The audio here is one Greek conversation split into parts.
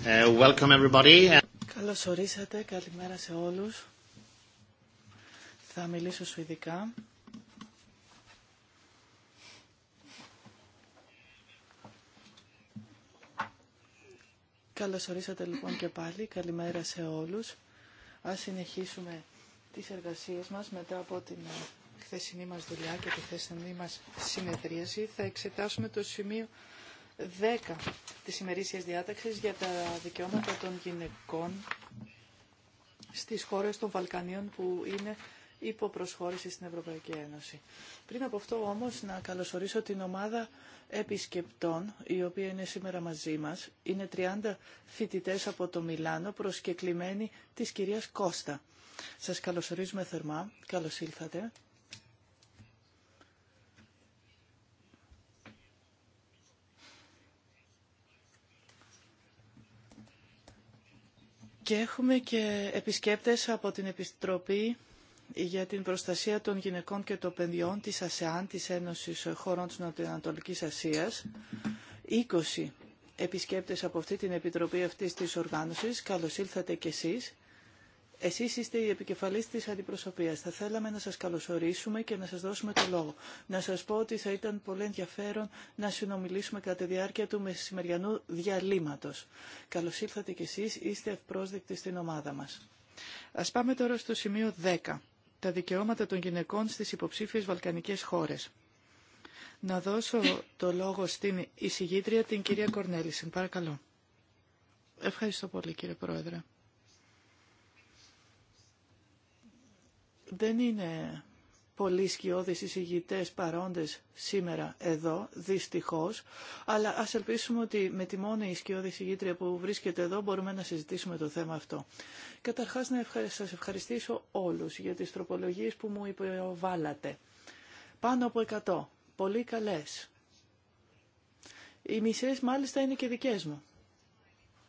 Uh, welcome everybody. Καλώς ορίσατε. Καλημέρα σε όλους. Θα μιλήσω σου ειδικά. Καλώς ορίσατε λοιπόν και πάλι. Καλημέρα σε όλους. Ας συνεχίσουμε τις εργασίες μας μετά από την ε, χθεσινή μας δουλειά και τη χθεσινή μας συνεδρίαση. Θα εξετάσουμε το σημείο 10 της ημερήσιας διάταξης για τα δικαιώματα των γυναικών στις χώρες των Βαλκανίων που είναι υποπροσχώρηση στην Ευρωπαϊκή Ένωση. Πριν από αυτό όμως να καλωσορίσω την ομάδα επισκεπτών η οποία είναι σήμερα μαζί μας. Είναι 30 φοιτητές από το Μιλάνο προσκεκλημένοι της κυρίας Κώστα. Σας καλωσορίζουμε θερμά. Καλώς ήλθατε. Και έχουμε και επισκέπτες από την Επιστροπή για την προστασία των γυναικών και των παιδιών της ΑΣΕΑΝ, της Ένωσης Χωρών της Νοτιοανατολικής Ασίας. 20 επισκέπτες από αυτή την Επιτροπή αυτής της οργάνωσης. Καλώς ήλθατε κι εσείς. Εσείς είστε η επικεφαλής της αντιπροσωπείας. Θα θέλαμε να σας καλωσορίσουμε και να σας δώσουμε το λόγο. Να σας πω ότι θα ήταν πολύ ενδιαφέρον να συνομιλήσουμε κατά τη διάρκεια του μεσημεριανού διαλύματος. Καλώς ήρθατε κι εσείς, είστε ευπρόσδεκτοι στην ομάδα μας. Ας πάμε τώρα στο σημείο 10. Τα δικαιώματα των γυναικών στις υποψήφιες βαλκανικές χώρες. Να δώσω το λόγο στην εισηγήτρια, την κυρία Κορνέλησεν. Παρακαλώ. Ευχαριστώ πολύ κύριε Πρόεδρε. δεν είναι πολλοί σκιώδεις εισηγητές παρόντες σήμερα εδώ, δυστυχώς, αλλά ας ελπίσουμε ότι με τη μόνη σκιώδη εισηγήτρια που βρίσκεται εδώ μπορούμε να συζητήσουμε το θέμα αυτό. Καταρχάς να σας ευχαριστήσω όλους για τις τροπολογίες που μου υποβάλατε. Πάνω από 100. Πολύ καλές. Οι μισές μάλιστα είναι και δικές μου.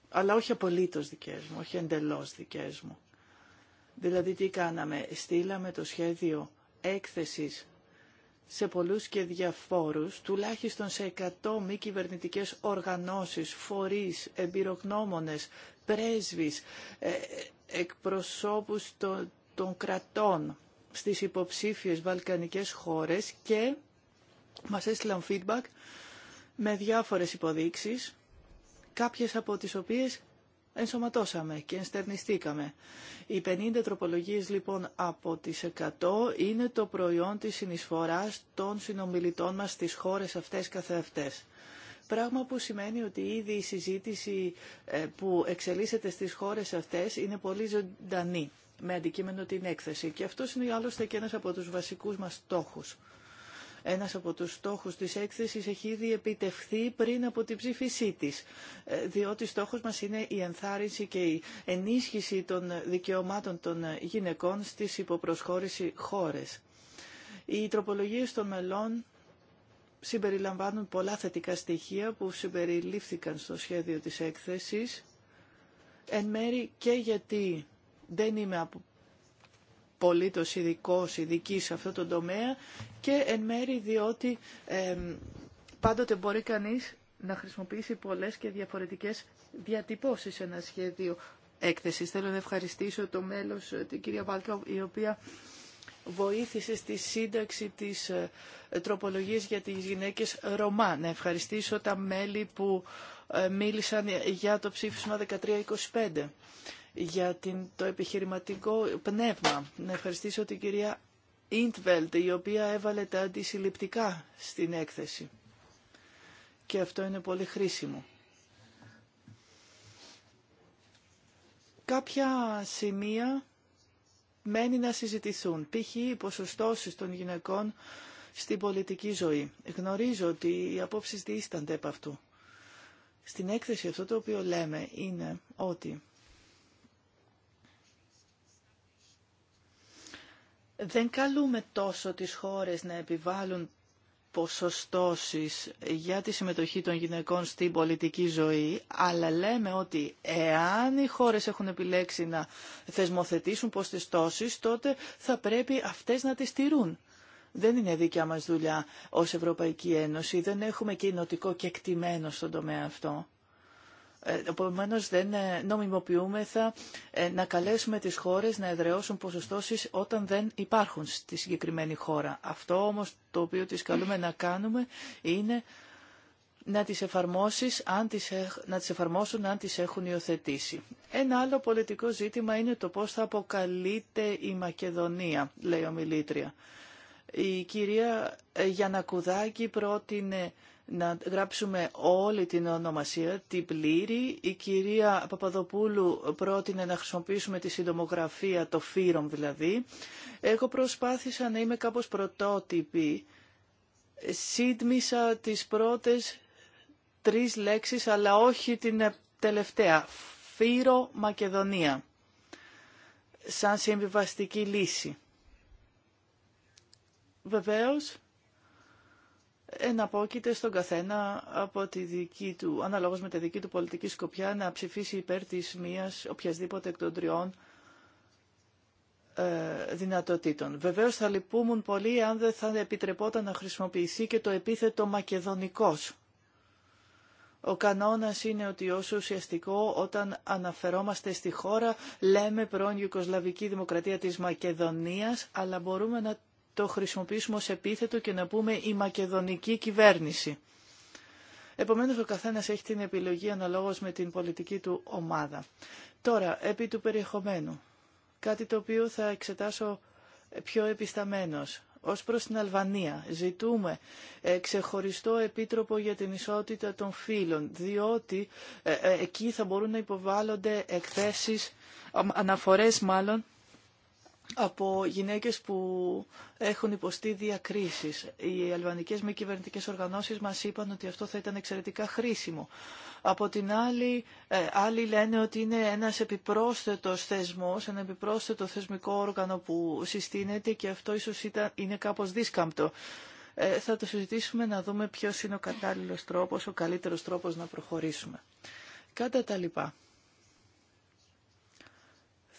Αλλά όχι απολύτως δικές μου, όχι εντελώς δικές μου. Δηλαδή τι κάναμε, στείλαμε το σχέδιο έκθεσης σε πολλούς και διαφόρους, τουλάχιστον σε 100 μη κυβερνητικέ οργανώσεις, φορείς, εμπειρογνώμονες, πρέσβεις, ε, εκπροσώπους των, των κρατών στις υποψήφιες βαλκανικές χώρες και μας έστειλαν feedback με διάφορες υποδείξεις, κάποιες από τις οποίες ενσωματώσαμε και ενστερνιστήκαμε. Οι 50 τροπολογίες λοιπόν από τις 100 είναι το προϊόν της συνεισφοράς των συνομιλητών μας στις χώρες αυτές καθεαυτές. Πράγμα που σημαίνει ότι ήδη η συζήτηση ε, που εξελίσσεται στις χώρες αυτές είναι πολύ ζωντανή με αντικείμενο την έκθεση. Και αυτό είναι άλλωστε και ένας από τους βασικούς μας στόχους. Ένας από τους στόχους της έκθεσης έχει ήδη επιτευχθεί πριν από την ψήφισή της, ε, διότι στόχος μας είναι η ενθάρρυνση και η ενίσχυση των δικαιωμάτων των γυναικών στις υποπροσχώρηση χώρες. Οι τροπολογίες των μελών συμπεριλαμβάνουν πολλά θετικά στοιχεία που συμπεριλήφθηκαν στο σχέδιο της έκθεσης, εν μέρη και γιατί δεν είμαι από Πολύτο ειδικό ειδική σε αυτό το τομέα και εν μέρη διότι πάντοτε μπορεί κανείς να χρησιμοποιήσει πολλές και διαφορετικές διατυπώσεις σε ένα σχέδιο έκθεσης. Θέλω να ευχαριστήσω το μέλος, ε, την κυρία Βάλτρο, η οποία βοήθησε στη σύνταξη της ε, τροπολογίας για τις γυναίκες Ρωμά. Να ευχαριστήσω τα μέλη που ε, μίλησαν για το ψήφισμα 1325 για την, το επιχειρηματικό πνεύμα. Να ευχαριστήσω την κυρία Ιντβέλτ, η οποία έβαλε τα αντισυλληπτικά στην έκθεση. Και αυτό είναι πολύ χρήσιμο. Κάποια σημεία μένει να συζητηθούν. Π.χ. οι ποσοστώσεις των γυναικών στην πολιτική ζωή. Γνωρίζω ότι οι απόψεις διήστανται από αυτού. Στην έκθεση αυτό το οποίο λέμε είναι ότι Δεν καλούμε τόσο τις χώρες να επιβάλλουν ποσοστώσεις για τη συμμετοχή των γυναικών στην πολιτική ζωή, αλλά λέμε ότι εάν οι χώρες έχουν επιλέξει να θεσμοθετήσουν ποσοστώσεις, τότε θα πρέπει αυτές να τις τηρούν. Δεν είναι δικιά μας δουλειά ως Ευρωπαϊκή Ένωση, δεν έχουμε κοινοτικό κεκτημένο στον τομέα αυτό. Ε, Επομένω, δεν ε, νομιμοποιούμεθα ε, να καλέσουμε τις χώρες να εδραιώσουν ποσοστώσεις όταν δεν υπάρχουν στη συγκεκριμένη χώρα. Αυτό όμως το οποίο τις καλούμε να κάνουμε είναι να τις, εφαρμόσεις, αν τις, να τις εφαρμόσουν αν τις έχουν υιοθετήσει. Ένα άλλο πολιτικό ζήτημα είναι το πώς θα αποκαλείται η Μακεδονία, λέει ο Μιλήτρια. Η κυρία Γιανακουδάκη πρότεινε να γράψουμε όλη την ονομασία, την πλήρη. Η κυρία Παπαδοπούλου πρότεινε να χρησιμοποιήσουμε τη συντομογραφία, το φύρομ δηλαδή. Εγώ προσπάθησα να είμαι κάπως πρωτότυπη. Σύντμησα τις πρώτες τρεις λέξεις, αλλά όχι την τελευταία. Φύρο Μακεδονία. Σαν συμβιβαστική λύση. Βεβαίως, εναπόκειται στον καθένα από τη δική του, αναλόγως με τη δική του πολιτική σκοπιά, να ψηφίσει υπέρ της μίας οποιασδήποτε εκ των τριών ε, δυνατοτήτων. Βεβαίως θα λυπούμουν πολύ αν δεν θα επιτρεπόταν να χρησιμοποιηθεί και το επίθετο «μακεδονικός». Ο κανόνας είναι ότι όσο ουσιαστικό όταν αναφερόμαστε στη χώρα λέμε πρώην Ιουκοσλαβική Δημοκρατία της Μακεδονίας, αλλά μπορούμε να το χρησιμοποιήσουμε ως επίθετο και να πούμε η μακεδονική κυβέρνηση. Επομένως ο καθένας έχει την επιλογή αναλόγως με την πολιτική του ομάδα. Τώρα, επί του περιεχομένου, κάτι το οποίο θα εξετάσω πιο επισταμένος. Ως προς την Αλβανία ζητούμε ε, ξεχωριστό επίτροπο για την ισότητα των φύλων, διότι ε, ε, εκεί θα μπορούν να υποβάλλονται εκθέσεις, αναφορές μάλλον, από γυναίκες που έχουν υποστεί διακρίσεις. Οι αλβανικές μη κυβερνητικές οργανώσεις μας είπαν ότι αυτό θα ήταν εξαιρετικά χρήσιμο. Από την άλλη, ε, άλλοι λένε ότι είναι ένας επιπρόσθετος θεσμός, ένα επιπρόσθετο θεσμικό όργανο που συστήνεται και αυτό ίσως ήταν, είναι κάπως δίσκαμπτο. Ε, θα το συζητήσουμε να δούμε ποιος είναι ο κατάλληλος τρόπος, ο καλύτερος τρόπος να προχωρήσουμε. Κατά τα λοιπά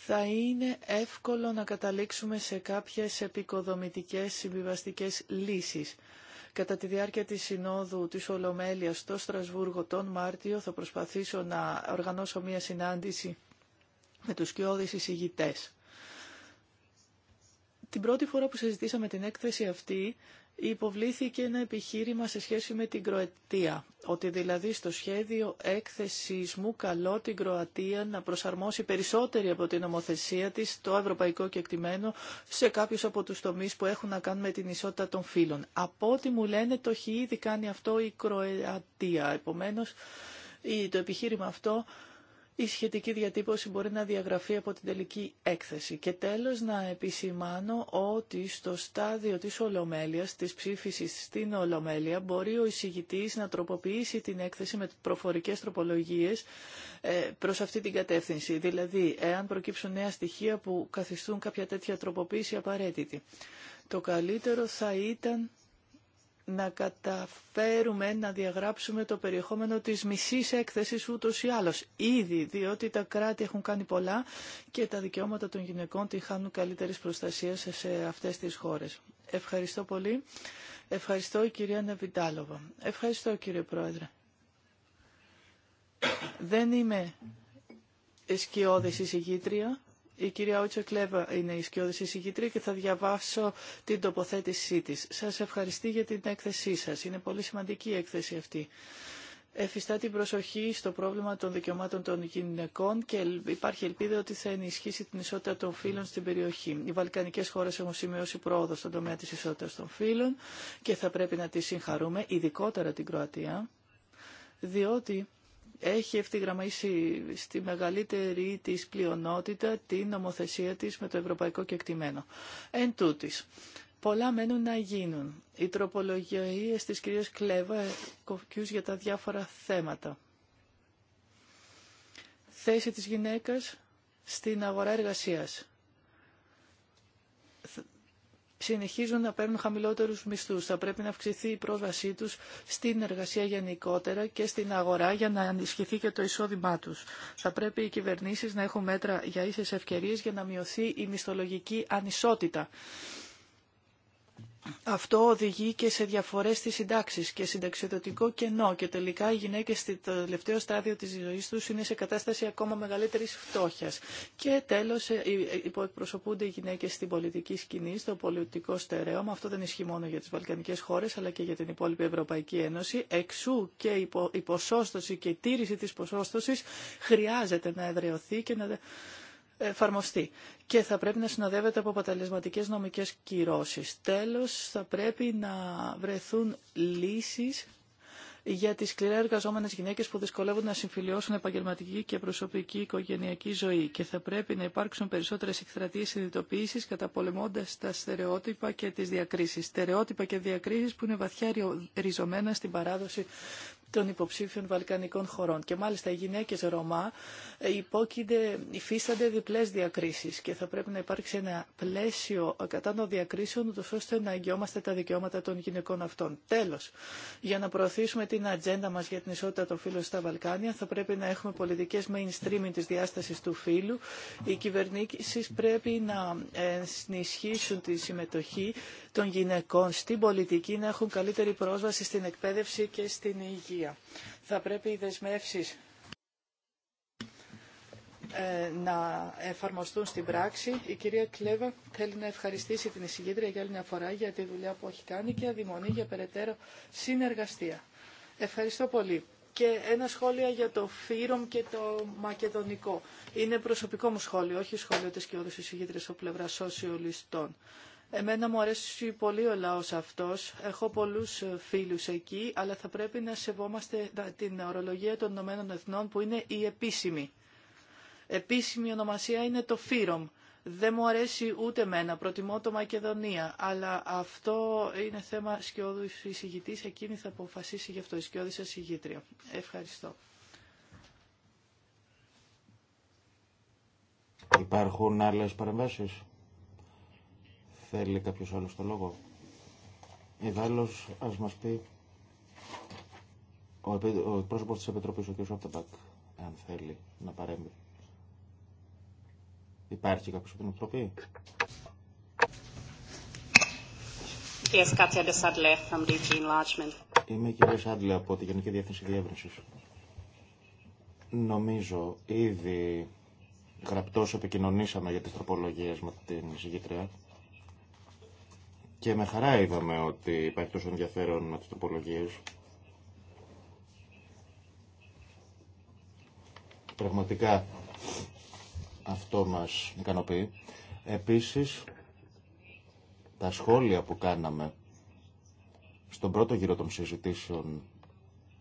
θα είναι εύκολο να καταλήξουμε σε κάποιες επικοδομητικές συμβιβαστικές λύσεις. Κατά τη διάρκεια της Συνόδου της Ολομέλειας στο Στρασβούργο τον Μάρτιο θα προσπαθήσω να οργανώσω μία συνάντηση με τους κοιόδης εισηγητές. Την πρώτη φορά που συζητήσαμε την έκθεση αυτή υποβλήθηκε ένα επιχείρημα σε σχέση με την Κροατία. Ότι δηλαδή στο σχέδιο έκθεσης μου καλώ την Κροατία να προσαρμόσει περισσότερη από την νομοθεσία της το ευρωπαϊκό κεκτημένο σε κάποιους από τους τομείς που έχουν να κάνουν με την ισότητα των φύλων. Από ό,τι μου λένε το έχει ήδη κάνει αυτό η Κροατία. Επομένως το επιχείρημα αυτό η σχετική διατύπωση μπορεί να διαγραφεί από την τελική έκθεση. Και τέλος να επισημάνω ότι στο στάδιο της Ολομέλειας, της ψήφισης στην Ολομέλεια, μπορεί ο εισηγητής να τροποποιήσει την έκθεση με προφορικές τροπολογίες ε, προς αυτή την κατεύθυνση. Δηλαδή, εάν προκύψουν νέα στοιχεία που καθιστούν κάποια τέτοια τροποποίηση απαραίτητη. Το καλύτερο θα ήταν να καταφέρουμε να διαγράψουμε το περιεχόμενο της μισής έκθεσης ούτως ή άλλως. Ήδη, διότι τα κράτη έχουν κάνει πολλά και τα δικαιώματα των γυναικών τη χάνουν καλύτερης προστασίας σε αυτές τις χώρες. Ευχαριστώ πολύ. Ευχαριστώ η κυρία Νεβιτάλοβα. Ευχαριστώ κύριε Πρόεδρε. Δεν είμαι σκιώδης εισηγήτρια η κυρία Ότσο Κλέβα είναι η σκιώδη εισηγήτρια και θα διαβάσω την τοποθέτησή τη. Σα ευχαριστώ για την έκθεσή σα. Είναι πολύ σημαντική η έκθεση αυτή. Εφιστά την προσοχή στο πρόβλημα των δικαιωμάτων των γυναικών και υπάρχει ελπίδα ότι θα ενισχύσει την ισότητα των φύλων στην περιοχή. Οι Βαλκανικές χώρες έχουν σημειώσει πρόοδο στον τομέα της ισότητας των φύλων και θα πρέπει να τη συγχαρούμε, ειδικότερα την Κροατία, διότι έχει ευθυγραμμίσει στη μεγαλύτερη της πλειονότητα την νομοθεσία της με το ευρωπαϊκό κεκτημένο. Εν τούτης, πολλά μένουν να γίνουν. Οι τροπολογίες της κυρίας Κλέβα ε, κοφκιούς για τα διάφορα θέματα. Θέση της γυναίκας στην αγορά εργασίας συνεχίζουν να παίρνουν χαμηλότερους μισθούς. Θα πρέπει να αυξηθεί η πρόσβασή τους στην εργασία γενικότερα και στην αγορά για να ανισχυθεί και το εισόδημά τους. Θα πρέπει οι κυβερνήσεις να έχουν μέτρα για ίσες ευκαιρίες για να μειωθεί η μισθολογική ανισότητα. Αυτό οδηγεί και σε διαφορές στις συντάξεις και συνταξιδοτικό κενό και τελικά οι γυναίκες στο τελευταίο στάδιο της ζωής τους είναι σε κατάσταση ακόμα μεγαλύτερης φτώχειας. Και τέλος ε, ε, υποεκπροσωπούνται οι γυναίκες στην πολιτική σκηνή, στο πολιτικό στερέωμα. Αυτό δεν ισχύει μόνο για τις Βαλκανικές χώρες αλλά και για την υπόλοιπη Ευρωπαϊκή Ένωση. Εξού και η ποσόστοση και η τήρηση της ποσόστοσης χρειάζεται να εδραιωθεί και να εφαρμοστεί και θα πρέπει να συνοδεύεται από αποτελεσματικές νομικές κυρώσεις. Τέλος, θα πρέπει να βρεθούν λύσεις για τις σκληρά εργαζόμενες γυναίκες που δυσκολεύονται να συμφιλειώσουν επαγγελματική και προσωπική οικογενειακή ζωή και θα πρέπει να υπάρξουν περισσότερες εκστρατείες συνειδητοποίηση καταπολεμώντας τα στερεότυπα και τις διακρίσεις. Στερεότυπα και διακρίσεις που είναι βαθιά ριζωμένα στην παράδοση των υποψήφιων βαλκανικών χωρών. Και μάλιστα οι Γυναίκε Ρωμά ε, υπόκεινται, υφίστανται διπλέ διακρίσει και θα πρέπει να υπάρξει ένα πλαίσιο των διακρίσεων ώστε να αγγιόμαστε τα δικαιώματα των γυναικών αυτών. Τέλο, για να προωθήσουμε την ατζέντα μα για την ισότητα των φύλων στα Βαλκάνια θα πρέπει να έχουμε πολιτικέ mainstreaming τη διάσταση του φύλου. Οι κυβερνήσει πρέπει να ενισχύσουν τη συμμετοχή των γυναικών στην πολιτική να έχουν καλύτερη πρόσβαση στην εκπαίδευση και στην υγεία. Θα πρέπει οι δεσμεύσεις ε, να εφαρμοστούν στην πράξη. Η κυρία Κλέβα θέλει να ευχαριστήσει την εισηγήτρια για άλλη μια φορά για τη δουλειά που έχει κάνει και αδειμονεί για περαιτέρω συνεργαστία. Ευχαριστώ πολύ. Και ένα σχόλιο για το Φύρομ και το Μακεδονικό. Είναι προσωπικό μου σχόλιο, όχι σχόλιο της και όλες εισηγήτρες από πλευρά Εμένα μου αρέσει πολύ ο λαός αυτός. Έχω πολλούς ε, φίλους εκεί, αλλά θα πρέπει να σεβόμαστε ε, την ορολογία των Ηνωμένων Εθνών που είναι η επίσημη. Επίσημη ονομασία είναι το ΦΥΡΟΜ. Δεν μου αρέσει ούτε μένα, προτιμώ το Μακεδονία, αλλά αυτό είναι θέμα σκιώδου εισηγητής, εκείνη θα αποφασίσει γι' αυτό η σκιώδης εισηγήτρια. Ευχαριστώ. Υπάρχουν άλλες παρεμβάσεις. Θέλει κάποιος άλλος το λόγο. Ιδάλλως, ας μας πει ο, ο πρόσωπος της Επιτροπής, ο κ. Σόπτεμπακ, αν θέλει να παρέμβει. Υπάρχει κάποιος από την Επιτροπή. Είμαι η κυρία Σάντλε από τη Γενική Διεύθυνση Διεύρυνσης. Νομίζω ήδη γραπτώς επικοινωνήσαμε για τις τροπολογίες με την συγκεκριά. Και με χαρά είδαμε ότι υπάρχει τόσο ενδιαφέρον με τις τροπολογίες. Πραγματικά αυτό μας ικανοποιεί. Επίσης, τα σχόλια που κάναμε στον πρώτο γύρο των συζητήσεων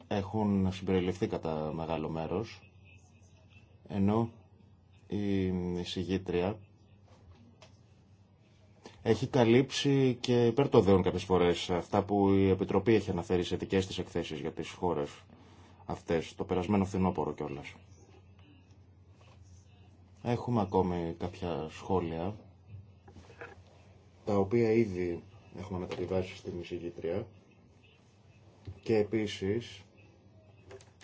έχουν συμπεριληφθεί κατά μεγάλο μέρος, ενώ η συγγήτρια έχει καλύψει και υπέρ το δέον κάποιες φορές αυτά που η Επιτροπή έχει αναφέρει σε δικές της εκθέσεις για τις χώρες αυτές, το περασμένο φθινόπωρο κιόλα. Έχουμε ακόμη κάποια σχόλια, τα οποία ήδη έχουμε μεταβιβάσει στην εισηγήτρια και επίσης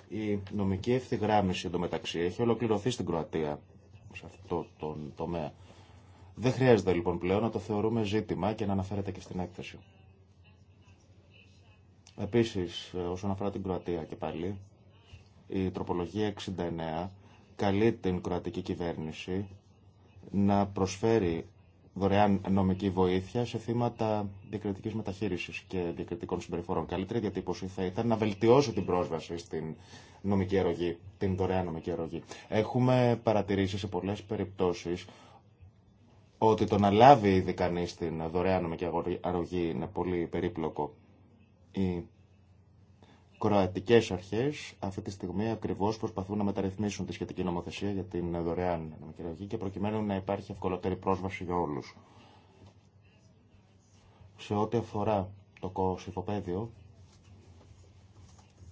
η νομική ευθυγράμμιση εντωμεταξύ έχει ολοκληρωθεί στην Κροατία σε αυτό το τομέα. Δεν χρειάζεται λοιπόν πλέον να το θεωρούμε ζήτημα και να αναφέρεται και στην έκθεση. Επίσης, όσον αφορά την Κροατία και πάλι, η τροπολογία 69 καλεί την κροατική κυβέρνηση να προσφέρει δωρεάν νομική βοήθεια σε θύματα διακριτικής μεταχείρισης και διακριτικών συμπεριφορών. Καλύτερη διατύπωση θα ήταν να βελτιώσει την πρόσβαση στην νομική αρρωγή, την δωρεάν νομική αρρωγή. Έχουμε παρατηρήσει σε πολλές περιπτώσεις ότι το να λάβει ήδη κανεί την δωρεάν νομική αρρωγή είναι πολύ περίπλοκο. Οι κροατικέ αρχέ αυτή τη στιγμή ακριβώ προσπαθούν να μεταρρυθμίσουν τη σχετική νομοθεσία για την δωρεάν νομική αρρωγή και προκειμένου να υπάρχει ευκολότερη πρόσβαση για όλου. Σε ό,τι αφορά το κοσυφοπαίδιο,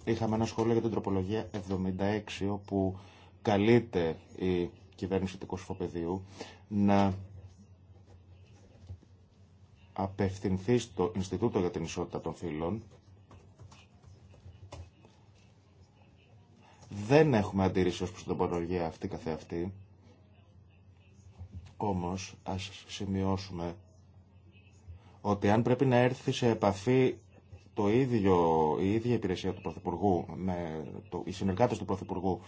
είχαμε ένα σχόλιο για την τροπολογία 76, όπου καλείται η κυβέρνηση του κοσυφοπαιδίου να απευθυνθεί στο Ινστιτούτο για την Ισότητα των Φύλων. Δεν έχουμε αντίρρηση ως προς την αυτή καθεαυτή. Όμως, ας σημειώσουμε ότι αν πρέπει να έρθει σε επαφή το ίδιο, η ίδια υπηρεσία του Πρωθυπουργού, με το, οι συνεργάτες του Πρωθυπουργού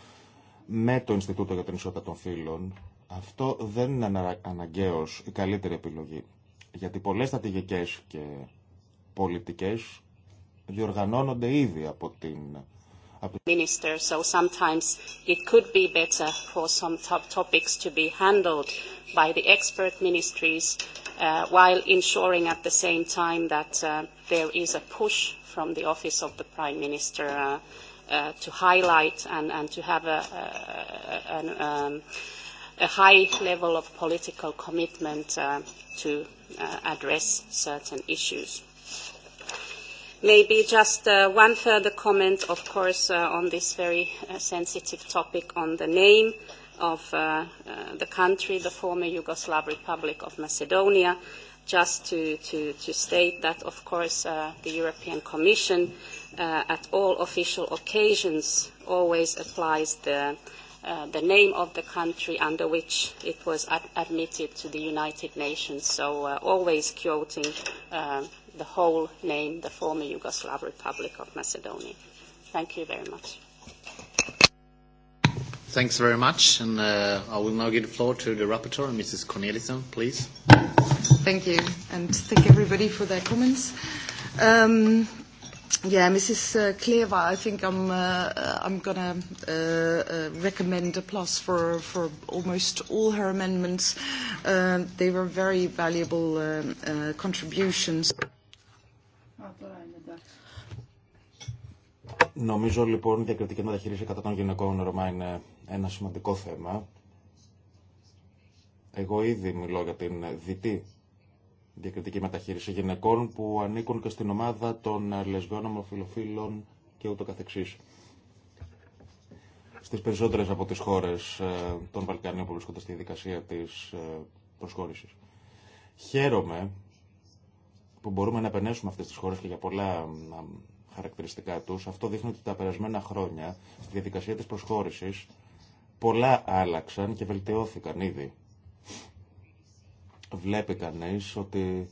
με το Ινστιτούτο για την Ισότητα των Φύλων, αυτό δεν είναι αναγκαίως η καλύτερη επιλογή. Γιατί πολλές στρατηγικές και πολιτικές διοργανώνονται ήδη από την Minister, so sometimes it could be better for some top topics to be handled by the expert ministries, while ensuring at the same time that there is a push from the office of the Prime Minister to highlight and and to have a a high level of political commitment to address certain issues. Maybe just one further comment, of course, on this very sensitive topic on the name of the country, the former Yugoslav Republic of Macedonia, just to state that, of course, the European Commission at all official occasions always applies the the name of the country under which it was admitted to the United Nations, so always quoting the whole name, the former Yugoslav Republic of Macedonia. Thank you very much. Thanks very much, and I will now give the floor to the rapporteur, Mrs. Cornelissen, please. Thank you, and thank everybody for their comments. Yeah, Mrs. Kleva, I think I'm uh, I'm going to recommend a plus for for almost all her amendments. Uh, They were very valuable um, uh, contributions. Νομίζω λοιπόν ότι η κριτική μεταχείριση κατά των γυναικών Ρωμά είναι ένα σημαντικό θέμα. Εγώ ήδη μιλώ για την διτή διακριτική μεταχείριση γυναικών που ανήκουν και στην ομάδα των λεσβιών, ομοφιλοφίλων και ούτω καθεξής. Στις περισσότερες από τις χώρες ε, των Βαλκανίων που βρίσκονται στη δικασία της ε, προσχώρησης. Χαίρομαι που μπορούμε να επενέσουμε αυτές τις χώρες και για πολλά χαρακτηριστικά τους. Αυτό δείχνει ότι τα περασμένα χρόνια στη διαδικασία της προσχώρησης πολλά άλλαξαν και βελτιώθηκαν ήδη βλέπει κανείς ότι,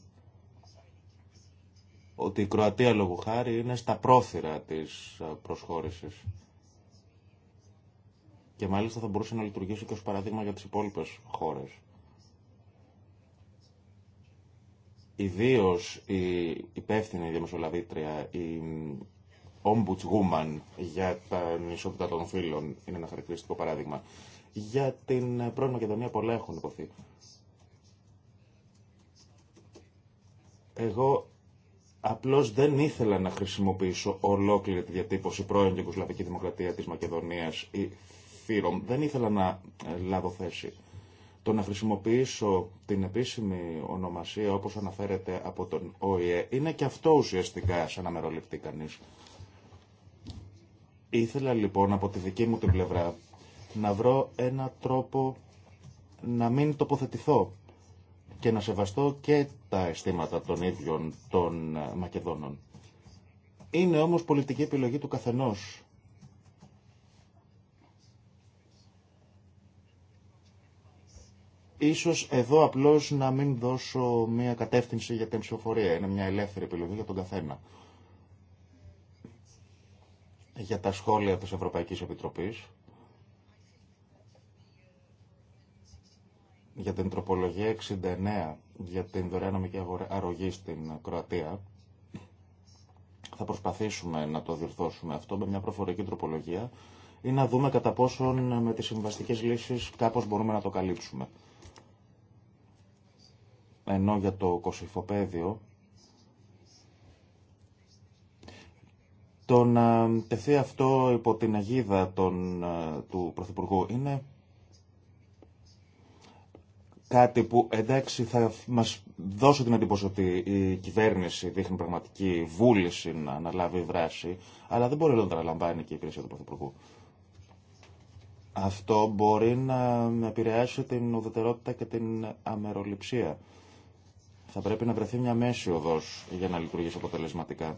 ότι η Κροατία λόγου χάρη είναι στα πρόθυρα της ε, προσχώρησης. Και μάλιστα θα μπορούσε να λειτουργήσει και ως παραδείγμα για τις υπόλοιπες χώρες. Ιδίω η υπεύθυνη διαμεσολαβήτρια, η ombudswoman για τα ισότητα των φίλων είναι ένα χαρακτηριστικό παράδειγμα. Για την πρώην Μακεδονία πολλά έχουν υποθεί. Εγώ Απλώ δεν ήθελα να χρησιμοποιήσω ολόκληρη τη διατύπωση πρώην και Δημοκρατία τη Μακεδονία ή Φύρομ. Δεν ήθελα να ε, λάβω θέση. Το να χρησιμοποιήσω την επίσημη ονομασία όπως αναφέρεται από τον ΟΗΕ είναι και αυτό ουσιαστικά σαν να ρολευτεί Ήθελα λοιπόν από τη δική μου την πλευρά να βρω ένα τρόπο να μην τοποθετηθώ και να σεβαστώ και τα αισθήματα των ίδιων των ε, Μακεδόνων. Είναι όμως πολιτική επιλογή του καθενός. Ίσως εδώ απλώς να μην δώσω μια κατεύθυνση για την ψηφοφορία. Είναι μια ελεύθερη επιλογή για τον καθένα. Για τα σχόλια της Ευρωπαϊκής Επιτροπής. για την τροπολογία 69 για την δωρεάν νομική αρρωγή στην Κροατία. Θα προσπαθήσουμε να το διορθώσουμε αυτό με μια προφορική τροπολογία ή να δούμε κατά πόσον με τις συμβαστικές λύσεις κάπως μπορούμε να το καλύψουμε. Ενώ για το κοσυφοπαίδιο το να τεθεί αυτό υπό την αγίδα ε, του Πρωθυπουργού είναι κάτι που εντάξει θα μας δώσει την εντύπωση ότι η κυβέρνηση δείχνει πραγματική βούληση να αναλάβει δράση, αλλά δεν μπορεί να τα αναλαμβάνει και η υπηρεσία του Πρωθυπουργού. Αυτό μπορεί να επηρεάσει την ουδετερότητα και την αμεροληψία. Θα πρέπει να βρεθεί μια μέση οδός για να λειτουργήσει αποτελεσματικά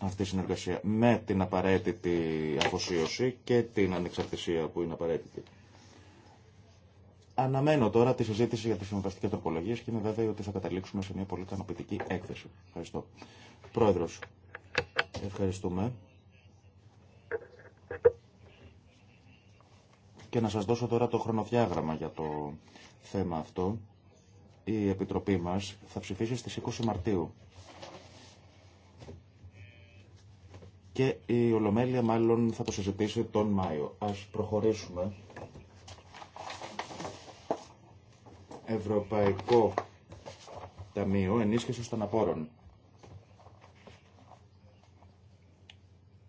αυτή η συνεργασία με την απαραίτητη αφοσίωση και την ανεξαρτησία που είναι απαραίτητη. Αναμένω τώρα τη συζήτηση για τι συμβαστικέ τροπολογίε και είμαι βέβαιη ότι θα καταλήξουμε σε μια πολύ ικανοποιητική έκθεση. Ευχαριστώ. Πρόεδρος, ευχαριστούμε. Και να σας δώσω τώρα το χρονοδιάγραμμα για το θέμα αυτό. Η Επιτροπή μας θα ψηφίσει στις 20 Μαρτίου. Και η Ολομέλεια μάλλον θα το συζητήσει τον Μάιο. Ας προχωρήσουμε. Ευρωπαϊκό Ταμείο ενίσχυση των Απόρων.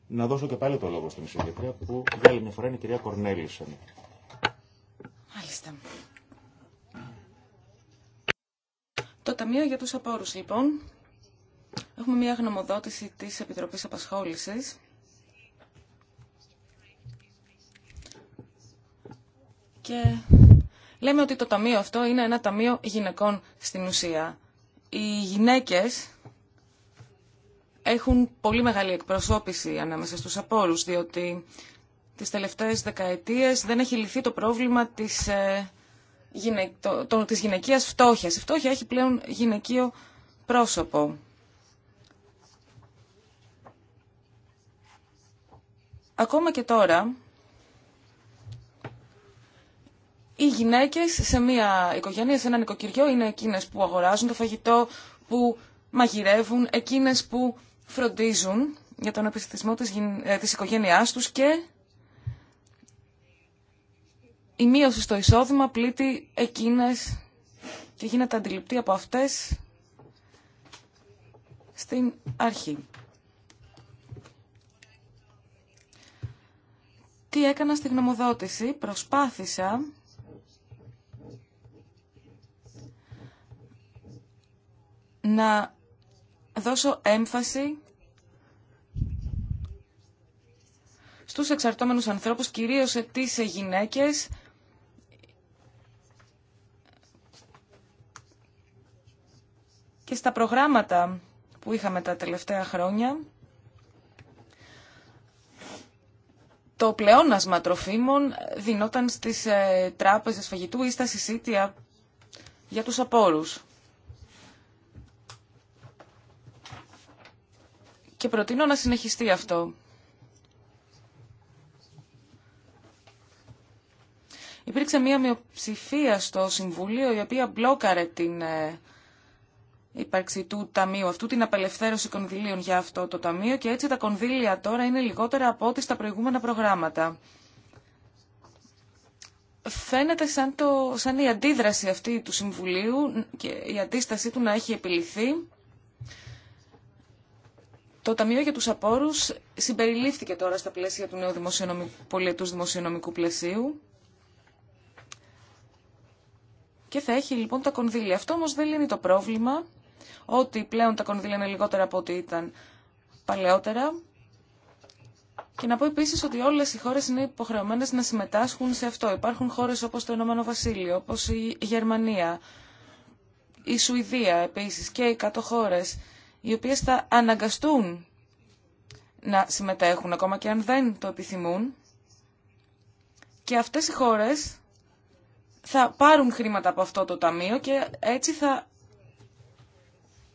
Να δώσω και πάλι το λόγο στην εισηγητρία που για άλλη μια φορά είναι η κυρία Κορνέλισεν. Μάλιστα. Το Ταμείο για τους Απόρους λοιπόν. Έχουμε μια γνωμοδότηση της Επιτροπής Απασχόλησης. Και λέμε ότι το ταμείο αυτό είναι ένα ταμείο γυναικών στην ουσία. Οι γυναίκες έχουν πολύ μεγάλη εκπροσώπηση ανάμεσα στους απόρους, διότι τις τελευταίες δεκαετίες δεν έχει λυθεί το πρόβλημα της, ε, το... της γυναικείας φτώχειας. Η φτώχεια έχει πλέον γυναικείο πρόσωπο. Ακόμα και τώρα, οι γυναίκε σε μια οικογένεια, σε ένα νοικοκυριό είναι εκείνες που αγοράζουν το φαγητό, που μαγειρεύουν, εκείνες που φροντίζουν για τον επιστημισμό της, ε, της οικογένειάς τους και η μείωση στο εισόδημα πλήττει εκείνες και γίνεται αντιληπτή από αυτές στην αρχή. Τι έκανα στη γνωμοδότηση, προσπάθησα να δώσω έμφαση στους εξαρτώμενους ανθρώπους, κυρίως τις γυναίκες, και στα προγράμματα που είχαμε τα τελευταία χρόνια, το πλεόνασμα τροφίμων δινόταν στις ε, τράπεζες φαγητού ή στα συσίτια για τους απόρους. και προτείνω να συνεχιστεί αυτό. Υπήρξε μία μειοψηφία στο Συμβουλίο η οποία μπλόκαρε την ε, ύπαρξη του ταμείου αυτού, την απελευθέρωση κονδυλίων για αυτό το ταμείο και έτσι τα κονδύλια τώρα είναι λιγότερα από ό,τι στα προηγούμενα προγράμματα. Φαίνεται σαν, το, σαν η αντίδραση αυτή του Συμβουλίου και η αντίστασή του να έχει επιληθεί το Ταμείο για τους Απόρους συμπεριλήφθηκε τώρα στα πλαίσια του νέου δημοσιονομικού, δημοσιονομικού πλαισίου και θα έχει λοιπόν τα κονδύλια. Αυτό όμως δεν λύνει το πρόβλημα ότι πλέον τα κονδύλια είναι λιγότερα από ό,τι ήταν παλαιότερα. Και να πω επίση ότι όλε οι χώρε είναι υποχρεωμένε να συμμετάσχουν σε αυτό. Υπάρχουν χώρε όπω το Ηνωμένο Βασίλειο, όπω η Γερμανία, η Σουηδία επίση και οι κάτω χώρε οι οποίες θα αναγκαστούν να συμμετέχουν ακόμα και αν δεν το επιθυμούν και αυτές οι χώρες θα πάρουν χρήματα από αυτό το ταμείο και έτσι θα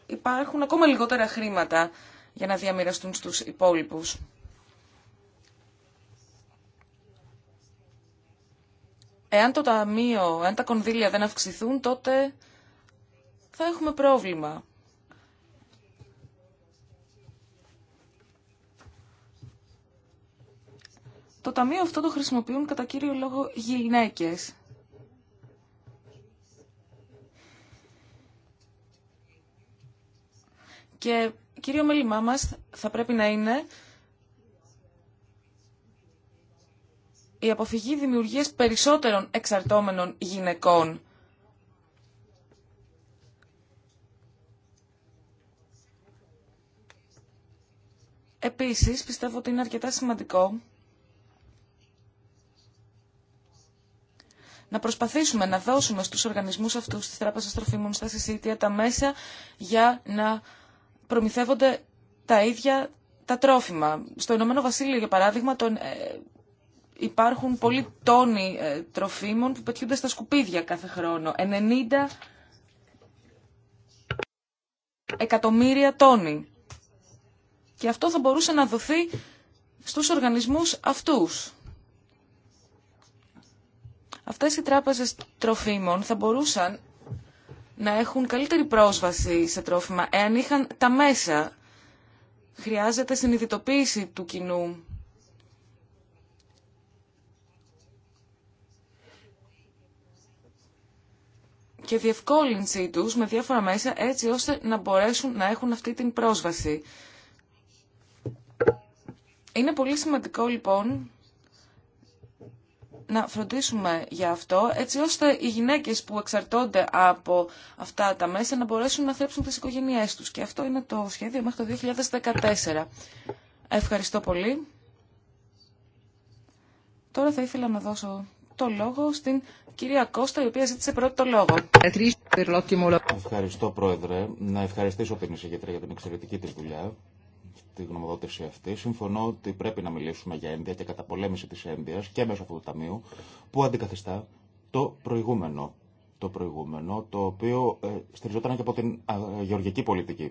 υπάρχουν ακόμα λιγότερα χρήματα για να διαμοιραστούν στους υπόλοιπους. Εάν το ταμείο, εάν τα κονδύλια δεν αυξηθούν, τότε θα έχουμε πρόβλημα. Το ταμείο αυτό το χρησιμοποιούν κατά κύριο λόγο γυναίκες. Και κύριο μέλημά μας θα πρέπει να είναι η αποφυγή δημιουργίας περισσότερων εξαρτώμενων γυναικών. Επίσης, πιστεύω ότι είναι αρκετά σημαντικό να προσπαθήσουμε να δώσουμε στους οργανισμούς αυτούς της Τράπεζας Τροφίμων στα συσίτια τα μέσα για να προμηθεύονται τα ίδια τα τρόφιμα. Στο Ηνωμένο Βασίλειο, για παράδειγμα, τον, ε, υπάρχουν πολλοί τόνοι ε, τροφίμων που πετιούνται στα σκουπίδια κάθε χρόνο. 90 εκατομμύρια τόνοι. Και αυτό θα μπορούσε να δοθεί στους οργανισμούς αυτούς αυτές οι τράπεζες τροφίμων θα μπορούσαν να έχουν καλύτερη πρόσβαση σε τρόφιμα εάν είχαν τα μέσα. Χρειάζεται συνειδητοποίηση του κοινού. και διευκόλυνσή τους με διάφορα μέσα έτσι ώστε να μπορέσουν να έχουν αυτή την πρόσβαση. Είναι πολύ σημαντικό λοιπόν να φροντίσουμε για αυτό, έτσι ώστε οι γυναίκες που εξαρτώνται από αυτά τα μέσα να μπορέσουν να θρέψουν τις οικογένειές τους. Και αυτό είναι το σχέδιο μέχρι το 2014. Ευχαριστώ πολύ. Τώρα θα ήθελα να δώσω το λόγο στην κυρία Κώστα, η οποία ζήτησε πρώτο το λόγο. Ευχαριστώ, Πρόεδρε. Να ευχαριστήσω την εισηγήτρια για την εξαιρετική της δουλειά τη γνωμοδότηση αυτή. Συμφωνώ ότι πρέπει να μιλήσουμε για ένδια και καταπολέμηση τη ένδια και μέσω αυτού του ταμείου που αντικαθιστά το προηγούμενο. Το προηγούμενο το οποίο ε, στηριζόταν και από την γεωργική πολιτική.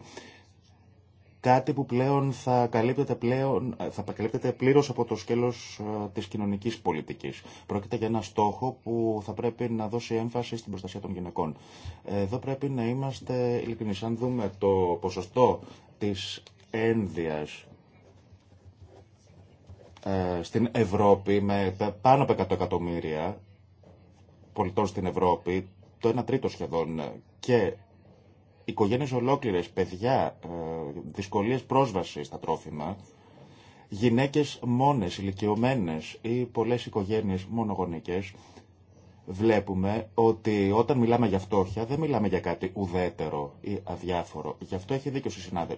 Κάτι που πλέον θα καλύπτεται, πλέον, ε, θα καλύπτεται πλήρως από το σκέλος ε, της κοινωνικής πολιτικής. Πρόκειται για ένα στόχο που θα πρέπει να δώσει έμφαση στην προστασία των γυναικών. Εδώ πρέπει να είμαστε ειλικρινείς. Αν το ποσοστό της ένδυας ε, στην Ευρώπη με πάνω από 100 εκατομμύρια πολιτών στην Ευρώπη, το 1 τρίτο σχεδόν, ε, και οικογένειες ολόκληρες, παιδιά, ε, δυσκολίες πρόσβασης στα τρόφιμα, γυναίκες μόνες, ηλικιωμένες ή πολλές οικογένειες μονογονικές, βλέπουμε ότι όταν μιλάμε για φτώχεια δεν μιλάμε για κάτι ουδέτερο ή αδιάφορο. Γι' αυτό έχει δίκιο,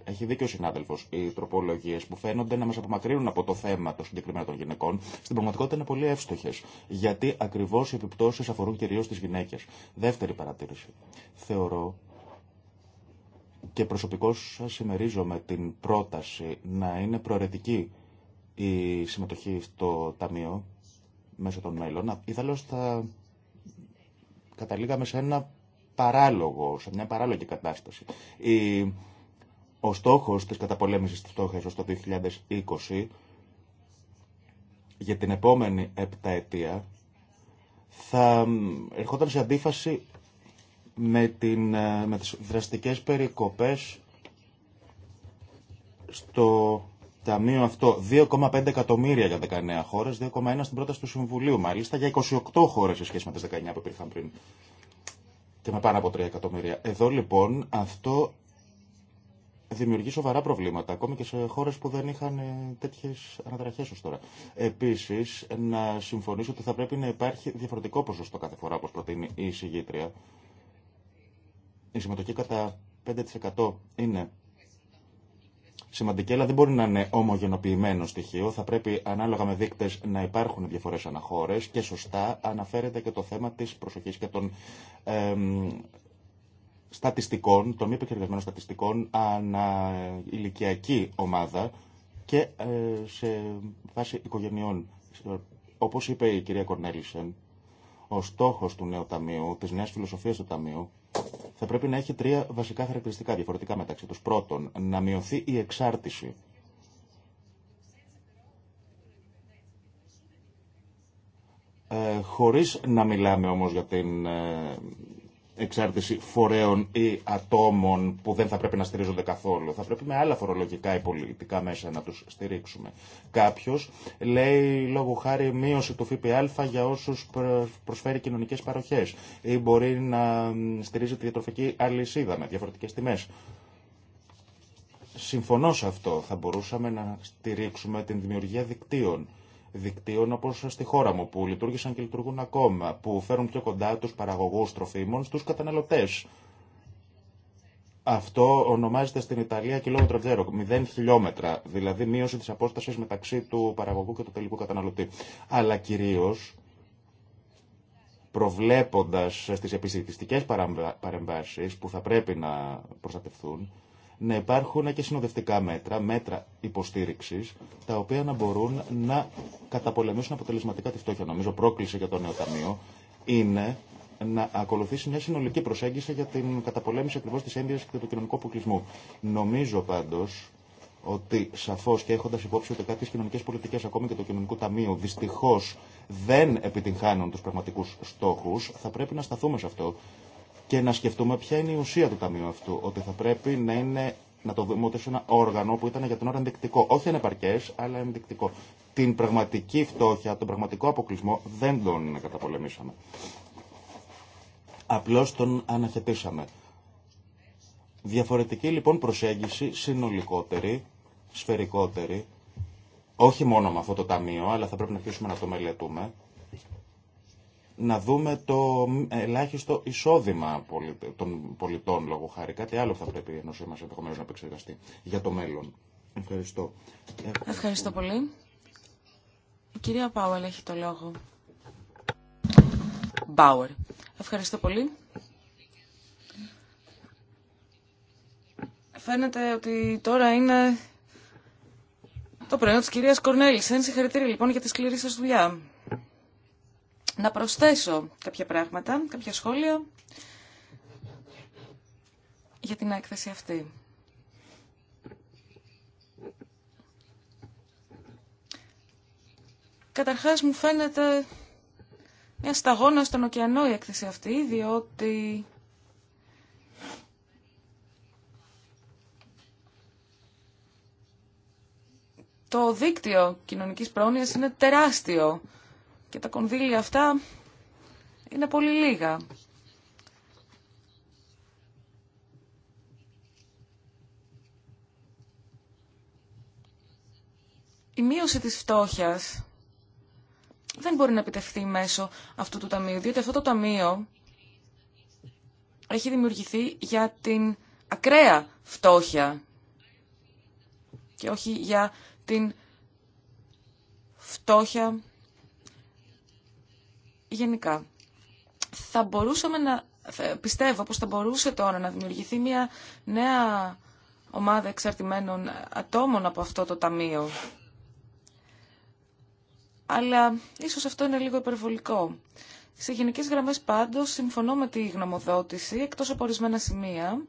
έχει δίκιο ο συνάδελφο. Οι τροπολογίε που φαίνονται να μα απομακρύνουν από το θέμα το συγκεκριμένων των γυναικών στην πραγματικότητα είναι πολύ εύστοχες. Γιατί ακριβώς οι επιπτώσεις αφορούν κυρίω τι γυναίκε. Δεύτερη παρατήρηση. Θεωρώ και προσωπικώ σα με την πρόταση να είναι προαιρετική η συμμετοχή στο Ταμείο μέσω των μέλων. Ιδάλλως θα καταλήγαμε σε ένα παράλογο, σε μια παράλογη κατάσταση. Η, ο στόχος της καταπολέμησης της φτώχειας ως το 2020 για την επόμενη επταετία θα ερχόταν σε αντίφαση με, την, ε, με τις δραστικές περικοπές στο ταμείο αυτό 2,5 εκατομμύρια για 19 χώρε, 2,1 στην πρόταση του Συμβουλίου μάλιστα, για 28 χώρε σε σχέση με τι 19 που υπήρχαν πριν. Και με πάνω από 3 εκατομμύρια. Εδώ λοιπόν αυτό δημιουργεί σοβαρά προβλήματα, ακόμη και σε χώρε που δεν είχαν ε, τέτοιε αναταραχέ ω τώρα. Επίση, να συμφωνήσω ότι θα πρέπει να υπάρχει διαφορετικό ποσοστό κάθε φορά, όπω προτείνει η εισηγήτρια. Η συμμετοχή κατά 5% είναι σημαντική, αλλά δεν μπορεί να είναι ομογενοποιημένο στοιχείο. Θα πρέπει ανάλογα με δείκτε να υπάρχουν διαφορέ αναχώρε και σωστά αναφέρεται και το θέμα τη προσοχή και των στατιστικών, των μη επεξεργασμένων στατιστικών ανά ηλικιακή ομάδα και ε, σε βάση οικογενειών. Όπω είπε η κυρία Κορνέλισεν, ο στόχο του νέου ταμείου, τη νέα φιλοσοφία του ταμείου, θα πρέπει να έχει τρία βασικά χαρακτηριστικά διαφορετικά μεταξύ τους. Πρώτον, να μειωθεί η εξάρτηση ε, χωρίς να μιλάμε όμως για την ε, εξάρτηση φορέων ή ατόμων που δεν θα πρέπει να στηρίζονται καθόλου. Θα πρέπει με άλλα φορολογικά ή πολιτικά μέσα να τους στηρίξουμε. Κάποιος λέει λόγω χάρη μείωση του ΦΠΑ για όσους προσφέρει κοινωνικές παροχές ή μπορεί να στηρίζει τη διατροφική αλυσίδα με διαφορετικές τιμές. Συμφωνώ σε αυτό. Θα μπορούσαμε να στηρίξουμε την δημιουργία δικτύων δικτύων όπω στη χώρα μου που λειτουργήσαν και λειτουργούν ακόμα, που φέρουν πιο κοντά τους παραγωγούς τροφίμων στους καταναλωτές. Αυτό ονομάζεται στην Ιταλία κιλόμετρο τζέρο, 0 χιλιόμετρα, δηλαδή μείωση τη απόσταση μεταξύ του παραγωγού και του τελικού καταναλωτή. Αλλά κυρίω προβλέποντας στις επιστημιστικές παρεμβάσεις που θα πρέπει να προστατευτούν, να υπάρχουν και συνοδευτικά μέτρα, μέτρα υποστήριξη, τα οποία να μπορούν να καταπολεμήσουν αποτελεσματικά τη φτώχεια. Νομίζω πρόκληση για το νέο ταμείο είναι να ακολουθήσει μια συνολική προσέγγιση για την καταπολέμηση ακριβώ τη ένδυα και του κοινωνικού αποκλεισμού. Νομίζω πάντω ότι σαφώ και έχοντα υπόψη ότι κάποιε κοινωνικέ πολιτικέ, ακόμη και το κοινωνικό ταμείο, δυστυχώ δεν επιτυγχάνουν του πραγματικού στόχου, θα πρέπει να σταθούμε σε αυτό και να σκεφτούμε ποια είναι η ουσία του ταμείου αυτού. Ότι θα πρέπει να είναι να το δούμε σε ένα όργανο που ήταν για τον ώρα ενδεικτικό. Όχι ανεπαρκέ, αλλά ενδεικτικό. Την πραγματική φτώχεια, τον πραγματικό αποκλεισμό δεν τον καταπολεμήσαμε. Απλώ τον αναχαιτήσαμε. Διαφορετική λοιπόν προσέγγιση, συνολικότερη, σφαιρικότερη, όχι μόνο με αυτό το ταμείο, αλλά θα πρέπει να αρχίσουμε να το μελετούμε να δούμε το ελάχιστο εισόδημα των πολιτών λόγω χάρη. Κάτι άλλο θα πρέπει η Ένωση μας ενδεχομένω να επεξεργαστεί για το μέλλον. Ευχαριστώ. Ευχαριστώ πολύ. Η κυρία Πάουελ έχει το λόγο. Μπάουερ. Ευχαριστώ πολύ. Φαίνεται ότι τώρα είναι το πρωινό της κυρίας Κορνέλης. Εν συγχαρητήρια λοιπόν για τη σκληρή σας δουλειά να προσθέσω κάποια πράγματα, κάποια σχόλια για την έκθεση αυτή. Καταρχάς μου φαίνεται μια σταγόνα στον ωκεανό η έκθεση αυτή, διότι το δίκτυο κοινωνικής πρόνοιας είναι τεράστιο και τα κονδύλια αυτά είναι πολύ λίγα. Η μείωση της φτώχειας δεν μπορεί να επιτευχθεί μέσω αυτού του ταμείου, διότι αυτό το ταμείο έχει δημιουργηθεί για την ακραία φτώχεια και όχι για την φτώχεια γενικά. Θα μπορούσαμε να, πιστεύω πως θα μπορούσε τώρα να δημιουργηθεί μια νέα ομάδα εξαρτημένων ατόμων από αυτό το ταμείο. Αλλά ίσως αυτό είναι λίγο υπερβολικό. Σε γενικές γραμμές πάντως συμφωνώ με τη γνωμοδότηση, εκτός από ορισμένα σημεία,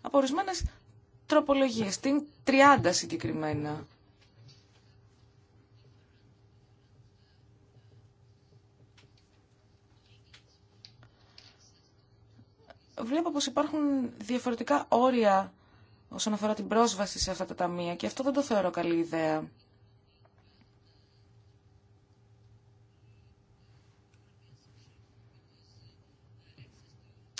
από ορισμένες τροπολογίες, την 30 συγκεκριμένα. βλέπω πως υπάρχουν διαφορετικά όρια όσον αφορά την πρόσβαση σε αυτά τα ταμεία και αυτό δεν το θεωρώ καλή ιδέα.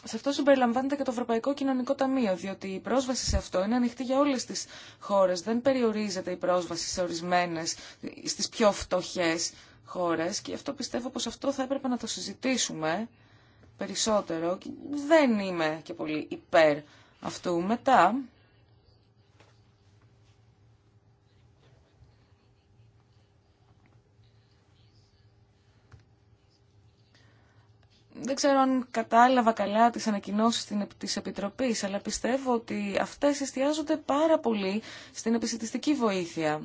σε αυτό συμπεριλαμβάνεται και το Ευρωπαϊκό Κοινωνικό Ταμείο, διότι η πρόσβαση σε αυτό είναι ανοιχτή για όλες τις χώρες. Δεν περιορίζεται η πρόσβαση σε ορισμένες, στις πιο φτωχές χώρες και αυτό πιστεύω πως αυτό θα έπρεπε να το συζητήσουμε περισσότερο. Δεν είμαι και πολύ υπέρ αυτού. Μετά, δεν ξέρω αν κατάλαβα καλά τις ανακοινώσεις της Επιτροπής, αλλά πιστεύω ότι αυτές εστιάζονται πάρα πολύ στην επιστημιστική βοήθεια.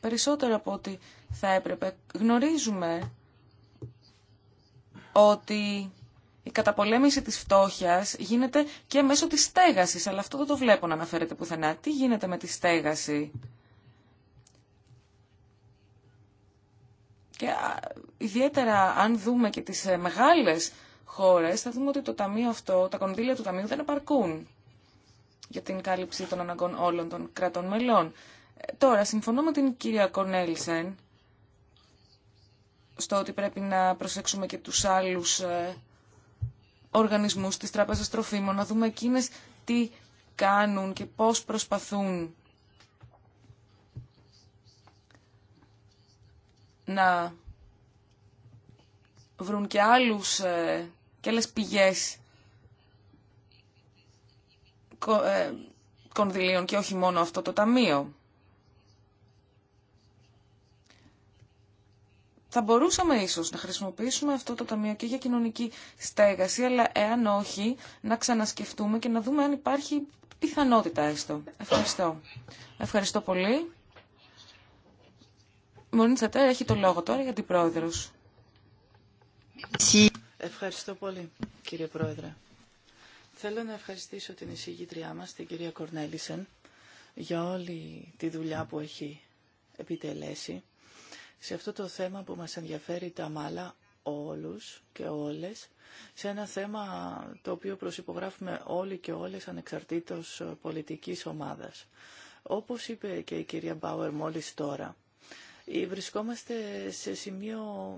Περισσότερο από ό,τι θα έπρεπε. Γνωρίζουμε ότι η καταπολέμηση της φτώχειας γίνεται και μέσω της στέγασης, αλλά αυτό δεν το βλέπω να αναφέρεται πουθενά. Τι γίνεται με τη στέγαση. Και ιδιαίτερα αν δούμε και τις ε, μεγάλες χώρες, θα δούμε ότι το ταμείο αυτό, τα κονδύλια του ταμείου δεν επαρκούν για την κάλυψη των αναγκών όλων των κρατών μελών. Ε, τώρα, συμφωνώ με την κυρία Κονέλσεν στο ότι πρέπει να προσέξουμε και τους άλλους ε, οργανισμούς της Τράπεζας Τροφίμων, να δούμε εκείνες τι κάνουν και πώς προσπαθούν να βρουν και άλλους ε, και άλλες πηγές ε, κονδυλίων και όχι μόνο αυτό το ταμείο. θα μπορούσαμε ίσως να χρησιμοποιήσουμε αυτό το ταμείο και για κοινωνική στέγαση, αλλά εάν όχι, να ξανασκεφτούμε και να δούμε αν υπάρχει πιθανότητα έστω. Ευχαριστώ. Ευχαριστώ πολύ. Μονίτσα, Τσατέρ έχει το λόγο τώρα για την πρόεδρος. Ευχαριστώ πολύ, κύριε Πρόεδρε. Θέλω να ευχαριστήσω την εισηγήτριά μας, την κυρία Κορνέλισεν, για όλη τη δουλειά που έχει επιτελέσει σε αυτό το θέμα που μας ενδιαφέρει τα μάλα όλους και όλες, σε ένα θέμα το οποίο προσυπογράφουμε όλοι και όλες ανεξαρτήτως πολιτικής ομάδας. Όπως είπε και η κυρία Μπάουερ μόλις τώρα, ε, βρισκόμαστε σε σημείο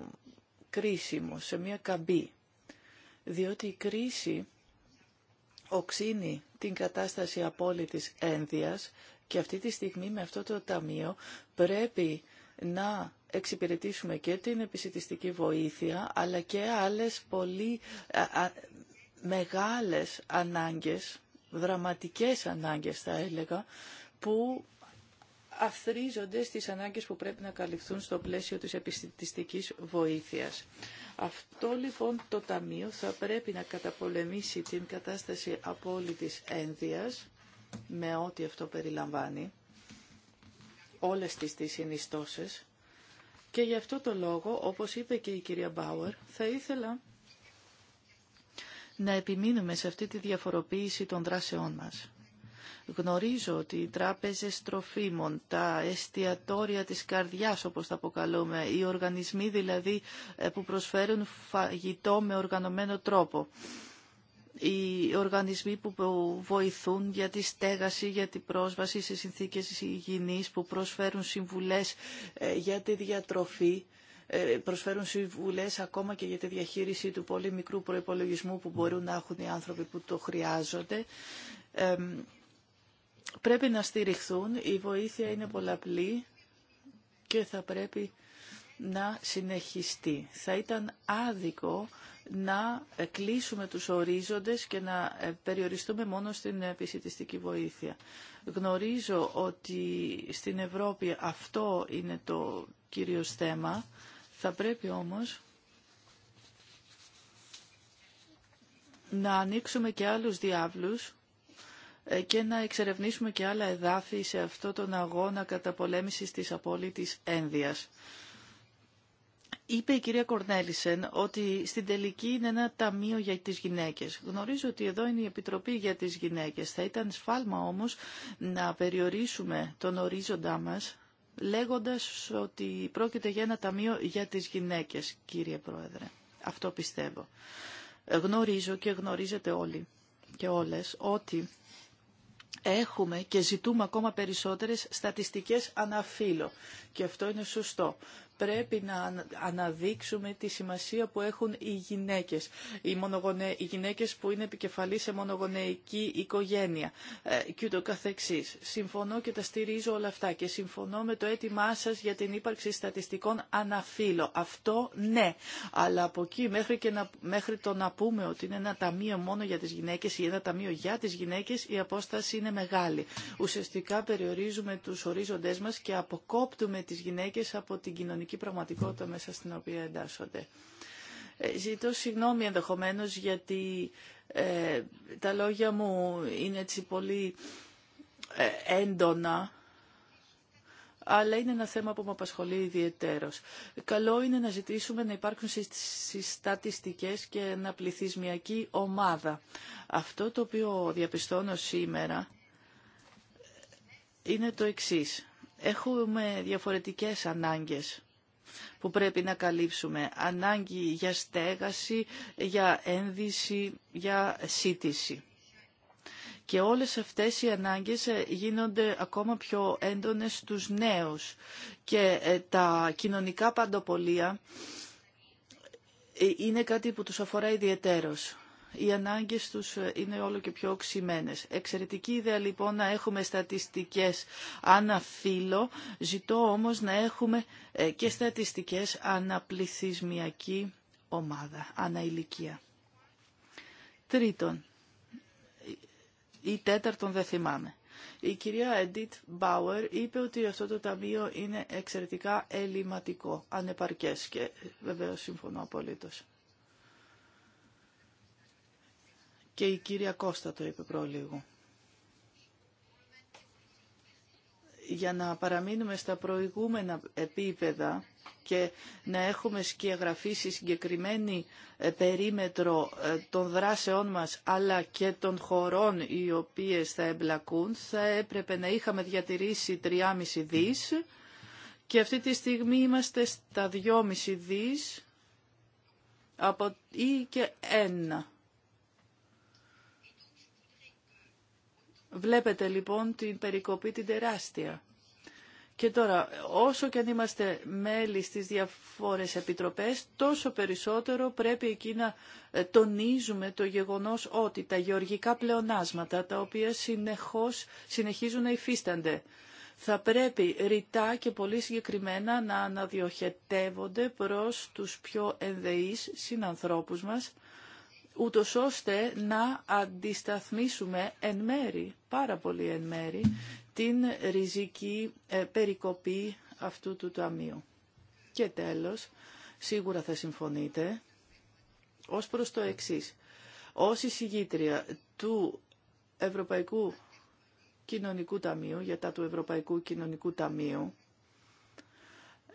κρίσιμο, σε μια καμπή, διότι η κρίση οξύνει την κατάσταση απόλυτης ένδυας και αυτή τη στιγμή με αυτό το ταμείο πρέπει να εξυπηρετήσουμε και την επισητιστική βοήθεια, αλλά και άλλες πολύ μεγάλες ανάγκες, δραματικές ανάγκες θα έλεγα, που αυθρίζονται στις ανάγκες που πρέπει να καλυφθούν στο πλαίσιο της επιστημιστικής βοήθειας. Αυτό λοιπόν το Ταμείο θα πρέπει να καταπολεμήσει την κατάσταση απόλυτης ένδυας, με ό,τι αυτό περιλαμβάνει, όλες τις, τις συνιστώσεις, και γι' αυτό το λόγο, όπως είπε και η κυρία Μπάουερ, θα ήθελα να επιμείνουμε σε αυτή τη διαφοροποίηση των δράσεών μας. Γνωρίζω ότι οι τράπεζες τροφίμων, τα εστιατόρια της καρδιάς όπως τα αποκαλούμε, οι οργανισμοί δηλαδή ε, που προσφέρουν φαγητό με οργανωμένο τρόπο, οι οργανισμοί που βοηθούν για τη στέγαση, για την πρόσβαση σε συνθήκες υγιεινής, που προσφέρουν συμβουλές ε, για τη διατροφή, ε, προσφέρουν συμβουλές ακόμα και για τη διαχείριση του πολύ μικρού προϋπολογισμού που μπορούν να έχουν οι άνθρωποι που το χρειάζονται. Πρέπει να στηριχθούν, η βοήθεια είναι πολλαπλή και θα πρέπει να συνεχιστεί. Θα ήταν άδικο να κλείσουμε τους ορίζοντες και να ε, περιοριστούμε μόνο στην ε, επισητιστική βοήθεια. Γνωρίζω ότι στην Ευρώπη αυτό είναι το κύριο θέμα. Θα πρέπει όμως να ανοίξουμε και άλλους διάβλους ε, και να εξερευνήσουμε και άλλα εδάφη σε αυτό τον αγώνα καταπολέμησης της απόλυτης ένδυας. Είπε η κυρία Κορνέλισεν ότι στην τελική είναι ένα ταμείο για τις γυναίκες. Γνωρίζω ότι εδώ είναι η Επιτροπή για τις γυναίκες. Θα ήταν σφάλμα όμως να περιορίσουμε τον ορίζοντά μας λέγοντας ότι πρόκειται για ένα ταμείο για τις γυναίκες, κύριε Πρόεδρε. Αυτό πιστεύω. Γνωρίζω και γνωρίζετε όλοι και όλες ότι έχουμε και ζητούμε ακόμα περισσότερες στατιστικές αναφύλο. Και αυτό είναι σωστό πρέπει να αναδείξουμε τη σημασία που έχουν οι γυναίκες. Οι, μονογονε... οι γυναίκες που είναι επικεφαλής σε μονογονεϊκή οικογένεια ε, και ούτω καθεξής. Συμφωνώ και τα στηρίζω όλα αυτά και συμφωνώ με το αίτημά σας για την ύπαρξη στατιστικών αναφύλων. Αυτό ναι, αλλά από εκεί μέχρι, και να... μέχρι το να πούμε ότι είναι ένα ταμείο μόνο για τις γυναίκες ή ένα ταμείο για τις γυναίκες η απόσταση είναι μεγάλη. Ουσιαστικά περιορίζουμε τους ορίζοντές μας και αποκόπτουμε τις γυναίκες από την κοινωνική διαφορετική πραγματικότητα μέσα στην οποία εντάσσονται. Ε, ζητώ συγγνώμη ενδεχομένως γιατί ε, τα λόγια μου είναι έτσι πολύ ε, έντονα αλλά είναι ένα θέμα που με απασχολεί ιδιαιτέρως. Καλό είναι να ζητήσουμε να υπάρχουν συστατιστικές και να πληθυσμιακή ομάδα. Αυτό το οποίο διαπιστώνω σήμερα είναι το εξής. Έχουμε διαφορετικές ανάγκες που πρέπει να καλύψουμε. Ανάγκη για στέγαση, για ένδυση, για σύτηση. Και όλες αυτές οι ανάγκες ε, γίνονται ακόμα πιο έντονες στους νέους. Και ε, τα κοινωνικά παντοπολία ε, είναι κάτι που τους αφορά ιδιαιτέρως οι ανάγκες τους ε, είναι όλο και πιο οξυμένες. Εξαιρετική ιδέα λοιπόν να έχουμε στατιστικές αναφύλλο, ζητώ όμως να έχουμε ε, και στατιστικές αναπληθυσμιακή ομάδα, αναηλικία. Τρίτον, ή τέταρτον δεν θυμάμαι. Η κυρία Εντίτ Μπάουερ είπε ότι αυτό το ταμείο είναι εξαιρετικά ελληματικό, ανεπαρκές και ε, βεβαίως συμφωνώ απολύτως. και η κυρία Κώστα το είπε πρόλίγου. Για να παραμείνουμε στα προηγούμενα επίπεδα και να έχουμε σκιαγραφίσει συγκεκριμένη ε, περίμετρο ε, των δράσεών μας αλλά και των χωρών οι οποίες θα εμπλακούν, θα έπρεπε να είχαμε διατηρήσει 3,5 δις και αυτή τη στιγμή είμαστε στα 2,5 δις από ή και ένα Βλέπετε λοιπόν την περικοπή την τεράστια. Και τώρα, όσο και αν είμαστε μέλη στις διαφόρες επιτροπές, τόσο περισσότερο πρέπει εκεί να ε, τονίζουμε το γεγονός ότι τα γεωργικά πλεονάσματα, τα οποία συνεχώς συνεχίζουν να υφίστανται, θα πρέπει ρητά και πολύ συγκεκριμένα να αναδιοχετεύονται προς τους πιο ενδεείς συνανθρώπους μας, ούτω ώστε να αντισταθμίσουμε εν μέρη, πάρα πολύ εν μέρη, την ριζική ε, περικοπή αυτού του ταμείου. Και τέλος, σίγουρα θα συμφωνείτε, ως προς το εξής. Ως εισηγήτρια του Ευρωπαϊκού Κοινωνικού Ταμείου, για τα του Ευρωπαϊκού Κοινωνικού Ταμείου,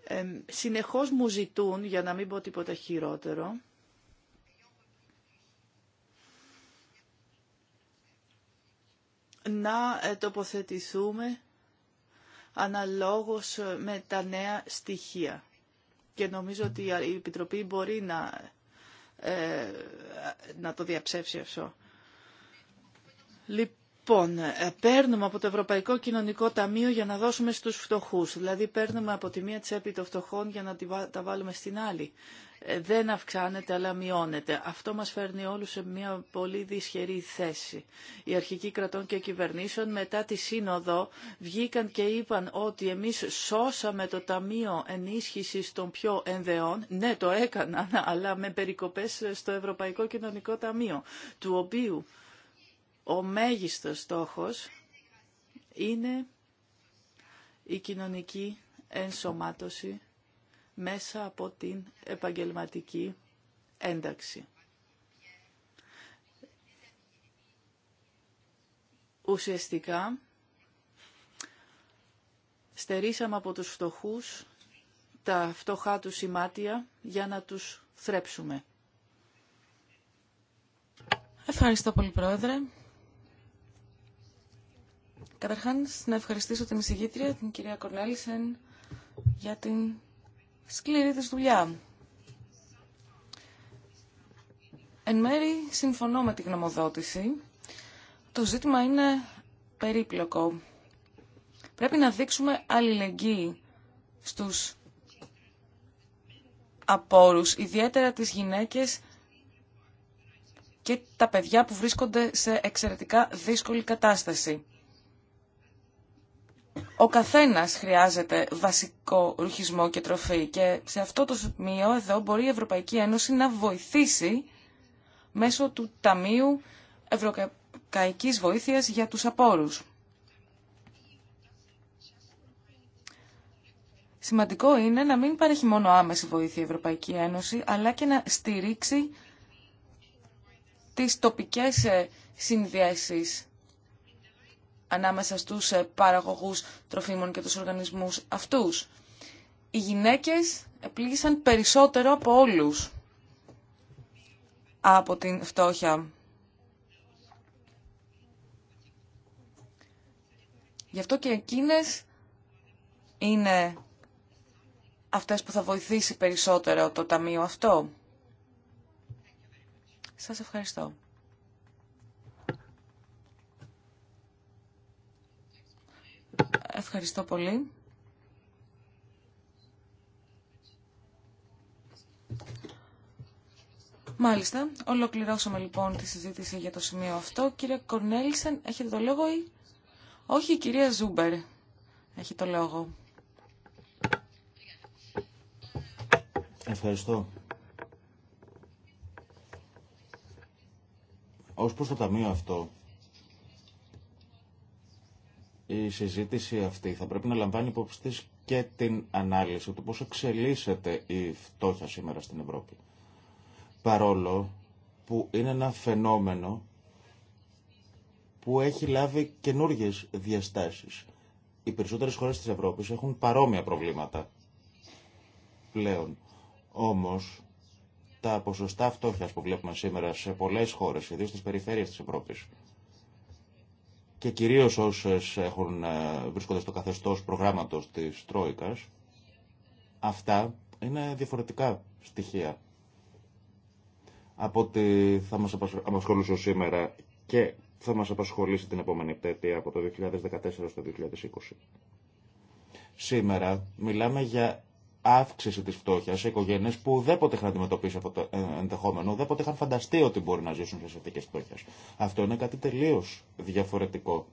ε, συνεχώς μου ζητούν, για να μην πω τίποτα χειρότερο, να ε, τοποθετηθούμε αναλόγως ε, με τα νέα στοιχεία. Και νομίζω ότι η Επιτροπή μπορεί να, ε, να το διαψεύσει αυτό. Λοιπόν, παίρνουμε από το Ευρωπαϊκό Κοινωνικό Ταμείο για να δώσουμε στους φτωχούς. Δηλαδή παίρνουμε από τη μία τσέπη των φτωχών για να τα βάλουμε στην άλλη δεν αυξάνεται αλλά μειώνεται. Αυτό μας φέρνει όλους σε μια πολύ δυσχερή θέση. Οι αρχικοί κρατών και κυβερνήσεων μετά τη σύνοδο βγήκαν και είπαν ότι εμείς σώσαμε το Ταμείο Ενίσχυσης των πιο ενδεών. Ναι, το έκαναν, αλλά με περικοπές στο Ευρωπαϊκό Κοινωνικό Ταμείο, του οποίου ο μέγιστος στόχος είναι η κοινωνική ενσωμάτωση μέσα από την επαγγελματική ένταξη. Ουσιαστικά, στερήσαμε από τους φτωχούς τα φτωχά του σημάτια για να τους θρέψουμε. Ευχαριστώ πολύ, Πρόεδρε. Καταρχάς, να ευχαριστήσω την εισηγήτρια, την κυρία Κορνέλισεν, για την σκληρή της δουλειά. Εν μέρη συμφωνώ με τη γνωμοδότηση. Το ζήτημα είναι περίπλοκο. Πρέπει να δείξουμε αλληλεγγύη στους απόρους, ιδιαίτερα τις γυναίκες και τα παιδιά που βρίσκονται σε εξαιρετικά δύσκολη κατάσταση. Ο καθένας χρειάζεται βασικό ρουχισμό και τροφή και σε αυτό το σημείο εδώ μπορεί η Ευρωπαϊκή Ένωση να βοηθήσει μέσω του Ταμείου Ευρωπαϊκής Βοήθειας για τους Απόρους. Σημαντικό είναι να μην παρέχει μόνο άμεση βοήθεια η Ευρωπαϊκή Ένωση, αλλά και να στηρίξει τις τοπικές συνδέσεις ανάμεσα στους ε, παραγωγούς τροφίμων και τους οργανισμούς αυτούς. Οι γυναίκες επλήγησαν περισσότερο από όλους από την φτώχεια. Γι' αυτό και εκείνες είναι αυτές που θα βοηθήσει περισσότερο το ταμείο αυτό. Σας ευχαριστώ. Ευχαριστώ πολύ. Μάλιστα, ολοκληρώσαμε λοιπόν τη συζήτηση για το σημείο αυτό. Κύριε Κορνέλισεν, έχετε το λόγο ή... Όχι, η κυρία Ζούμπερ έχει το λόγο. Ευχαριστώ. Ως προς το ταμείο αυτό, η συζήτηση αυτή θα πρέπει να λαμβάνει υπόψη της και την ανάλυση του πώς εξελίσσεται η φτώχεια σήμερα στην Ευρώπη. Παρόλο που είναι ένα φαινόμενο που έχει λάβει καινούριε διαστάσεις. Οι περισσότερες χώρες της Ευρώπης έχουν παρόμοια προβλήματα πλέον. Όμως, τα ποσοστά φτώχειας που βλέπουμε σήμερα σε πολλές χώρες, ιδίως στις περιφέρειες της Ευρώπης, και κυρίως όσες έχουν, ε, βρίσκονται στο καθεστώς προγράμματος της Τρόικας, αυτά είναι διαφορετικά στοιχεία από ότι θα μας απασχολούσε σήμερα και θα μας απασχολήσει την επόμενη πτέτεια από το 2014 στο 2020. Σήμερα μιλάμε για αύξηση τη φτώχεια σε οικογένειε που ουδέποτε είχαν αντιμετωπίσει αυτό το ε, ενδεχόμενο, ουδέποτε είχαν φανταστεί ότι μπορεί να ζήσουν σε συνθήκε φτώχεια. Αυτό είναι κάτι τελείω διαφορετικό.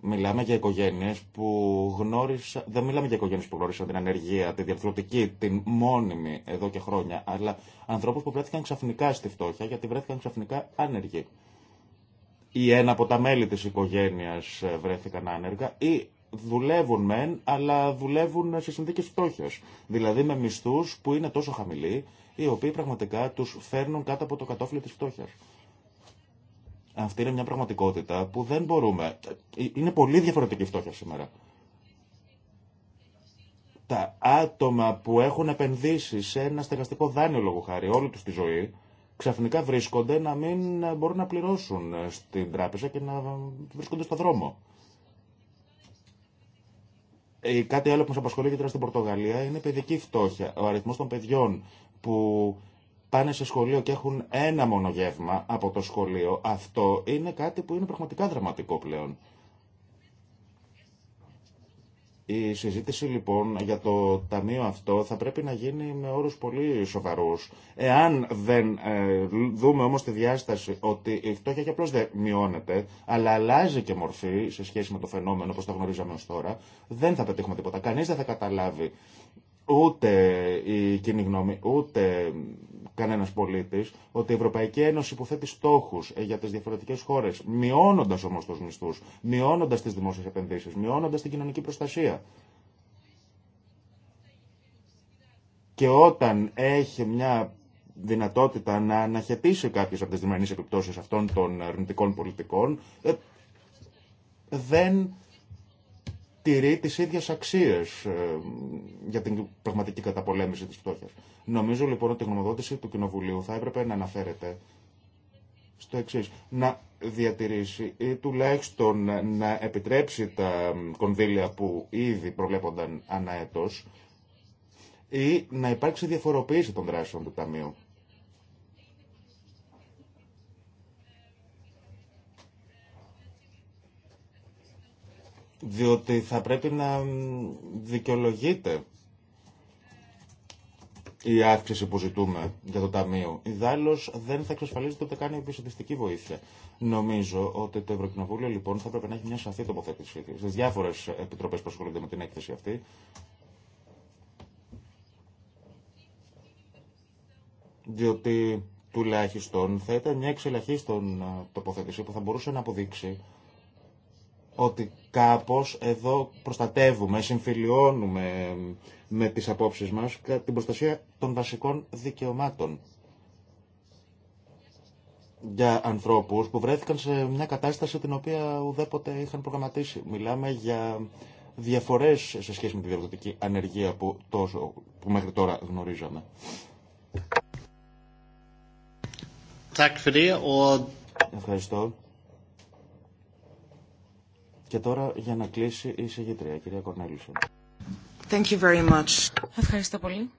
Μιλάμε για οικογένειε που γνώρισαν, δεν μιλάμε για οικογένειε που γνώρισαν την ανεργία, τη διαρθρωτική, την μόνιμη εδώ και χρόνια, αλλά ανθρώπου που βρέθηκαν ξαφνικά στη φτώχεια γιατί βρέθηκαν ξαφνικά άνεργοι. Ή ένα από τα μέλη τη οικογένεια ε, βρέθηκαν άνεργα, ή δουλεύουν μεν, αλλά δουλεύουν σε συνθήκε φτώχεια. Δηλαδή με μισθού που είναι τόσο χαμηλοί, οι οποίοι πραγματικά του φέρνουν κάτω από το κατόφλι τη φτώχεια. Αυτή είναι μια πραγματικότητα που δεν μπορούμε. Ε, είναι πολύ διαφορετική φτώχεια σήμερα. Τα άτομα που έχουν επενδύσει σε ένα στεγαστικό δάνειο λόγω χάρη όλη του τη ζωή, ξαφνικά βρίσκονται να μην μπορούν να πληρώσουν στην τράπεζα και να βρίσκονται στο δρόμο. Ε, κάτι άλλο που μα απασχολεί και τώρα στην Πορτογαλία είναι η παιδική φτώχεια. Ο αριθμό των παιδιών που πάνε σε σχολείο και έχουν ένα μόνο από το σχολείο, αυτό είναι κάτι που είναι πραγματικά δραματικό πλέον. Η συζήτηση λοιπόν για το ταμείο αυτό θα πρέπει να γίνει με όρους πολύ σοβαρούς. Εάν δεν ε, δούμε όμως τη διάσταση ότι η φτώχεια και απλώς δεν μειώνεται, αλλά αλλάζει και μορφή σε σχέση με το φαινόμενο όπως το γνωρίζαμε ως τώρα, δεν θα πετύχουμε τίποτα. Κανείς δεν θα καταλάβει ούτε η κοινή γνώμη, ούτε κανένα πολίτη ότι η Ευρωπαϊκή Ένωση υποθέτει στόχου ε, για τι διαφορετικέ χώρε, μειώνοντα όμω του μισθού, μειώνοντα τι δημόσιε επενδύσει, μειώνοντα την κοινωνική προστασία. Και όταν έχει μια δυνατότητα να αναχαιτήσει κάποιε από τι διμερεί επιπτώσει αυτών των αρνητικών πολιτικών, ε, δεν τηρεί τις ίδιες αξίες ε, για την πραγματική καταπολέμηση της φτώχειας. Νομίζω λοιπόν ότι η γνωμοδότηση του Κοινοβουλίου θα έπρεπε να αναφέρεται στο εξή. Να διατηρήσει ή τουλάχιστον να επιτρέψει τα κονδύλια που ήδη προβλέπονταν ανά έτος, ή να υπάρξει διαφοροποίηση των δράσεων του Ταμείου. διότι θα πρέπει να δικαιολογείται η αύξηση που ζητούμε για το Ταμείο. Ιδάλω δεν θα εξασφαλίζεται ούτε κάνει η βοήθεια. Νομίζω ότι το Ευρωκοινοβούλιο λοιπόν θα πρέπει να έχει μια σαφή τοποθέτηση στι διάφορε επιτροπέ που ασχολούνται με την έκθεση αυτή. Διότι τουλάχιστον θα ήταν μια εξελαχή στον τοποθέτηση που θα μπορούσε να αποδείξει ότι κάπως εδώ προστατεύουμε, συμφιλιώνουμε με τις απόψεις μας την προστασία των βασικών δικαιωμάτων για ανθρώπους που βρέθηκαν σε μια κατάσταση την οποία ουδέποτε είχαν προγραμματίσει. Μιλάμε για διαφορές σε σχέση με τη διαδοτική ανεργία που, τόσο, που μέχρι τώρα γνωρίζαμε. Ευχαριστώ. Και τώρα για να κλείσει η συγγήτρια, κυρία Κορνέλισον. Thank you very much. Ευχαριστώ πολύ.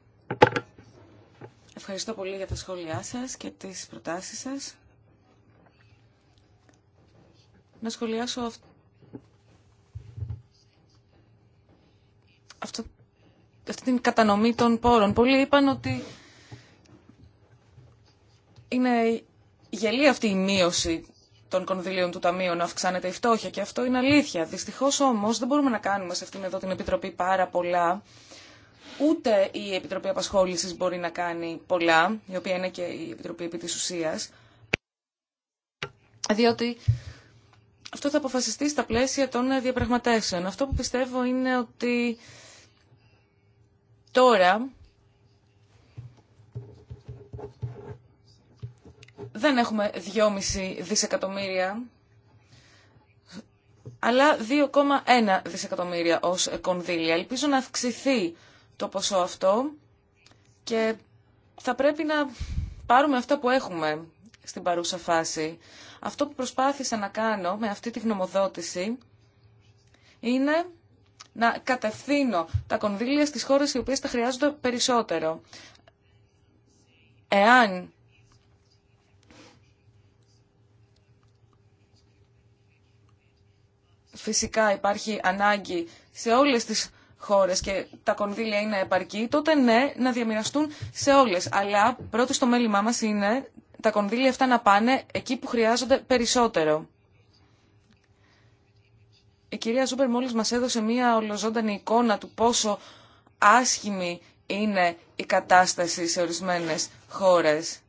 Ευχαριστώ πολύ για τα σχόλιά σας και τις προτάσεις σας. Να σχολιάσω αυ... αυτό... αυτή την κατανομή των πόρων. Πολλοί είπαν ότι είναι γελία αυτή η μείωση των κονδυλίων του Ταμείου να αυξάνεται η φτώχεια και αυτό είναι αλήθεια. Δυστυχώ όμω δεν μπορούμε να κάνουμε σε αυτήν εδώ την Επιτροπή πάρα πολλά. Ούτε η Επιτροπή απασχόληση μπορεί να κάνει πολλά, η οποία είναι και η Επιτροπή επί της ουσίας, διότι αυτό θα αποφασιστεί στα πλαίσια των διαπραγματεύσεων. Αυτό που πιστεύω είναι ότι τώρα δεν έχουμε 2,5 δισεκατομμύρια, αλλά 2,1 δισεκατομμύρια ως κονδύλια. Ελπίζω να αυξηθεί το ποσό αυτό και θα πρέπει να πάρουμε αυτά που έχουμε στην παρούσα φάση. Αυτό που προσπάθησα να κάνω με αυτή τη γνωμοδότηση είναι να κατευθύνω τα κονδύλια στις χώρες οι οποίες τα χρειάζονται περισσότερο. Εάν φυσικά υπάρχει ανάγκη σε όλες τις χώρες και τα κονδύλια είναι επαρκή, τότε ναι, να διαμοιραστούν σε όλες. Αλλά πρώτο στο μέλημά μας είναι τα κονδύλια αυτά να πάνε εκεί που χρειάζονται περισσότερο. Η κυρία Ζούπερ μόλις μας έδωσε μία ολοζώντανη εικόνα του πόσο άσχημη είναι η κατάσταση σε ορισμένες χώρες.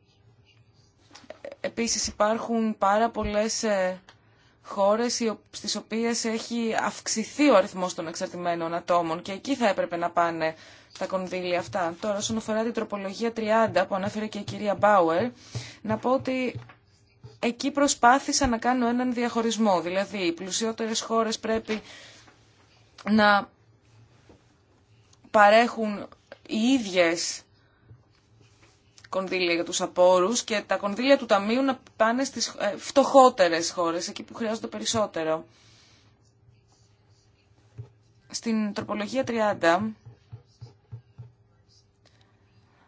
Ε, επίσης υπάρχουν πάρα πολλές ε, χώρες στις οποίες έχει αυξηθεί ο αριθμός των εξαρτημένων ατόμων και εκεί θα έπρεπε να πάνε τα κονδύλια αυτά. Τώρα, όσον αφορά την τροπολογία 30 που ανέφερε και η κυρία Μπάουερ, να πω ότι εκεί προσπάθησα να κάνω έναν διαχωρισμό. Δηλαδή, οι πλουσιότερες χώρες πρέπει να παρέχουν οι ίδιες κονδύλια για τους απόρους και τα κονδύλια του Ταμείου να πάνε στις ε, φτωχότερες χώρες, εκεί που χρειάζονται περισσότερο. Στην τροπολογία 30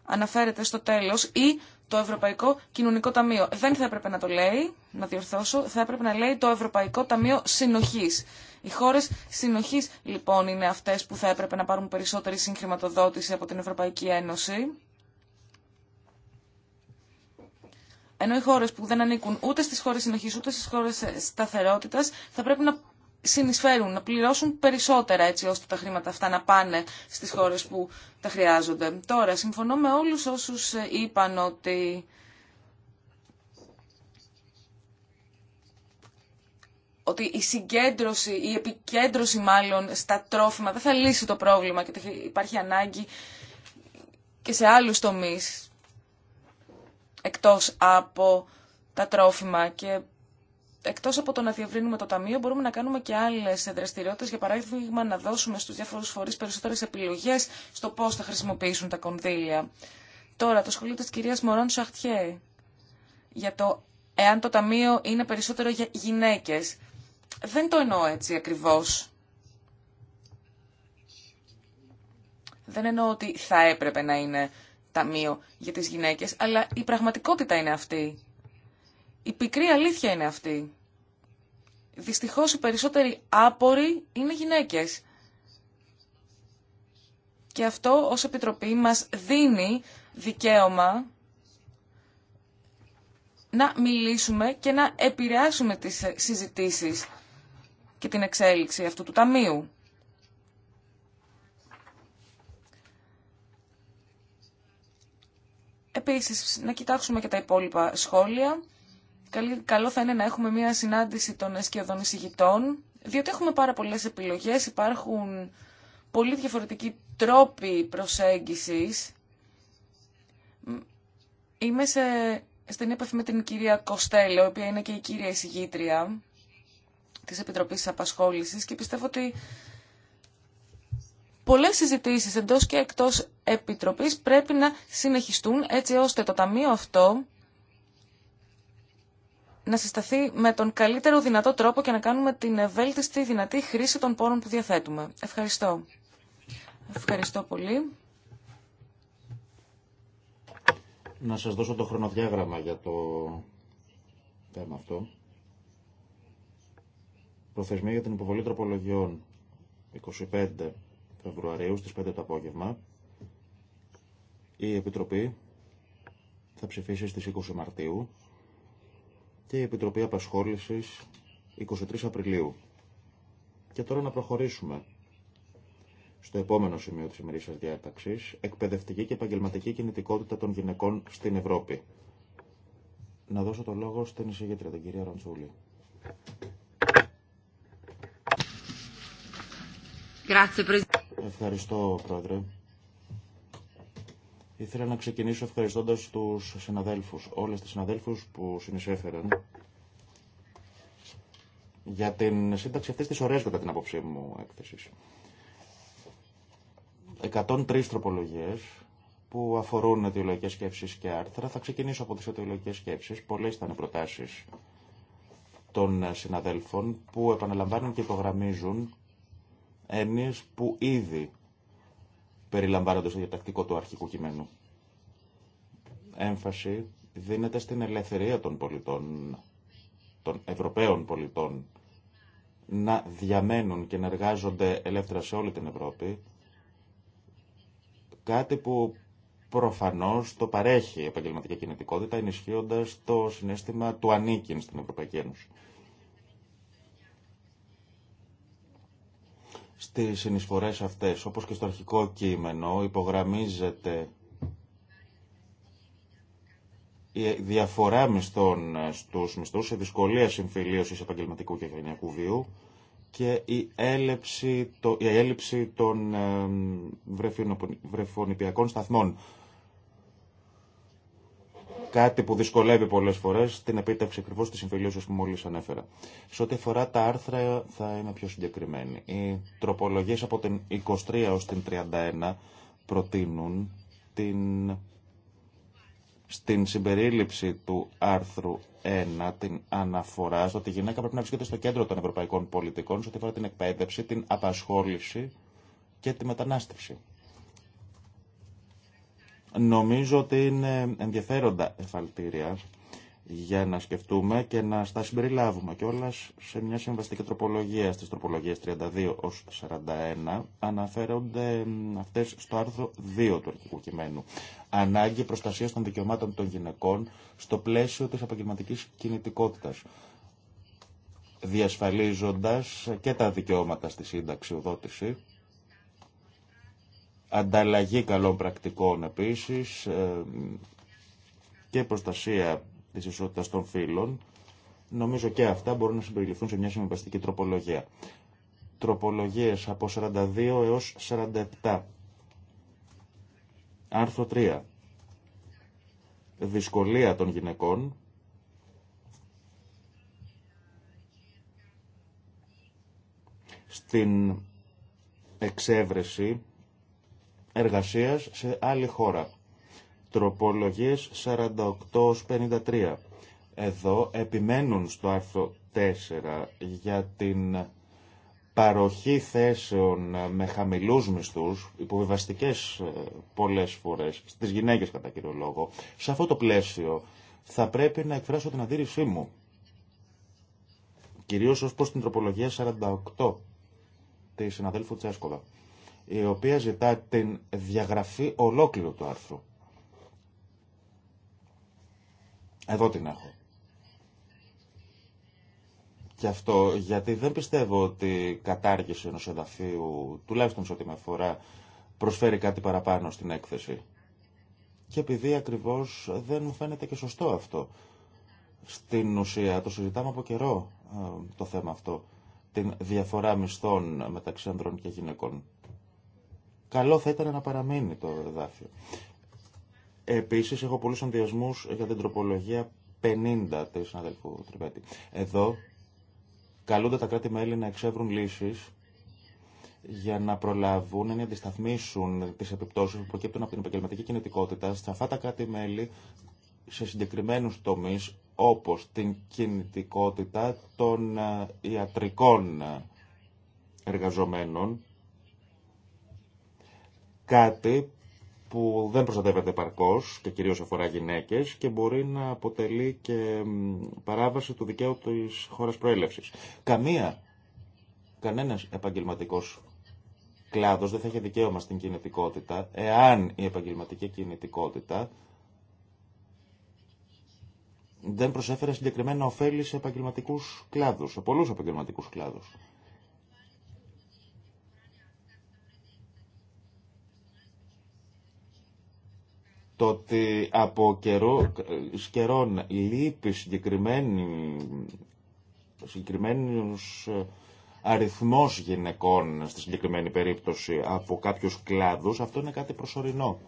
αναφέρεται στο τέλος ή το Ευρωπαϊκό Κοινωνικό Ταμείο. Δεν θα έπρεπε να το λέει, να διορθώσω, θα έπρεπε να λέει το Ευρωπαϊκό Ταμείο Συνοχής. Οι χώρες συνοχής λοιπόν είναι αυτές που θα έπρεπε να πάρουν περισσότερη συγχρηματοδότηση από την Ευρωπαϊκή Ένωση. Ενώ οι χώρες που δεν ανήκουν ούτε στι χώρε συνοχή, ούτε στις χώρες ε, σταθερότητας θα πρέπει να συνεισφέρουν, να πληρώσουν περισσότερα έτσι ώστε τα χρήματα αυτά να πάνε στις χώρες που τα χρειάζονται. Τώρα, συμφωνώ με όλους όσους ε, είπαν ότι... ότι η συγκέντρωση, η επικέντρωση μάλλον στα τρόφιμα δεν θα λύσει το πρόβλημα και υπάρχει ανάγκη και σε άλλους τομείς εκτός από τα τρόφιμα και εκτό από το να διευρύνουμε το ταμείο, μπορούμε να κάνουμε και άλλε δραστηριότητε. Για παράδειγμα, να δώσουμε στου διάφορου φορεί περισσότερε επιλογέ στο πώ θα χρησιμοποιήσουν τα κονδύλια. Τώρα, το σχολείο τη κυρία Μωράν Σαχτιέ για το εάν το ταμείο είναι περισσότερο για γυναίκε. Δεν το εννοώ έτσι ακριβώ. Δεν εννοώ ότι θα έπρεπε να είναι ταμείο για τις γυναίκες, αλλά η πραγματικότητα είναι αυτή. Η πικρή αλήθεια είναι αυτή. Δυστυχώς οι περισσότεροι άποροι είναι γυναίκες. Και αυτό ως Επιτροπή μας δίνει δικαίωμα να μιλήσουμε και να επηρεάσουμε τις συζητήσεις και την εξέλιξη αυτού του ταμείου. Επίσης, να κοιτάξουμε και τα υπόλοιπα σχόλια. Καλό θα είναι να έχουμε μια συνάντηση των σκιωδών εισηγητών, διότι έχουμε πάρα πολλές επιλογές, υπάρχουν πολύ διαφορετικοί τρόποι προσέγγισης. Είμαι σε, στην επαφή με την κυρία Κοστέλο, η οποία είναι και η κύρια εισηγήτρια της Επιτροπής Απασχόλησης και πιστεύω ότι πολλές συζητήσεις εντός και εκτός Επιτροπής πρέπει να συνεχιστούν έτσι ώστε το Ταμείο αυτό να συσταθεί με τον καλύτερο δυνατό τρόπο και να κάνουμε την ευέλτιστη δυνατή χρήση των πόρων που διαθέτουμε. Ευχαριστώ. Ευχαριστώ πολύ. Να σας δώσω το χρονοδιάγραμμα για το θέμα αυτό. Προθεσμία για την υποβολή τροπολογιών 25 Φεβρουαρίου στις 5 το απόγευμα. Η Επιτροπή θα ψηφίσει στις 20 Μαρτίου και η Επιτροπή Απασχόλησης 23 Απριλίου. Και τώρα να προχωρήσουμε στο επόμενο σημείο της ημερήσιας διάταξης, εκπαιδευτική και επαγγελματική κινητικότητα των γυναικών στην Ευρώπη. Να δώσω το λόγο στην εισηγήτρια, την κυρία Ραντσούλη. Ευχαριστώ, Πρόεδρε. Ήθελα να ξεκινήσω ευχαριστώντας τους συναδέλφους, όλες τις συναδέλφους που συνεισέφεραν για την σύνταξη αυτής της ωραίας κατά την απόψή μου έκθεσης. 103 τροπολογίες που αφορούν αιτιολογικές σκέψεις και άρθρα. Θα ξεκινήσω από τις αιτιολογικές σκέψεις. Πολλές ήταν οι προτάσεις των συναδέλφων που επαναλαμβάνουν και υπογραμμίζουν έννοιες που ήδη περιλαμβάνονται στο διατακτικό του αρχικού κειμένου. Έμφαση δίνεται στην ελευθερία των πολιτών, των Ευρωπαίων πολιτών, να διαμένουν και να εργάζονται ελεύθερα σε όλη την Ευρώπη, κάτι που προφανώς το παρέχει η επαγγελματική κινητικότητα, ενισχύοντας το συνέστημα του ανήκειν στην Ευρωπαϊκή Ένωση. στις συνεισφορές αυτές, όπως και στο αρχικό κείμενο, υπογραμμίζεται η διαφορά μισθών στους μισθούς, η δυσκολία συμφιλίωσης επαγγελματικού και γενιακού βίου και η έλλειψη, το, η των ε, βρεφονιπιακών σταθμών Κάτι που δυσκολεύει πολλέ φορέ την επίτευξη ακριβώ τη συμφιλίωση που μόλι ανέφερα. Σε ό,τι αφορά τα άρθρα, θα είμαι πιο συγκεκριμένη. Οι τροπολογίε από την 23 ω την 31 προτείνουν την... στην συμπερίληψη του άρθρου 1 την αναφορά στο ότι η γυναίκα πρέπει να βρίσκεται στο κέντρο των ευρωπαϊκών πολιτικών σε ό,τι αφορά την εκπαίδευση, την απασχόληση και τη μετανάστευση. Νομίζω ότι είναι ενδιαφέροντα εφαλτήρια για να σκεφτούμε και να στα συμπεριλάβουμε και όλα σε μια συμβαστική τροπολογία στις τροπολογίες 32 ως 41 αναφέρονται αυτές στο άρθρο 2 του αρχικού κειμένου ανάγκη προστασίας των δικαιωμάτων των γυναικών στο πλαίσιο της επαγγελματική κινητικότητας διασφαλίζοντας και τα δικαιώματα στη σύνταξη οδότηση ανταλλαγή καλών πρακτικών επίσης ε, και προστασία της ισότητας των φύλων. Νομίζω και αυτά μπορούν να συμπεριληφθούν σε μια συμβαστική τροπολογία. Τροπολογίες από 42 έως 47. Άρθρο 3. Δυσκολία των γυναικών στην εξέβρεση εργασίας σε άλλη χώρα. Τροπολογίες 48-53. Εδώ επιμένουν στο άρθρο 4 για την παροχή θέσεων με χαμηλούς μισθούς, υποβιβαστικές ε, πολλές φορές, στις γυναίκες κατά κύριο λόγο. Σε αυτό το πλαίσιο θα πρέπει να εκφράσω την αντίρρησή μου. Κυρίως ως προς την τροπολογία 48 της συναδέλφου Τσέσκοβα η οποία ζητά την διαγραφή ολόκληρου του άρθρου. Εδώ την έχω. Και αυτό γιατί δεν πιστεύω ότι η κατάργηση ενός εδαφείου, τουλάχιστον σε ό,τι με αφορά, προσφέρει κάτι παραπάνω στην έκθεση. Και επειδή ακριβώς δεν μου φαίνεται και σωστό αυτό. Στην ουσία το συζητάμε από καιρό ε, το θέμα αυτό, την διαφορά μισθών μεταξύ ανδρών και γυναικών καλό θα ήταν να παραμείνει το εδάφιο. Επίσης έχω πολλού συνδυασμού για την τροπολογία 50 της συναδέλφου τριβέτη. Εδώ καλούνται τα κράτη-μέλη να εξεύρουν λύσεις για να προλαβούν να αντισταθμίσουν τι επιπτώσει που προκύπτουν από την επαγγελματική κινητικότητα σε αυτά τα κράτη-μέλη σε συγκεκριμένου τομεί όπω την κινητικότητα των ε, ιατρικών ε, εργαζομένων Κάτι που δεν προστατεύεται παρκώς και κυρίως αφορά γυναίκες και μπορεί να αποτελεί και παράβαση του δικαίου της χώρας προέλευσης. Καμία, κανένας επαγγελματικός κλάδος δεν θα έχει δικαίωμα στην κινητικότητα εάν η επαγγελματική κινητικότητα δεν προσέφερε συγκεκριμένα ωφέλη σε επαγγελματικού κλάδου, σε πολλού επαγγελματικού κλάδου. Το ότι από καιρό, ε, καιρόν λείπει συγκεκριμένους ε, αριθμός γυναικών στη συγκεκριμένη περίπτωση από κάποιους κλάδους, αυτό είναι κάτι προσωρινό.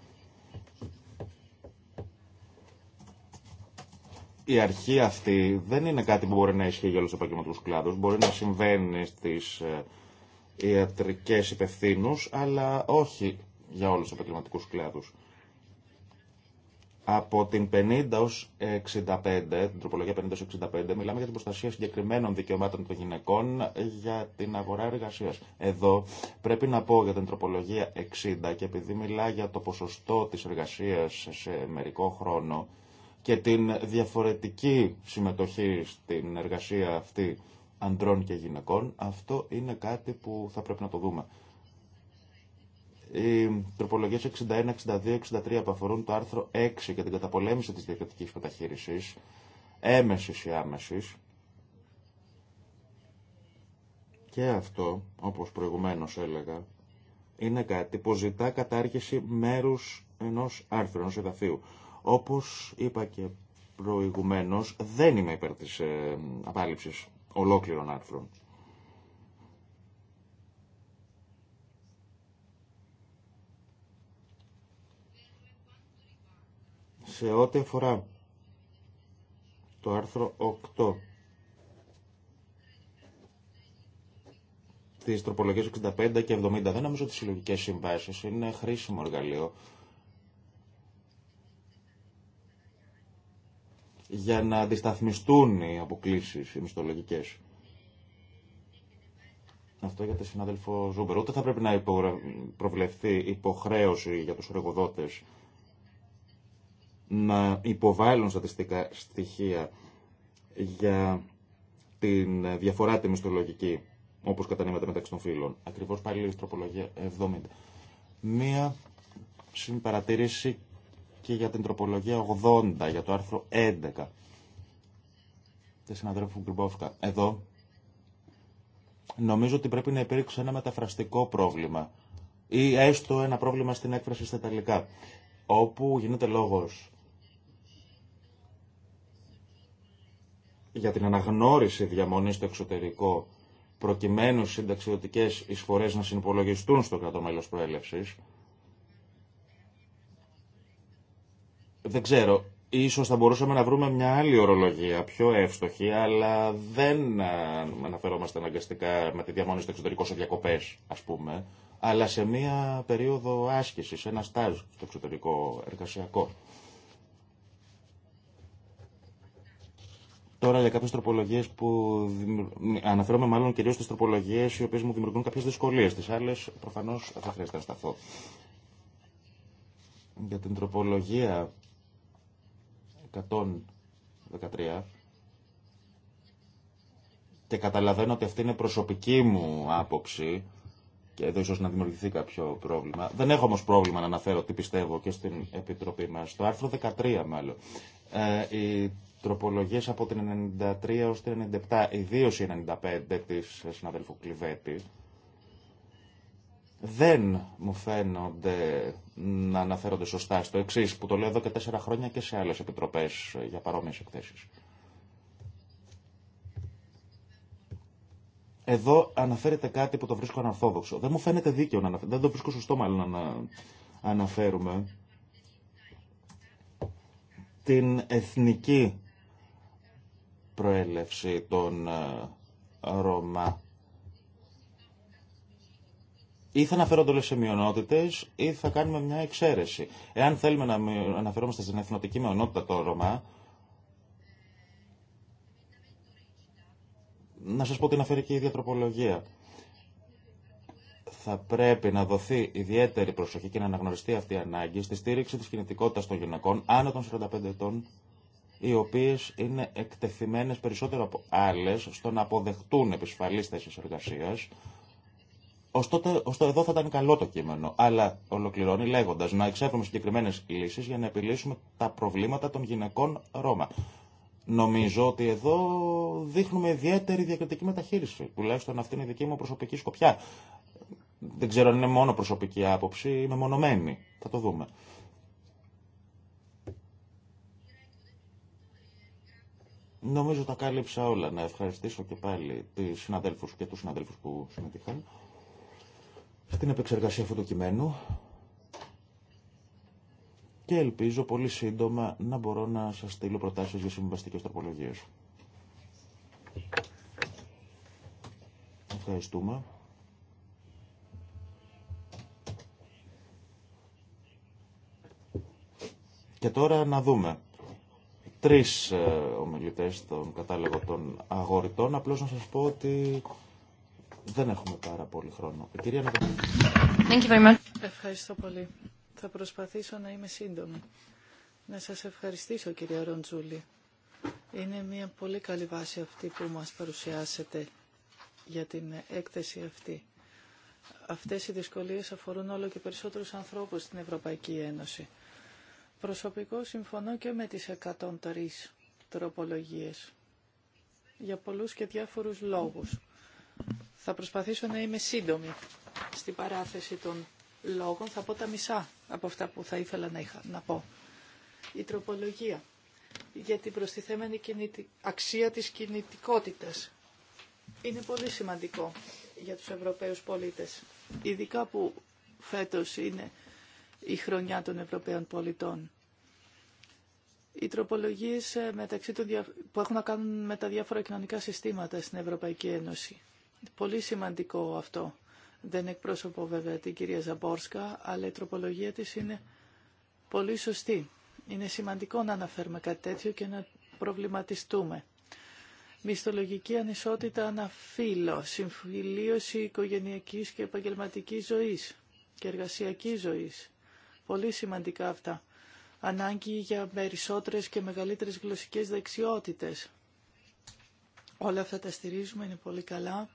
η αρχή αυτή δεν είναι κάτι που μπορεί να ισχύει για όλους τους επαγγελματικού κλάδους. Μπορεί να συμβαίνει στις ε, ιατρικές υπευθύνου, αλλά όχι για όλους του επαγγελματικού κλάδους. Από την 50 65, την τροπολογία 50 65, μιλάμε για την προστασία συγκεκριμένων δικαιωμάτων των γυναικών για την αγορά εργασία. Εδώ πρέπει να πω για την τροπολογία 60 και επειδή μιλά για το ποσοστό της εργασίας σε μερικό χρόνο και την διαφορετική συμμετοχή στην εργασία αυτή ανδρών και γυναικών, αυτό είναι κάτι που θα πρέπει να το δούμε. Οι τροπολογίε 61, 62, 63 που αφορούν το άρθρο 6 για την καταπολέμηση της διακριτική μεταχείριση, έμεση ή άμεσης, και αυτό, όπως προηγουμένω έλεγα, είναι κάτι που ζητά κατάργηση μέρους ενός άρθρου, ενό εδαφείου. Όπως είπα και προηγουμένω δεν είμαι υπέρ τη ε, απάλληψης ολόκληρων άρθρων. σε ό,τι αφορά το άρθρο 8 της τροπολογίας 65 και 70 δεν νομίζω ότι οι συλλογικές συμβάσεις είναι χρήσιμο εργαλείο για να αντισταθμιστούν οι αποκλήσει οι μισθολογικές. Αυτό για τη συνάδελφο Ζούμπερ. Ούτε θα πρέπει να προβλεφθεί υποχρέωση για τους εργοδότες να υποβάλουν στατιστικά στοιχεία για την διαφορά τη μισθολογική όπως κατανέμεται μεταξύ των φύλων. Ακριβώς πάλι η τροπολογία 70. Μία συμπαρατήρηση και για την τροπολογία 80, για το άρθρο 11 τη συναδρέφου Γκριμπόφκα. Εδώ νομίζω ότι πρέπει να υπήρξε ένα μεταφραστικό πρόβλημα ή έστω ένα πρόβλημα στην έκφραση στα Ιταλικά, όπου γίνεται λόγος για την αναγνώριση διαμονής στο εξωτερικό προκειμένου οι συνταξιδοτικέ να συνυπολογιστούν στο μέλο προέλευση. Δεν ξέρω, ίσως θα μπορούσαμε να βρούμε μια άλλη ορολογία, πιο εύστοχη, αλλά δεν αναφερόμαστε αναγκαστικά με τη διαμονή στο εξωτερικό σε διακοπές, ας πούμε, αλλά σε μια περίοδο άσκησης, ένα στάζ στο εξωτερικό εργασιακό. Τώρα για κάποιε τροπολογίε που. Αναφέρομαι μάλλον κυρίω στι τροπολογίε οι οποίε μου δημιουργούν κάποιε δυσκολίε. Τι άλλε προφανώ θα χρειαστεί να σταθώ. Για την τροπολογία 113 και καταλαβαίνω ότι αυτή είναι προσωπική μου άποψη και εδώ ίσως να δημιουργηθεί κάποιο πρόβλημα. Δεν έχω όμως πρόβλημα να αναφέρω τι πιστεύω και στην Επιτροπή μας. Το άρθρο 13 μάλλον. Ε, τροπολογίες από την 93 έως την 97, ιδίως η 95 της συναδέλφου Κλειβέτη, δεν μου φαίνονται να αναφέρονται σωστά στο εξή, που το λέω εδώ και τέσσερα χρόνια και σε άλλες επιτροπές για παρόμοιες εκθέσεις. Εδώ αναφέρεται κάτι που το βρίσκω αναρθόδοξο. Δεν μου φαίνεται δίκαιο να αναφέρουμε. Δεν το βρίσκω σωστό μάλλον να αναφέρουμε την εθνική προέλευση των ε, Ρώμα. Ή θα αναφέρονται όλε οι μειονότητε ή θα κάνουμε μια εξαίρεση. Εάν θέλουμε να αναφερόμαστε στην εθνοτική μειονότητα των Ρωμά, να σας πω την αναφέρει και η τροπολογία. Θα πρέπει να δοθεί ιδιαίτερη προσοχή και να αναγνωριστεί αυτή η ανάγκη στη στήριξη της κινητικότητας των γυναικών άνω των 45 ετών οι οποίε είναι εκτεθειμένες περισσότερο από άλλε στο να αποδεχτούν επισφαλεί θέσει εργασία. Ωστότε, ωστό εδώ θα ήταν καλό το κείμενο, αλλά ολοκληρώνει λέγοντα να εξεύρουμε συγκεκριμένε λύσει για να επιλύσουμε τα προβλήματα των γυναικών Ρώμα. Νομίζω ότι εδώ δείχνουμε ιδιαίτερη διακριτική μεταχείριση, τουλάχιστον αυτή είναι η δική μου προσωπική σκοπιά. Δεν ξέρω αν είναι μόνο προσωπική άποψη, είμαι μονομένη. Θα το δούμε. Νομίζω τα κάλυψα όλα. Να ευχαριστήσω και πάλι τις συναδέλφους και τους συναδέλφους που συμμετείχαν στην επεξεργασία αυτού του κειμένου και ελπίζω πολύ σύντομα να μπορώ να σας στείλω προτάσεις για συμβαστικές τροπολογίες. Ευχαριστούμε. Και τώρα να δούμε τρεις ε, ομιλητέ στον κατάλογο των αγορητών. Απλώς να σας πω ότι δεν έχουμε πάρα πολύ χρόνο. Ευχαριστώ πολύ. Θα προσπαθήσω να είμαι σύντομη. Να σας ευχαριστήσω κυρία Ροντζούλη. Είναι μια πολύ καλή βάση αυτή που μας παρουσιάσετε για την έκθεση αυτή. Αυτές οι δυσκολίες αφορούν όλο και περισσότερους ανθρώπους στην Ευρωπαϊκή Ένωση. Προσωπικό συμφωνώ και με τις 103 τροπολογίες για πολλούς και διάφορους λόγους. Θα προσπαθήσω να είμαι σύντομη στην παράθεση των λόγων. Θα πω τα μισά από αυτά που θα ήθελα να, είχα, να πω. Η τροπολογία για την προστιθέμενη αξία της κινητικότητας είναι πολύ σημαντικό για τους Ευρωπαίους πολίτες. Ειδικά που φέτος είναι η χρονιά των Ευρωπαίων πολιτών. Οι τροπολογίες ε, μεταξύ των, που έχουν να κάνουν με τα διάφορα κοινωνικά συστήματα στην Ευρωπαϊκή Ένωση. Πολύ σημαντικό αυτό. Δεν εκπρόσωπο βέβαια την κυρία Ζαμπόρσκα, αλλά η τροπολογία της είναι πολύ σωστή. Είναι σημαντικό να αναφέρουμε κάτι τέτοιο και να προβληματιστούμε. Μισθολογική ανισότητα αναφύλλω, συμφιλίωση οικογενειακής και επαγγελματικής ζωής και εργασιακής ζωής. Πολύ σημαντικά αυτά. Ανάγκη για περισσότερες και μεγαλύτερες γλωσσικές δεξιότητες. Όλα αυτά τα στηρίζουμε, είναι πολύ καλά.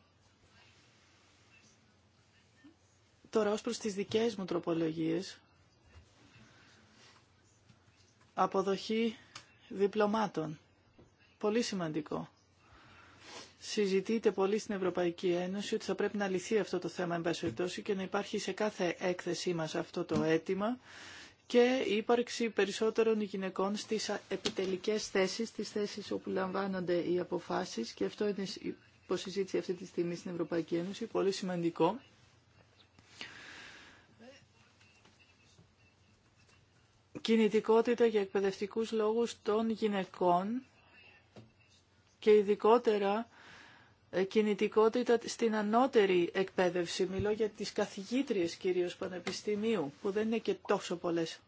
Τώρα ως προς τις δικές μου τροπολογίες, αποδοχή διπλωμάτων. Πολύ σημαντικό συζητείται πολύ στην Ευρωπαϊκή Ένωση ότι θα πρέπει να λυθεί αυτό το θέμα περιπτώσει και να υπάρχει σε κάθε έκθεσή μας αυτό το αίτημα και η ύπαρξη περισσότερων γυναικών στις επιτελικές θέσεις, στις θέσεις όπου λαμβάνονται οι αποφάσεις και αυτό είναι υποσυζήτηση αυτή τη στιγμή στην Ευρωπαϊκή Ένωση, πολύ σημαντικό. Κινητικότητα για εκπαιδευτικούς λόγους των γυναικών και ειδικότερα ε, κινητικότητα στην ανώτερη εκπαίδευση. Μιλώ για τις καθηγήτριες κυρίως πανεπιστημίου, που δεν είναι και τόσο πολλές.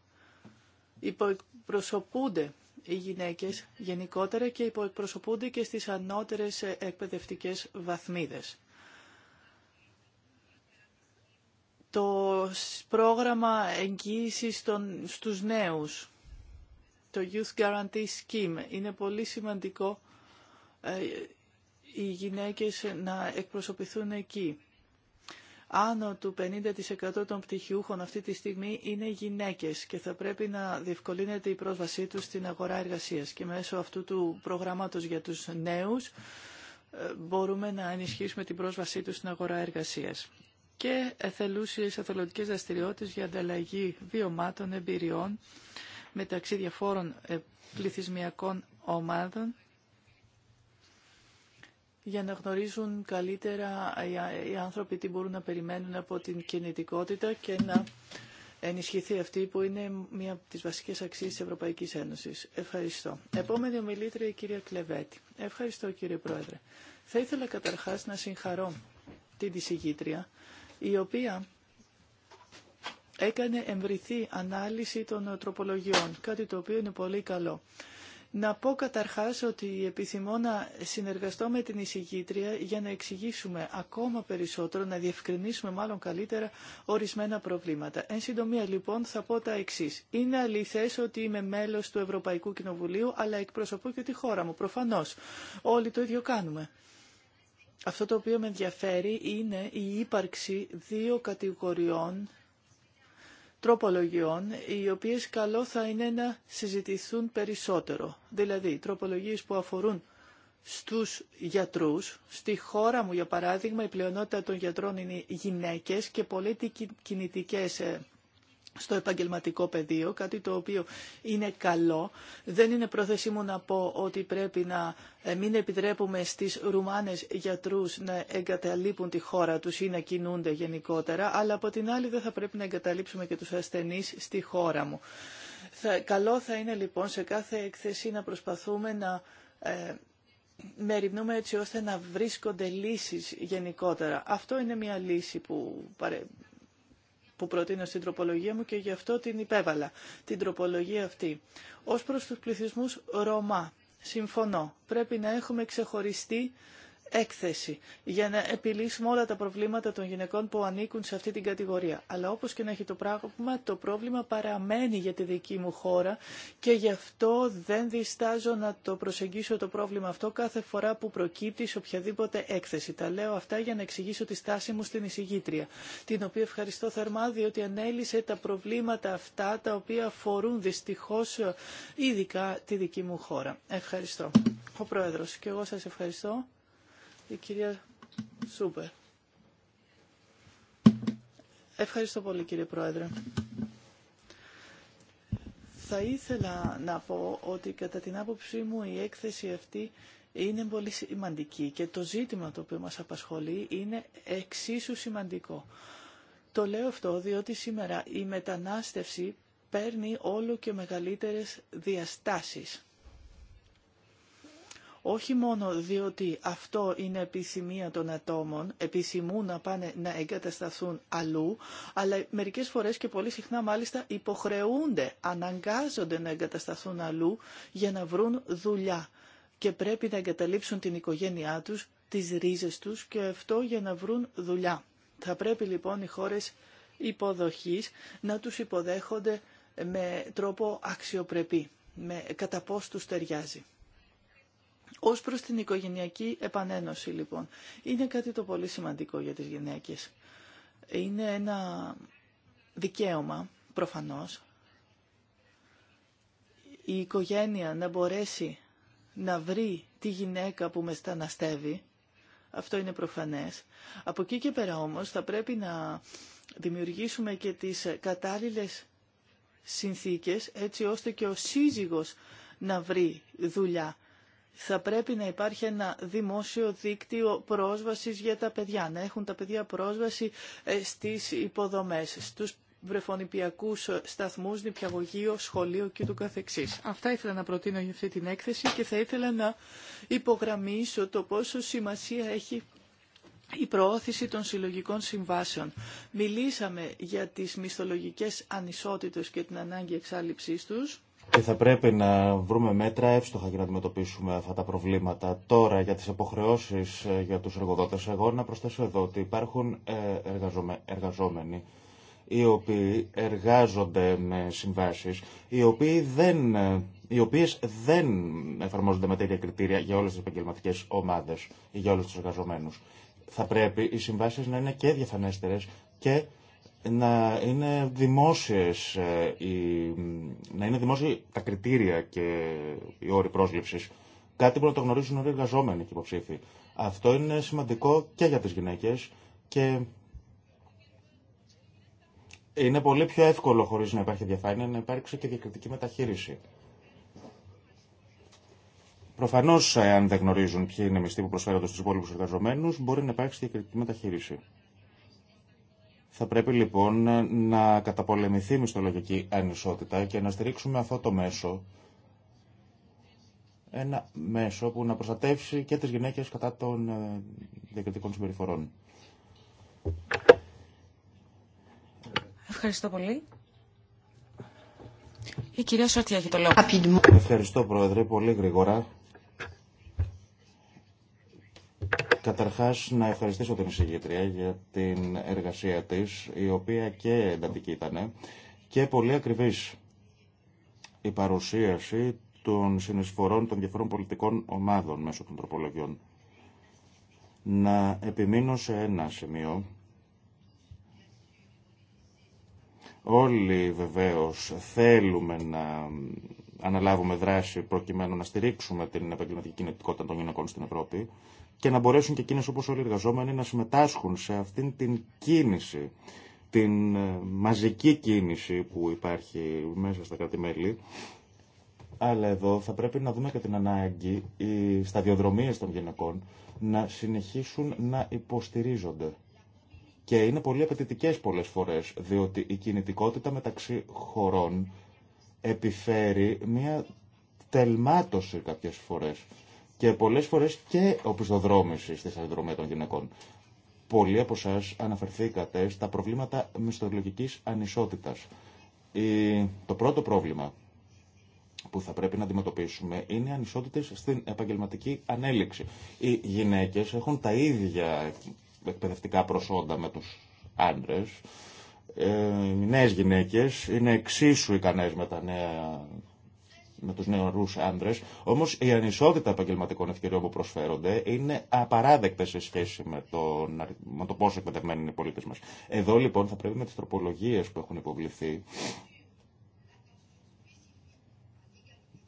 Υποεκπροσωπούνται οι γυναίκες γενικότερα και υποεκπροσωπούνται και στις ανώτερες εκπαιδευτικές βαθμίδες. Το πρόγραμμα εγγύησης των, στους νέους, το Youth Guarantee Scheme, είναι πολύ σημαντικό ε, οι γυναίκες να εκπροσωπηθούν εκεί. Άνω του 50% των πτυχιούχων αυτή τη στιγμή είναι γυναίκες και θα πρέπει να διευκολύνεται η πρόσβασή τους στην αγορά εργασίας. Και μέσω αυτού του προγράμματος για τους νέους ε, μπορούμε να ενισχύσουμε την πρόσβασή τους στην αγορά εργασίας και εθελούσιες εθελοντικές δραστηριότητες για ανταλλαγή βιωμάτων, εμπειριών μεταξύ διαφόρων ε, πληθυσμιακών ομάδων για να γνωρίζουν καλύτερα οι άνθρωποι τι μπορούν να περιμένουν από την κινητικότητα και να ενισχυθεί αυτή που είναι μία από τις βασικές αξίες της Ευρωπαϊκής Ένωσης. Ευχαριστώ. Επόμενη ομιλήτρια η κυρία Κλεβέτη. Ευχαριστώ κύριε Πρόεδρε. Θα ήθελα καταρχάς να συγχαρώ την εισηγήτρια η οποία έκανε εμβρηθή ανάλυση των τροπολογιών, κάτι το οποίο είναι πολύ καλό. Να πω καταρχάς ότι επιθυμώ να συνεργαστώ με την εισηγήτρια για να εξηγήσουμε ακόμα περισσότερο, να διευκρινίσουμε μάλλον καλύτερα ορισμένα προβλήματα. Εν συντομία λοιπόν θα πω τα εξή. Είναι αληθές ότι είμαι μέλος του Ευρωπαϊκού Κοινοβουλίου αλλά εκπροσωπώ και τη χώρα μου. Προφανώς όλοι το ίδιο κάνουμε. Αυτό το οποίο με ενδιαφέρει είναι η ύπαρξη δύο κατηγοριών τροπολογιών, οι οποίες καλό θα είναι να συζητηθούν περισσότερο. Δηλαδή, τροπολογίες που αφορούν στους γιατρούς. Στη χώρα μου, για παράδειγμα, η πλειονότητα των γιατρών είναι γυναίκες και πολύ κινητικές ε, στο επαγγελματικό πεδίο, κάτι το οποίο είναι καλό. Δεν είναι πρόθεσή μου να πω ότι πρέπει να ε, μην επιτρέπουμε στις Ρουμάνες γιατρούς να εγκαταλείπουν τη χώρα τους ή να κινούνται γενικότερα, αλλά από την άλλη δεν θα πρέπει να εγκαταλείψουμε και τους ασθενείς στη χώρα μου. Θα, καλό θα είναι λοιπόν σε κάθε έκθεση να προσπαθούμε να ε, μεριμνούμε έτσι ώστε να βρίσκονται λύσεις γενικότερα. Αυτό είναι μια λύση που που προτείνω στην τροπολογία μου και γι' αυτό την υπέβαλα, την τροπολογία αυτή. Ως προς τους πληθυσμούς Ρωμά, συμφωνώ, πρέπει να έχουμε ξεχωριστή έκθεση για να επιλύσουμε όλα τα προβλήματα των γυναικών που ανήκουν σε αυτή την κατηγορία. Αλλά όπως και να έχει το πράγμα, το πρόβλημα παραμένει για τη δική μου χώρα και γι' αυτό δεν διστάζω να το προσεγγίσω το πρόβλημα αυτό κάθε φορά που προκύπτει σε οποιαδήποτε έκθεση. Τα λέω αυτά για να εξηγήσω τη στάση μου στην εισηγήτρια, την οποία ευχαριστώ θερμά διότι ανέλησε τα προβλήματα αυτά τα οποία αφορούν δυστυχώς ε, ειδικά τη δική μου χώρα. Ευχαριστώ. Ο Πρόεδρος και εγώ σας ευχαριστώ η κυρία Σούπερ. Ευχαριστώ πολύ κύριε Πρόεδρε. Θα ήθελα να πω ότι κατά την άποψή μου η έκθεση αυτή είναι πολύ σημαντική και το ζήτημα το οποίο μας απασχολεί είναι εξίσου σημαντικό. Το λέω αυτό διότι σήμερα η μετανάστευση παίρνει όλο και μεγαλύτερες διαστάσεις όχι μόνο διότι αυτό είναι επιθυμία των ατόμων, επιθυμούν να πάνε να εγκατασταθούν αλλού, αλλά μερικές φορές και πολύ συχνά μάλιστα υποχρεούνται, αναγκάζονται να εγκατασταθούν αλλού για να βρουν δουλειά και πρέπει να εγκαταλείψουν την οικογένειά τους, τις ρίζες τους και αυτό για να βρουν δουλειά. Θα πρέπει λοιπόν οι χώρες υποδοχής να τους υποδέχονται με τρόπο αξιοπρεπή, με κατά πώς τους ταιριάζει. Ως προς την οικογενειακή επανένωση λοιπόν. Είναι κάτι το πολύ σημαντικό για τις γυναίκες. Είναι ένα δικαίωμα προφανώς η οικογένεια να μπορέσει να βρει τη γυναίκα που μεσταναστεύει. Αυτό είναι προφανές. Από εκεί και πέρα όμως θα πρέπει να δημιουργήσουμε και τις κατάλληλες συνθήκες έτσι ώστε και ο σύζυγος να βρει δουλειά θα πρέπει να υπάρχει ένα δημόσιο δίκτυο πρόσβασης για τα παιδιά, να έχουν τα παιδιά πρόσβαση ε, στις υποδομές, στους βρεφονιπιακούς ε, σταθμούς, νηπιαγωγείο, σχολείο και του καθεξής. Αυτά ήθελα να προτείνω για αυτή την έκθεση και θα ήθελα να υπογραμμίσω το πόσο σημασία έχει η προώθηση των συλλογικών συμβάσεων. Μιλήσαμε για τις μισθολογικές ανισότητες και την ανάγκη εξάλληψής τους. Και θα πρέπει να βρούμε μέτρα εύστοχα για να αντιμετωπίσουμε αυτά τα προβλήματα. Τώρα για τις αποχρεώσεις ε, για τους εργοδότες, εγώ να προσθέσω εδώ ότι υπάρχουν ε, εργαζόμενοι οι οποίοι εργάζονται με συμβάσεις, οι, οποίοι δεν, ε, οι οποίες δεν εφαρμόζονται με τέτοια κριτήρια για όλες τις επαγγελματικέ ομάδες ή για όλους τους εργαζομένους. Θα πρέπει οι συμβάσεις να είναι και διαφανέστερες και να είναι δημόσιες, ε, να είναι δημόσια τα κριτήρια και οι όροι πρόσληψης. Κάτι που να το γνωρίζουν όλοι οι εργαζόμενοι και υποψήφοι. Αυτό είναι σημαντικό και για τις γυναίκες και είναι πολύ πιο εύκολο χωρίς να υπάρχει διαφάνεια να υπάρξει και διακριτική μεταχείριση. Προφανώς αν δεν γνωρίζουν ποιοι είναι οι μισθοί που προσφέρονται στους υπόλοιπους εργαζομένου, μπορεί να υπάρξει διακριτική μεταχείριση. Θα πρέπει λοιπόν να καταπολεμηθεί η μισθολογική ανισότητα και να στηρίξουμε αυτό το μέσο. Ένα μέσο που να προστατεύσει και τις γυναίκες κατά των ε, διακριτικών συμπεριφορών. Ευχαριστώ πολύ. Η κυρία Σόρτια έχει το λόγο. Ευχαριστώ Πρόεδρε, πολύ γρήγορα. Καταρχάς να ευχαριστήσω την εισηγήτρια για την εργασία της, η οποία και εντατική ήταν και πολύ ακριβής η παρουσίαση των συνεισφορών των διαφορών πολιτικών ομάδων μέσω των τροπολογιών. Να επιμείνω σε ένα σημείο. Όλοι βεβαίως θέλουμε να αναλάβουμε δράση προκειμένου να στηρίξουμε την επαγγελματική κινητικότητα των γυναικών στην Ευρώπη και να μπορέσουν και εκείνε όπω όλοι οι εργαζόμενοι να συμμετάσχουν σε αυτήν την κίνηση, την ε, μαζική κίνηση που υπάρχει μέσα στα κράτη-μέλη. Αλλά εδώ θα πρέπει να δούμε και την ανάγκη οι σταδιοδρομίε των γυναικών να συνεχίσουν να υποστηρίζονται. Και είναι πολύ απαιτητικέ πολλές φορές, διότι η κινητικότητα μεταξύ χωρών επιφέρει μια τελμάτωση κάποιες φορές και πολλές φορές και οπισθοδρόμηση στη σταδιοδρομία των γυναικών. Πολλοί από εσά αναφερθήκατε στα προβλήματα μισθολογική ανισότητας. Το πρώτο πρόβλημα που θα πρέπει να αντιμετωπίσουμε είναι ανισότητε στην επαγγελματική ανέλυξη. Οι γυναίκες έχουν τα ίδια εκπαιδευτικά προσόντα με τους άντρες. Ε, οι νέε γυναίκες είναι εξίσου ικανέ με τα νέα με τους νεαρούς άντρες, όμως η ανισότητα επαγγελματικών ευκαιριών που προσφέρονται είναι απαράδεκτες σε σχέση με το, με το πόσο εκπαιδευμένοι είναι οι πολίτες μας. Εδώ λοιπόν θα πρέπει με τις τροπολογίες που έχουν υποβληθεί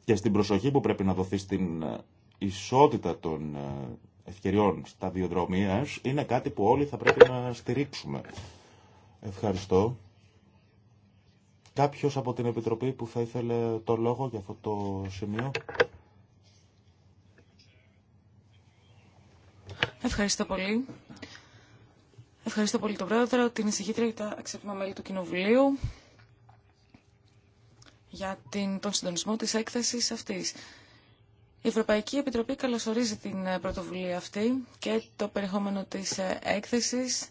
και στην προσοχή που πρέπει να δοθεί στην ε, ισότητα των ε, ευκαιριών σταδιοδρομίας είναι κάτι που όλοι θα πρέπει να στηρίξουμε. Ευχαριστώ. Κάποιος από την Επιτροπή που θα ήθελε το λόγο για αυτό το σημείο. Ευχαριστώ πολύ. Ευχαριστώ πολύ τον Πρόεδρο, την εισηγήτρια και τα αξιότιμα μέλη του Κοινοβουλίου για την, τον συντονισμό της έκθεσης αυτής. Η Ευρωπαϊκή Επιτροπή καλωσορίζει την πρωτοβουλία αυτή και το περιεχόμενο της ε, έκθεσης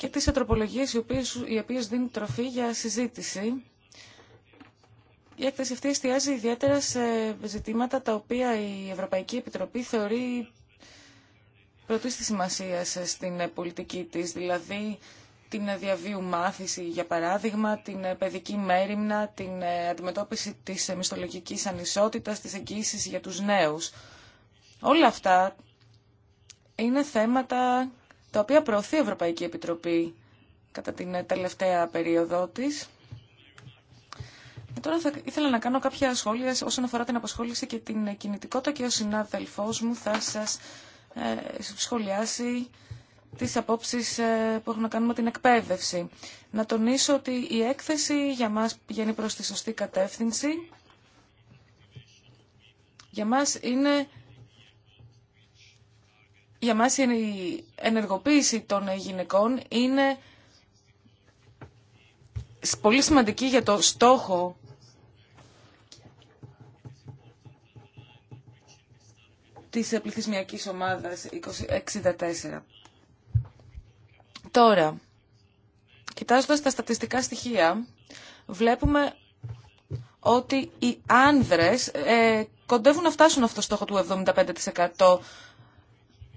και τις ατροπολογίες οι οποίες, δίνουν τροφή για συζήτηση. Η έκθεση αυτή εστιάζει ιδιαίτερα σε ζητήματα τα οποία η Ευρωπαϊκή Επιτροπή θεωρεί πρωτής της σημασίας στην πολιτική της, δηλαδή την διαβίου μάθηση, για παράδειγμα, την παιδική μέρημνα, την αντιμετώπιση της μισθολογικής ανισότητας, της εγγύησης για τους νέους. Όλα αυτά είναι θέματα τα οποία προωθεί η Ευρωπαϊκή Επιτροπή κατά την τελευταία περίοδό της. Ε, τώρα θα ήθελα να κάνω κάποια σχόλια όσον αφορά την απασχόληση και την κινητικότητα και ο συνάδελφός μου θα σας ε, σχολιάσει τις απόψεις ε, που έχουν να κάνουν με την εκπαίδευση. Να τονίσω ότι η έκθεση για μας πηγαίνει προς τη σωστή κατεύθυνση. Για μας είναι για μας η ενεργοποίηση των γυναικών είναι πολύ σημαντική για το στόχο της πληθυσμιακής ομάδας 64. Τώρα, κοιτάζοντας τα στατιστικά στοιχεία, βλέπουμε ότι οι άνδρες ε, κοντεύουν να φτάσουν αυτό το στόχο του 75%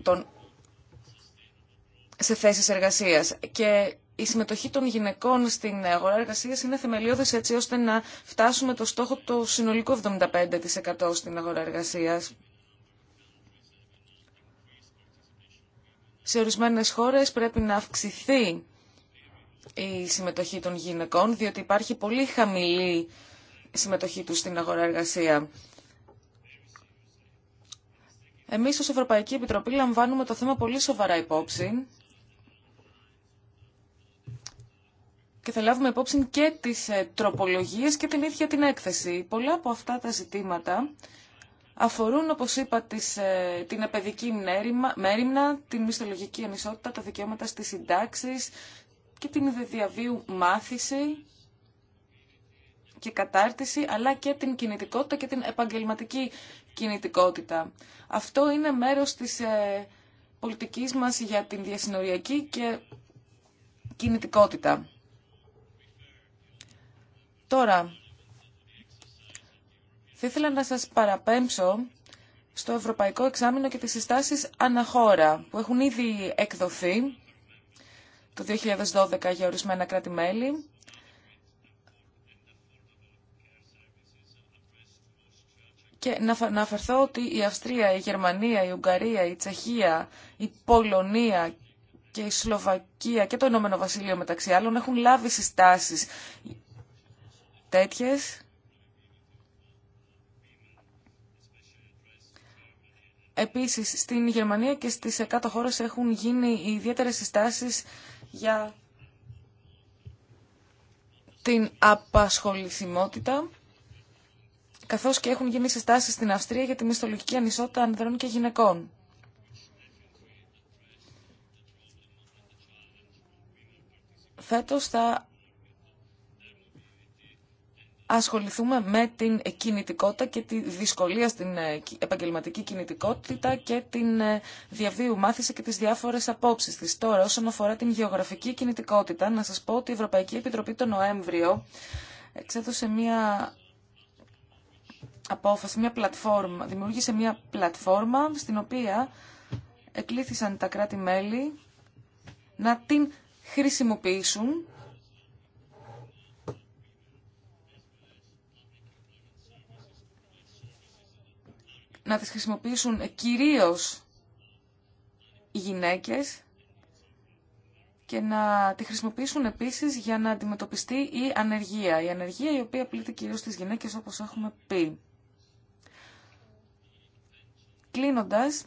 των... σε θέσεις εργασίας. Και η συμμετοχή των γυναικών στην αγορά εργασίας είναι θεμελιώδης έτσι ώστε να φτάσουμε το στόχο του συνολικού 75% στην αγορά εργασίας. Σε ορισμένες χώρες πρέπει να αυξηθεί η συμμετοχή των γυναικών, διότι υπάρχει πολύ χαμηλή συμμετοχή τους στην αγορά εργασία. Εμείς ως Ευρωπαϊκή Επιτροπή λαμβάνουμε το θέμα πολύ σοβαρά υπόψη και θα λάβουμε υπόψη και τις ε, τροπολογίες και την ίδια την έκθεση. Πολλά από αυτά τα ζητήματα αφορούν, όπως είπα, τις, ε, την επαιδική μέρημνα, την μισθολογική ανισότητα, τα δικαιώματα στις συντάξεις και την διαβίου μάθηση και κατάρτιση, αλλά και την κινητικότητα και την επαγγελματική κινητικότητα. Αυτό είναι μέρος της ε, πολιτικής μας για την διασυνοριακή και κινητικότητα. Τώρα, θα ήθελα να σας παραπέμψω στο Ευρωπαϊκό Εξάμεινο και τις συστάσεις αναχώρα που έχουν ήδη εκδοθεί το 2012 για ορισμένα κράτη-μέλη Και να αναφερθώ ότι η Αυστρία, η Γερμανία, η Ουγγαρία, η Τσεχία, η Πολωνία και η Σλοβακία και το Ηνωμένο Βασίλειο μεταξύ άλλων έχουν λάβει συστάσεις τέτοιες Επίσης, στην Γερμανία και στις 100 χώρες έχουν γίνει ιδιαίτερες συστάσεις για την απασχολησιμότητα καθώς και έχουν γίνει συστάσει στην Αυστρία για τη μισθολογική ανισότητα ανδρών και γυναικών. Φέτος θα ασχοληθούμε με την κινητικότητα και τη δυσκολία στην ε, επαγγελματική κινητικότητα και την ε, διαβίου μάθηση και τις διάφορες απόψεις της. Τώρα, όσον αφορά την γεωγραφική κινητικότητα, να σας πω ότι η Ευρωπαϊκή Επιτροπή το Νοέμβριο εξέδωσε μία απόφαση, μια πλατφόρμα, δημιούργησε μια πλατφόρμα στην οποία εκλήθησαν τα κράτη-μέλη να την χρησιμοποιήσουν να τις χρησιμοποιήσουν κυρίως οι γυναίκες και να τη χρησιμοποιήσουν επίσης για να αντιμετωπιστεί η ανεργία. Η ανεργία η οποία πλήττει κυρίως τις γυναίκες όπως έχουμε πει. Κλείνοντας,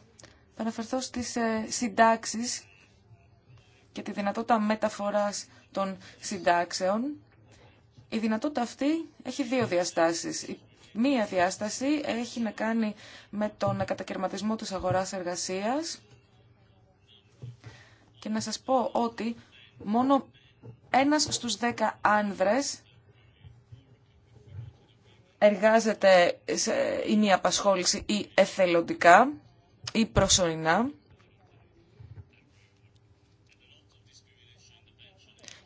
θα αναφερθώ στις ε, συντάξεις και τη δυνατότητα μεταφοράς των συντάξεων. Η δυνατότητα αυτή έχει δύο διαστάσεις. Η μία διάσταση έχει να κάνει με τον κατακαιρματισμό της αγοράς εργασίας και να σας πω ότι μόνο ένας στους δέκα άνδρες εργάζεται σε η απασχόληση ή εθελοντικά ή προσωρινά.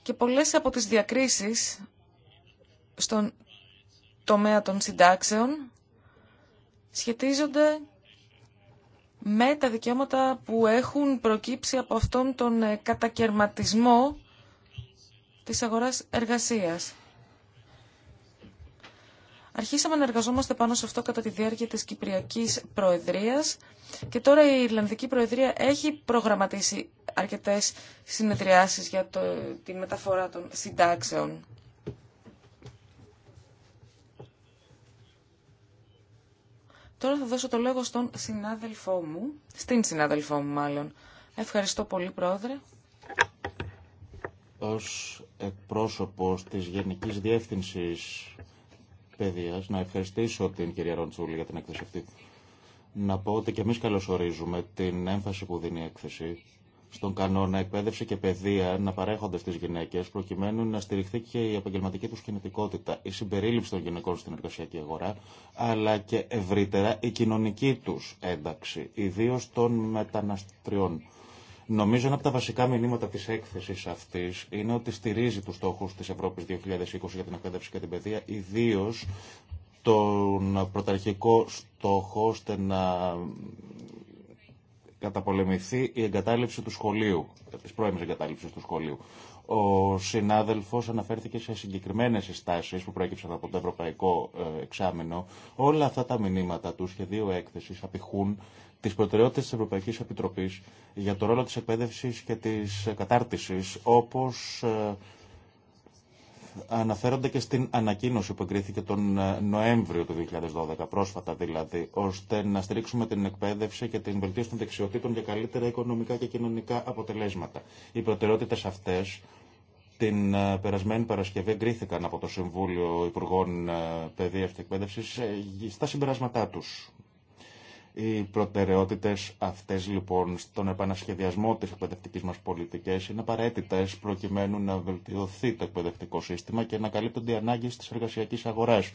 Και πολλές από τις διακρίσεις στον τομέα των συντάξεων σχετίζονται με τα δικαιώματα που έχουν προκύψει από αυτόν τον κατακαιρματισμό της αγοράς εργασίας. Αρχίσαμε να εργαζόμαστε πάνω σε αυτό κατά τη διάρκεια της Κυπριακής Προεδρίας και τώρα η Ιρλανδική Προεδρία έχει προγραμματίσει αρκετές συνεδριάσεις για το, τη μεταφορά των συντάξεων. Τώρα θα δώσω το λόγο στον συνάδελφό μου, στην συνάδελφό μου μάλλον. Ευχαριστώ πολύ πρόεδρε. Ως εκπρόσωπος της Γενικής Διεύθυνσης να ευχαριστήσω την κυρία Ροντσούλη για την έκθεση αυτή. Να πω ότι και εμεί καλωσορίζουμε την έμφαση που δίνει η έκθεση στον κανόνα εκπαίδευση και παιδεία να παρέχονται στι γυναίκε προκειμένου να στηριχθεί και η επαγγελματική του κινητικότητα, η συμπερίληψη των γυναικών στην εργασιακή αγορά, αλλά και ευρύτερα η κοινωνική του ένταξη, ιδίω των μεταναστριών Νομίζω ένα από τα βασικά μηνύματα τη έκθεση αυτή είναι ότι στηρίζει τους στόχου τη Ευρώπη 2020 για την εκπαίδευση και την παιδεία, ιδίω τον πρωταρχικό στόχο ώστε να καταπολεμηθεί η εγκατάλειψη του σχολείου, τη πρώιμη εγκατάλειψη του σχολείου. Ο συνάδελφο αναφέρθηκε σε συγκεκριμένε συστάσει που προέκυψαν από το Ευρωπαϊκό ε, Εξάμεινο. Όλα αυτά τα μηνύματα του σχεδίου έκθεση απηχούν τι προτεραιότητε τη Ευρωπαϊκή Επιτροπή για το ρόλο τη εκπαίδευση και της κατάρτισης, όπως ε, αναφέρονται και στην ανακοίνωση που εγκρίθηκε τον ε, Νοέμβριο του 2012, πρόσφατα δηλαδή, ώστε να στηρίξουμε την εκπαίδευση και την βελτίωση των δεξιοτήτων για καλύτερα οικονομικά και κοινωνικά αποτελέσματα. Οι προτεραιότητε αυτέ την ε, περασμένη Παρασκευή εγκρίθηκαν από το Συμβούλιο Υπουργών Παιδείας και Εκπαίδευσης στα συμπεράσματά τους οι προτεραιότητε αυτές λοιπόν στον επανασχεδιασμό τη εκπαιδευτική μα πολιτική είναι απαραίτητε προκειμένου να βελτιωθεί το εκπαιδευτικό σύστημα και να καλύπτονται οι ανάγκες της εργασιακή αγοράς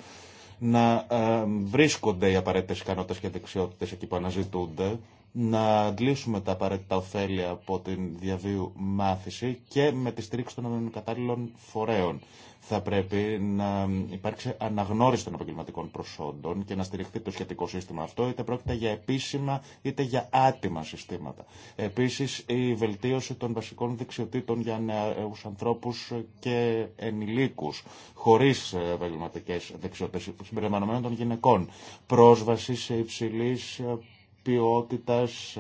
να ε, βρίσκονται οι απαραίτητε ικανότητε και δεξιότητε εκεί που αναζητούνται να αντλήσουμε τα απαραίτητα ωφέλη από την διαβίου μάθηση και με τη στήριξη των κατάλληλων φορέων. Θα πρέπει να υπάρξει αναγνώριση των επαγγελματικών προσόντων και να στηριχθεί το σχετικό σύστημα αυτό, είτε πρόκειται για επίσημα είτε για άτιμα συστήματα. Επίση, η βελτίωση των βασικών δεξιοτήτων για νεαρού ανθρώπου και ενηλίκου, χωρί επαγγελματικέ δεξιότητε, συμπεριλαμβανομένων των γυναικών. Πρόσβαση σε υψηλή ποιότητας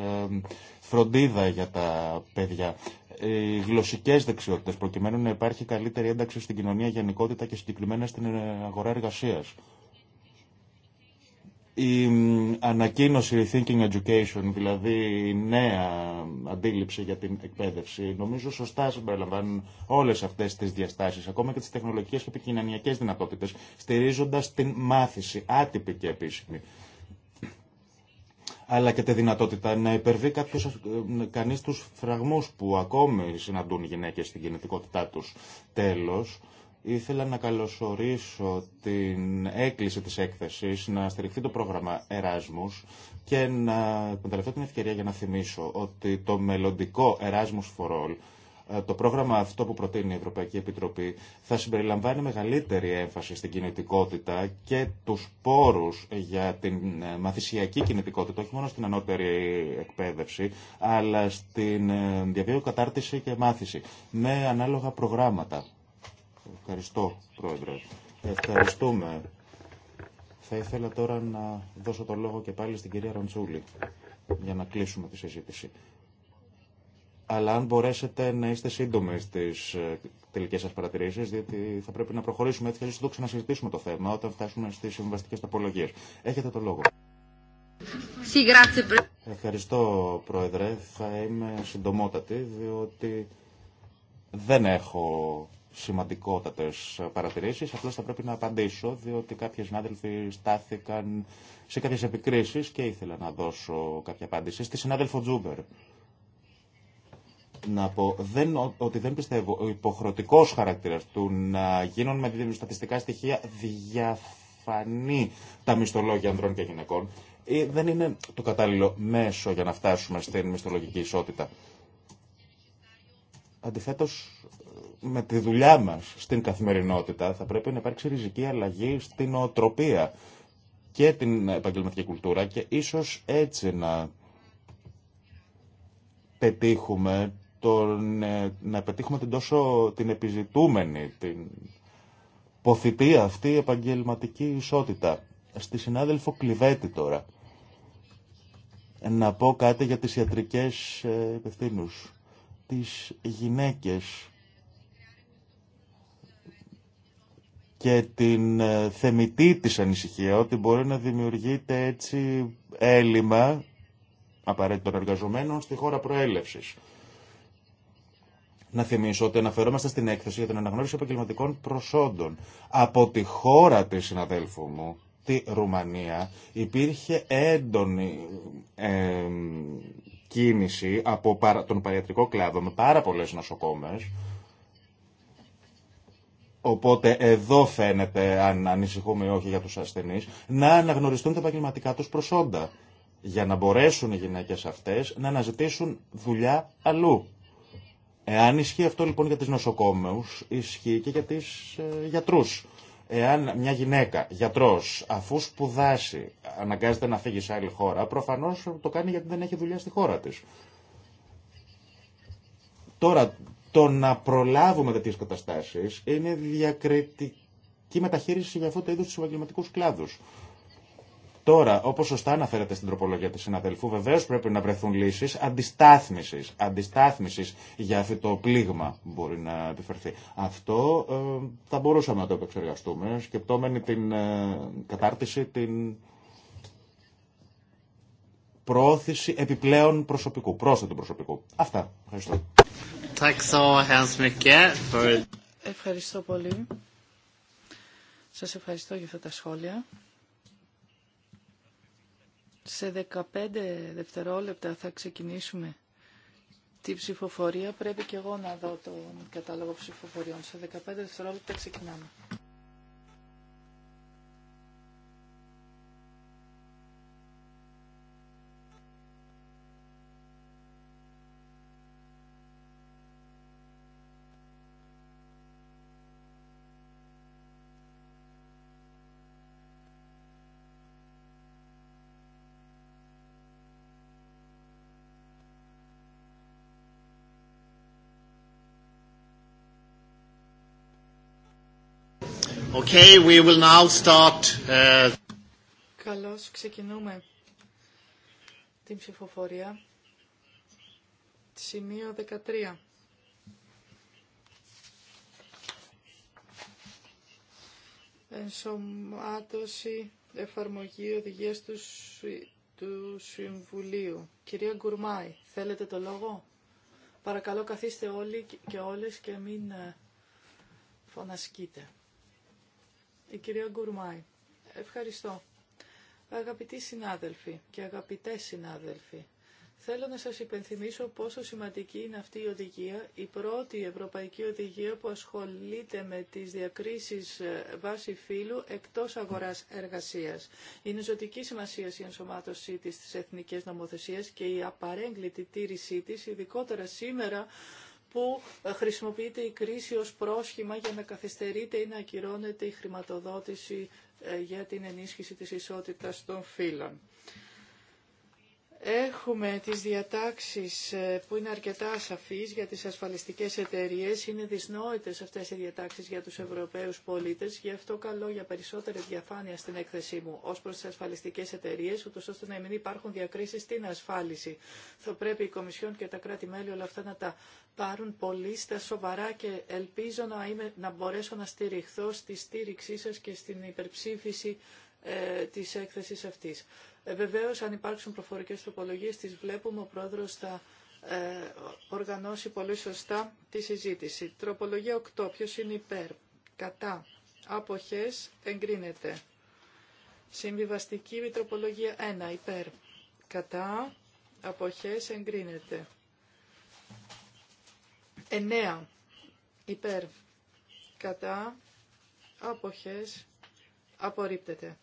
φροντίδα για τα παιδιά. Οι γλωσσικές δεξιότητες προκειμένου να υπάρχει καλύτερη ένταξη στην κοινωνία γενικότητα και συγκεκριμένα στην ε, αγορά εργασίας. Η ανακοίνωση Thinking Education, δηλαδή η νέα αντίληψη για την εκπαίδευση, νομίζω σωστά συμπεριλαμβάνουν όλε αυτέ τι διαστάσει, ακόμα και τι τεχνολογικέ και επικοινωνιακέ δυνατότητε, στηρίζοντα την μάθηση, άτυπη και επίσημη αλλά και τη δυνατότητα να υπερβεί κάποιος, ε, κανείς τους φραγμούς που ακόμη συναντούν οι γυναίκες στην κινητικότητά τους. Τέλος, ήθελα να καλωσορίσω την έκκληση της έκθεσης να στηριχθεί το πρόγραμμα Εράσμους και να εκμεταλλευτώ την ευκαιρία για να θυμίσω ότι το μελλοντικό Εράσμους for All ε, το πρόγραμμα αυτό που προτείνει η Ευρωπαϊκή Επιτροπή θα συμπεριλαμβάνει μεγαλύτερη έμφαση στην κινητικότητα και τους πόρους για την ε, μαθησιακή κινητικότητα, όχι μόνο στην ανώτερη εκπαίδευση, αλλά στην ε, διαβίωση, κατάρτιση και μάθηση, με ανάλογα προγράμματα. Ευχαριστώ, Πρόεδρε. Ευχαριστούμε. Θα ήθελα τώρα να δώσω το λόγο και πάλι στην κυρία Ραντσούλη για να κλείσουμε τη συζήτηση αλλά αν μπορέσετε να είστε σύντομοι στι ε, τελικέ σα παρατηρήσει, διότι θα πρέπει να προχωρήσουμε έτσι, να το ξανασυζητήσουμε το θέμα όταν φτάσουμε στι συμβαστικέ τοπολογίε. Έχετε το λόγο. Ευχαριστώ, Πρόεδρε. Θα είμαι συντομότατη, διότι δεν έχω σημαντικότατε παρατηρήσει. Απλώ θα πρέπει να απαντήσω, διότι κάποιοι συνάδελφοι στάθηκαν σε κάποιε επικρίσει και ήθελα να δώσω κάποια απάντηση. Στη συνάδελφο Τζούμπερ να πω δεν, ότι δεν πιστεύω ο υποχρεωτικό χαρακτήρα του να γίνουν με στατιστικά στοιχεία διαφανή τα μισθολόγια ανδρών και γυναικών ε, δεν είναι το κατάλληλο μέσο για να φτάσουμε στην μισθολογική ισότητα. Αντιθέτως, ε, με τη δουλειά μας στην καθημερινότητα θα πρέπει να υπάρξει ριζική αλλαγή στην οτροπία και την επαγγελματική κουλτούρα και ίσως έτσι να πετύχουμε ε, να πετύχουμε την τόσο την επιζητούμενη, την ποθητή αυτή επαγγελματική ισότητα. Στη συνάδελφο Κλειβέτη τώρα. Να πω κάτι για τις ιατρικές ε, υπευθύνου. Τις γυναίκες και την ε, θεμητή της ανησυχία ότι μπορεί να δημιουργείται έτσι έλλειμμα απαραίτητων εργαζομένων στη χώρα προέλευσης. Να θυμίσω ότι αναφερόμαστε στην έκθεση για την αναγνώριση επαγγελματικών προσόντων. Από τη χώρα τη συναδέλφου μου, τη Ρουμανία, υπήρχε έντονη ε, κίνηση από τον παριατρικό κλάδο με πάρα πολλέ νοσοκόμε. Οπότε εδώ φαίνεται, αν ανησυχούμε ή όχι για τους ασθενείς, να αναγνωριστούν τα επαγγελματικά τους προσόντα για να μπορέσουν οι γυναίκες αυτές να αναζητήσουν δουλειά αλλού. Εάν ισχύει αυτό λοιπόν για τις νοσοκόμεους, ισχύει και για τις ε, γιατρούς. Εάν μια γυναίκα, γιατρός, αφού σπουδάσει, αναγκάζεται να φύγει σε άλλη χώρα, προφανώς το κάνει γιατί δεν έχει δουλειά στη χώρα της. Τώρα, το να προλάβουμε τέτοιε καταστάσεις είναι διακριτική μεταχείριση για αυτό το είδος του επαγγελματικού κλάδους. Τώρα, όπω σωστά αναφέρατε στην τροπολογία τη συναδελφού, βεβαίω πρέπει να βρεθούν λύσει αντιστάθμιση. Αντιστάθμιση για αυτό το πλήγμα που μπορεί να επιφερθεί. Αυτό ε, θα μπορούσαμε να το επεξεργαστούμε, σκεπτόμενοι την ε, κατάρτιση, την προώθηση επιπλέον προσωπικού, πρόσθετου προσωπικού. Αυτά. Ευχαριστώ. Ευχαριστώ πολύ. Σας ευχαριστώ για αυτά τα σχόλια. Σε 15 δευτερόλεπτα θα ξεκινήσουμε τη ψηφοφορία. Πρέπει και εγώ να δω τον κατάλογο ψηφοφοριών. Σε 15 δευτερόλεπτα ξεκινάμε. Okay, uh, Καλώς ξεκινούμε την ψηφοφορία. Σημείο 13. Ενσωμάτωση εφαρμογή οδηγίας του, του Συμβουλίου. Κυρία Γκουρμάη, θέλετε το λόγο. Παρακαλώ καθίστε όλοι και όλες και μην ε, φωνασκείτε. Η κυρία Γκουρμάη. Ευχαριστώ. Αγαπητοί συνάδελφοι και αγαπητές συνάδελφοι, Θέλω να σας υπενθυμίσω πόσο σημαντική είναι αυτή η οδηγία, η πρώτη ευρωπαϊκή οδηγία που ασχολείται με τις διακρίσεις ε, βάση φύλου εκτός αγοράς εργασίας. Είναι ζωτική σημασία η ενσωμάτωσή της στις εθνικές νομοθεσίες και η απαρέγκλητη τήρησή της, ειδικότερα σήμερα που ε, χρησιμοποιείται η κρίση ως πρόσχημα για να καθυστερείται ή να ακυρώνεται η χρηματοδότηση ε, για την ενίσχυση της ισότητας των φύλων. Έχουμε τις διατάξεις ε, που είναι αρκετά ασαφείς για τις ασφαλιστικές εταιρείες. Είναι δυσνόητες αυτές οι διατάξεις για τους Ευρωπαίους πολίτες. Γι' αυτό καλό για περισσότερη διαφάνεια στην έκθεσή μου ως προς τις ασφαλιστικές εταιρείες, ούτως ώστε να μην υπάρχουν διακρίσεις στην ασφάλιση. Θα πρέπει η Κομισιόν και τα κράτη-μέλη όλα αυτά να τα πάρουν πολύ στα σοβαρά και ελπίζω να, είμαι, να μπορέσω να στηριχθώ στη στήριξή σας και στην υπερψήφιση ε, της έκθεσης αυτής. Ε, βεβαίως, αν υπάρξουν προφορικές τροπολογίες, τι βλέπουμε, ο πρόεδρος θα ε, οργανώσει πολύ σωστά τη συζήτηση. Τροπολογία 8. Ποιο είναι υπέρ, κατά, αποχές, εγκρίνεται. Συμβιβαστική τροπολογία 1. Υπέρ, κατά, αποχές, εγκρίνεται. 9. Υπέρ, κατά, αποχές, απορρίπτεται.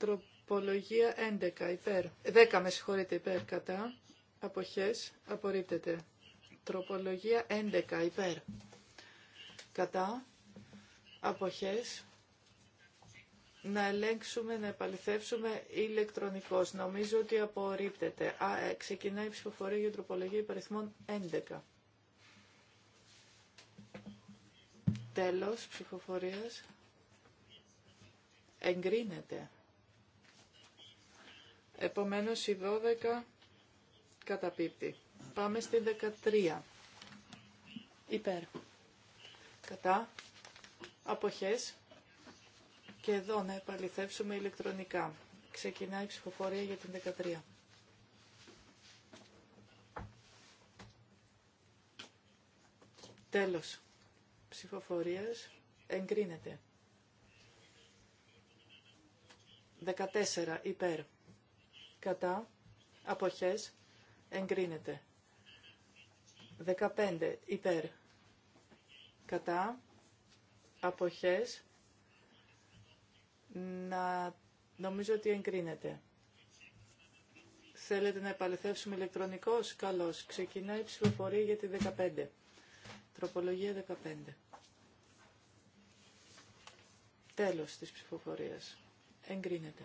Τροπολογία 11 υπέρ. 10 με συγχωρείτε υπέρ κατά. Αποχές απορρίπτεται. Τροπολογία 11 υπέρ. Κατά. Αποχές. Να ελέγξουμε, να επαληθεύσουμε ηλεκτρονικώς. Νομίζω ότι απορρίπτεται. Α, ε, ξεκινάει η ψηφοφορία για τροπολογία υπαριθμών 11. Τέλος ψηφοφορίας. Εγκρίνεται. Επομένως η 12 καταπίπτει. Πάμε στη 13. Υπέρ. Κατά. Αποχές. Και εδώ να επαληθεύσουμε ηλεκτρονικά. Ξεκινάει η ψηφοφορία για την 13. Τέλος ψηφοφορίας εγκρίνεται. 14 υπέρ κατά, αποχές, εγκρίνεται. 15 υπέρ, κατά, αποχές, να νομίζω ότι εγκρίνεται. Θέλετε να επαληθεύσουμε ηλεκτρονικός καλώς. Ξεκινάει η ψηφοφορία για τη 15. Τροπολογία 15. Τέλος της ψηφοφορίας. Εγκρίνεται.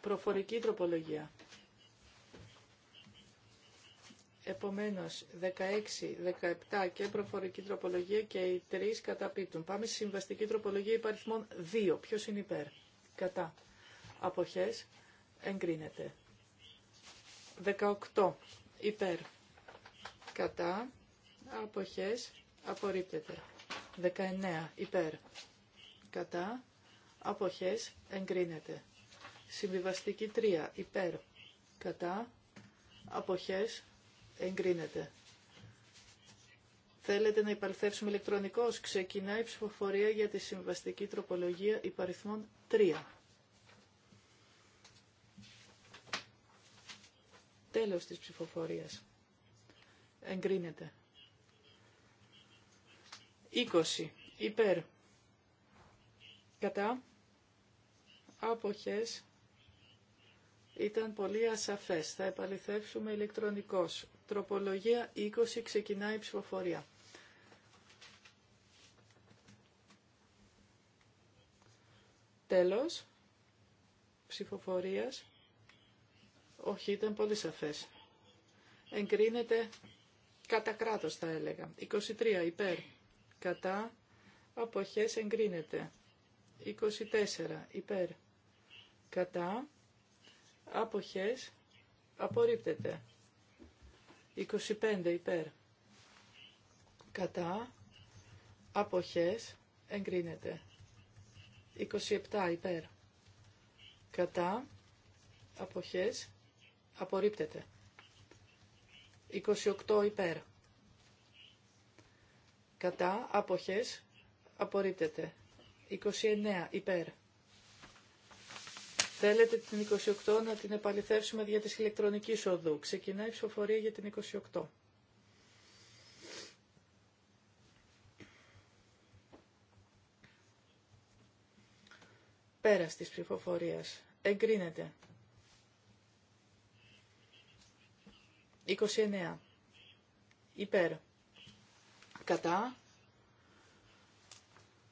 Προφορική τροπολογία. Επομένως, 16, 17 και προφορική τροπολογία και οι τρεις καταπίπτουν. Πάμε στη συμβαστική τροπολογία υπαριθμών 2. Ποιος είναι υπέρ. Κατά. Αποχές. Εγκρίνεται. 18. Υπέρ. Κατά. Αποχές. Απορρίπτεται. 19. Υπέρ. Κατά. Αποχές. Εγκρίνεται. Συμβιβαστική 3. Υπέρ. Κατά. Αποχές. Εγκρίνεται. Θέλετε να υπαρθέψουμε ηλεκτρονικώς. Ξεκινάει η ψηφοφορία για τη συμβαστική τροπολογία υπαριθμών 3. Τέλος της ψηφοφορίας. Εγκρίνεται. 20. Υπέρ. Κατά. Αποχές ήταν πολύ ασαφές. Θα επαληθεύσουμε ηλεκτρονικώς. Τροπολογία 20 ξεκινάει η ψηφοφορία. Τέλος ψηφοφορίας. Όχι, ήταν πολύ σαφές. Εγκρίνεται κατά κράτος θα έλεγα. 23 υπέρ. Κατά αποχές εγκρίνεται. 24 υπέρ. Κατά Αποχές. Απορρίπτεται. 25 υπέρ. Κατά. Αποχές. Εγκρίνεται. 27 υπέρ. Κατά. Αποχές. Απορρίπτεται. 28 υπέρ. Κατά. Αποχές. Απορρίπτεται. 29 υπέρ. Θέλετε την 28 να την επαληθεύσουμε για της ηλεκτρονικής οδού. Ξεκινάει η ψηφοφορία για την 28. Πέρας της ψηφοφορίας. Εγκρίνεται. 29. Υπέρ. Κατά.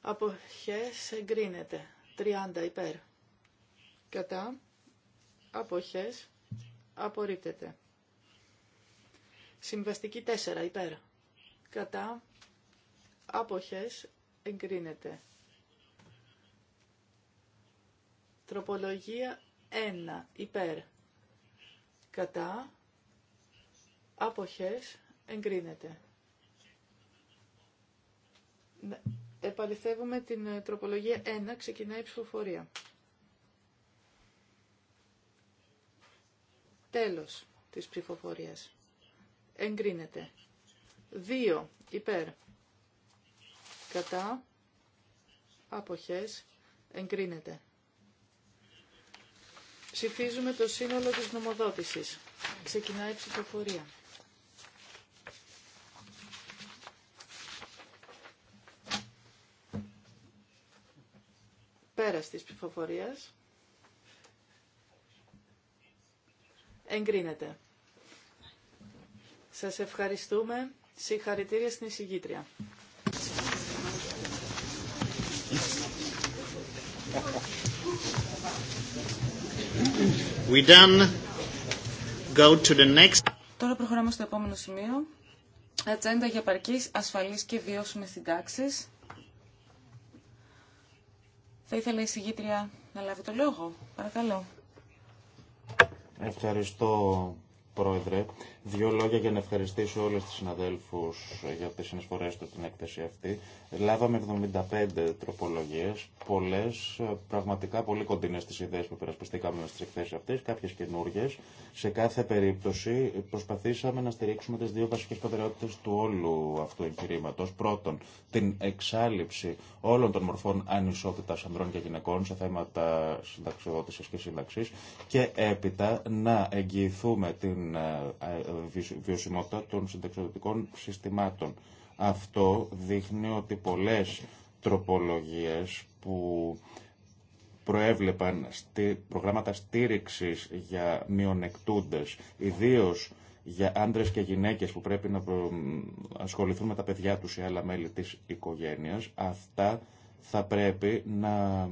Αποχές εγκρίνεται. 30. Υπέρ κατά, αποχές, απορρίπτεται. Συμβαστική 4 υπέρ, κατά, αποχές, εγκρίνεται. Τροπολογία 1 υπέρ, κατά, αποχές, εγκρίνεται. Ναι. Επαληθεύουμε την ε, τροπολογία 1, ξεκινάει η ψηφοφορία. Τέλος της ψηφοφορίας. Εγκρίνεται. 2 υπέρ. Κατά. Αποχές. Εγκρίνεται. Ψηφίζουμε το σύνολο της νομοδότησης. Ξεκινάει η ψηφοφορία. Πέρας της ψηφοφορίας. εγκρίνεται. Σας ευχαριστούμε. Συγχαρητήρια στην εισηγήτρια. We done. go to the next... Τώρα προχωράμε στο επόμενο σημείο. Ατζέντα για παρκής, ασφαλής και βιώσιμες συντάξεις. Θα ήθελα η εισηγήτρια να λάβει το λόγο. Παρακαλώ. Ευχαριστώ, Πρόεδρε. Δύο λόγια για να ευχαριστήσω όλες τις συναδέλφους για τις συνεισφορές του την έκθεση αυτή. Λάβαμε 75 τροπολογίες, πολλές, ε, πραγματικά πολύ κοντινές τις ιδέες που περασπιστήκαμε στι εκθέσει αυτές, κάποιες καινούργιε. Σε κάθε περίπτωση προσπαθήσαμε να στηρίξουμε τις δύο βασικές προτεραιότητε του όλου αυτού εγχειρήματο. Πρώτον, την εξάλληψη όλων των μορφών ανισότητα ανδρών και γυναικών σε θέματα συνταξιοδότησης και σύνταξή, και έπειτα να εγγυηθούμε την ε, ε, βιωσιμότητα των συνταξιοδοτικών συστημάτων αυτό δείχνει ότι πολλές τροπολογίες που προέβλεπαν στη, προγράμματα στήριξης για μειονεκτούντες, ιδίως για άντρες και γυναίκες που πρέπει να ασχοληθούν με τα παιδιά τους ή άλλα μέλη της οικογένειας, αυτά θα πρέπει να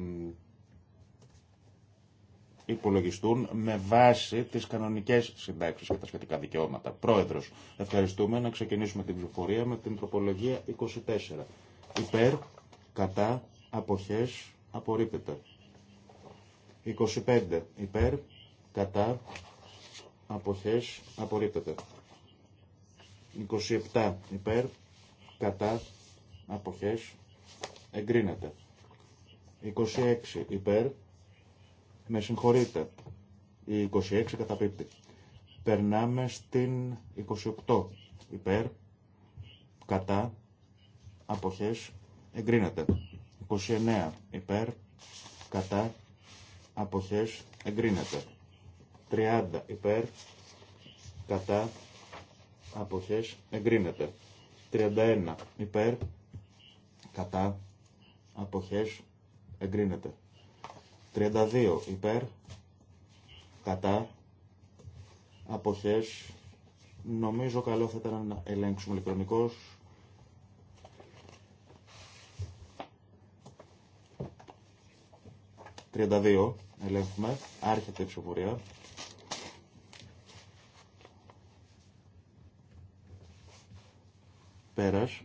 υπολογιστούν με βάση τις κανονικές συντάξει και τα σχετικά δικαιώματα. Πρόεδρος, ευχαριστούμε να ξεκινήσουμε την ψηφοφορία με την τροπολογία 24. Υπέρ, κατά, αποχέ, απορρίπτεται. 25. Υπέρ, κατά, αποχές, απορρίπτεται. 27. Υπέρ, κατά, αποχέ. εγκρίνεται. 26. Υπέρ, με συγχωρείτε. Η 26 καταπίπτει. Περνάμε στην 28. Υπέρ. Κατά. Αποχές. Εγκρίνεται. 29. Υπέρ. Κατά. Αποχές. Εγκρίνεται. 30. Υπέρ. Κατά. Αποχές. Εγκρίνεται. 31. Υπέρ. Κατά. Αποχές. Εγκρίνεται. 32 υπέρ, κατά, αποχές, νομίζω καλό θα ήταν να ελέγξουμε ηλεκτρονικός. ...32 ελέγχουμε, άρχεται η ψηφοφορία. Πέρας.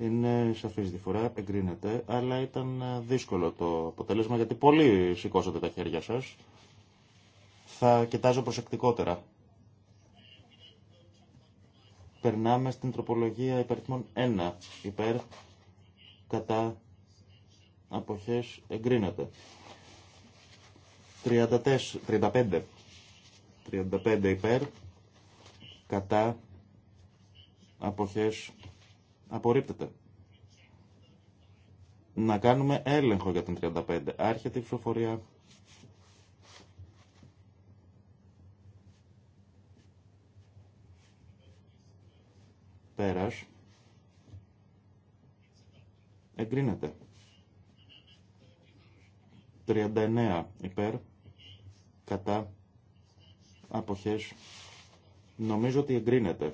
Είναι τη φορά, εγκρίνεται, αλλά ήταν ε, δύσκολο το αποτέλεσμα γιατί πολύ σηκώσατε τα χέρια σας. Θα κοιτάζω προσεκτικότερα. Περνάμε στην τροπολογία υπεριθμών 1. Υπέρ, κατά, αποχές, εγκρίνεται. 34, 35. 35 υπέρ, κατά, αποχές, Απορρίπτεται. Να κάνουμε έλεγχο για την 35. Άρχεται η ψηφοφορία. Πέρας. Εγκρίνεται. 39 υπέρ. Κατά. Αποχές. Νομίζω ότι εγκρίνεται.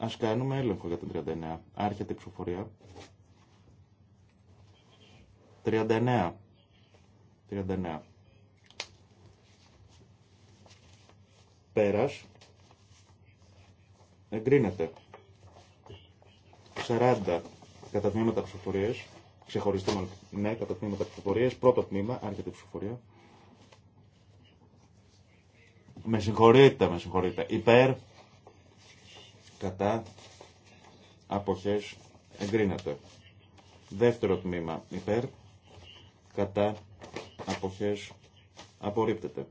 Ας κάνουμε έλεγχο για την 39. Άρχεται η ψηφοφορία. 39. 39. Πέρας. Εγκρίνεται. 40 κατά τμήματα ψηφοφορίες. Ξεχωριστή μάλλον. Ναι, κατά τμήματα ψηφοφορίες. Πρώτο τμήμα. Άρχεται η ψηφοφορία. Με συγχωρείτε, με συγχωρείτε. Υπέρ κατά αποχές εγκρίνεται. Δεύτερο τμήμα υπέρ κατά αποχές απορρίπτεται.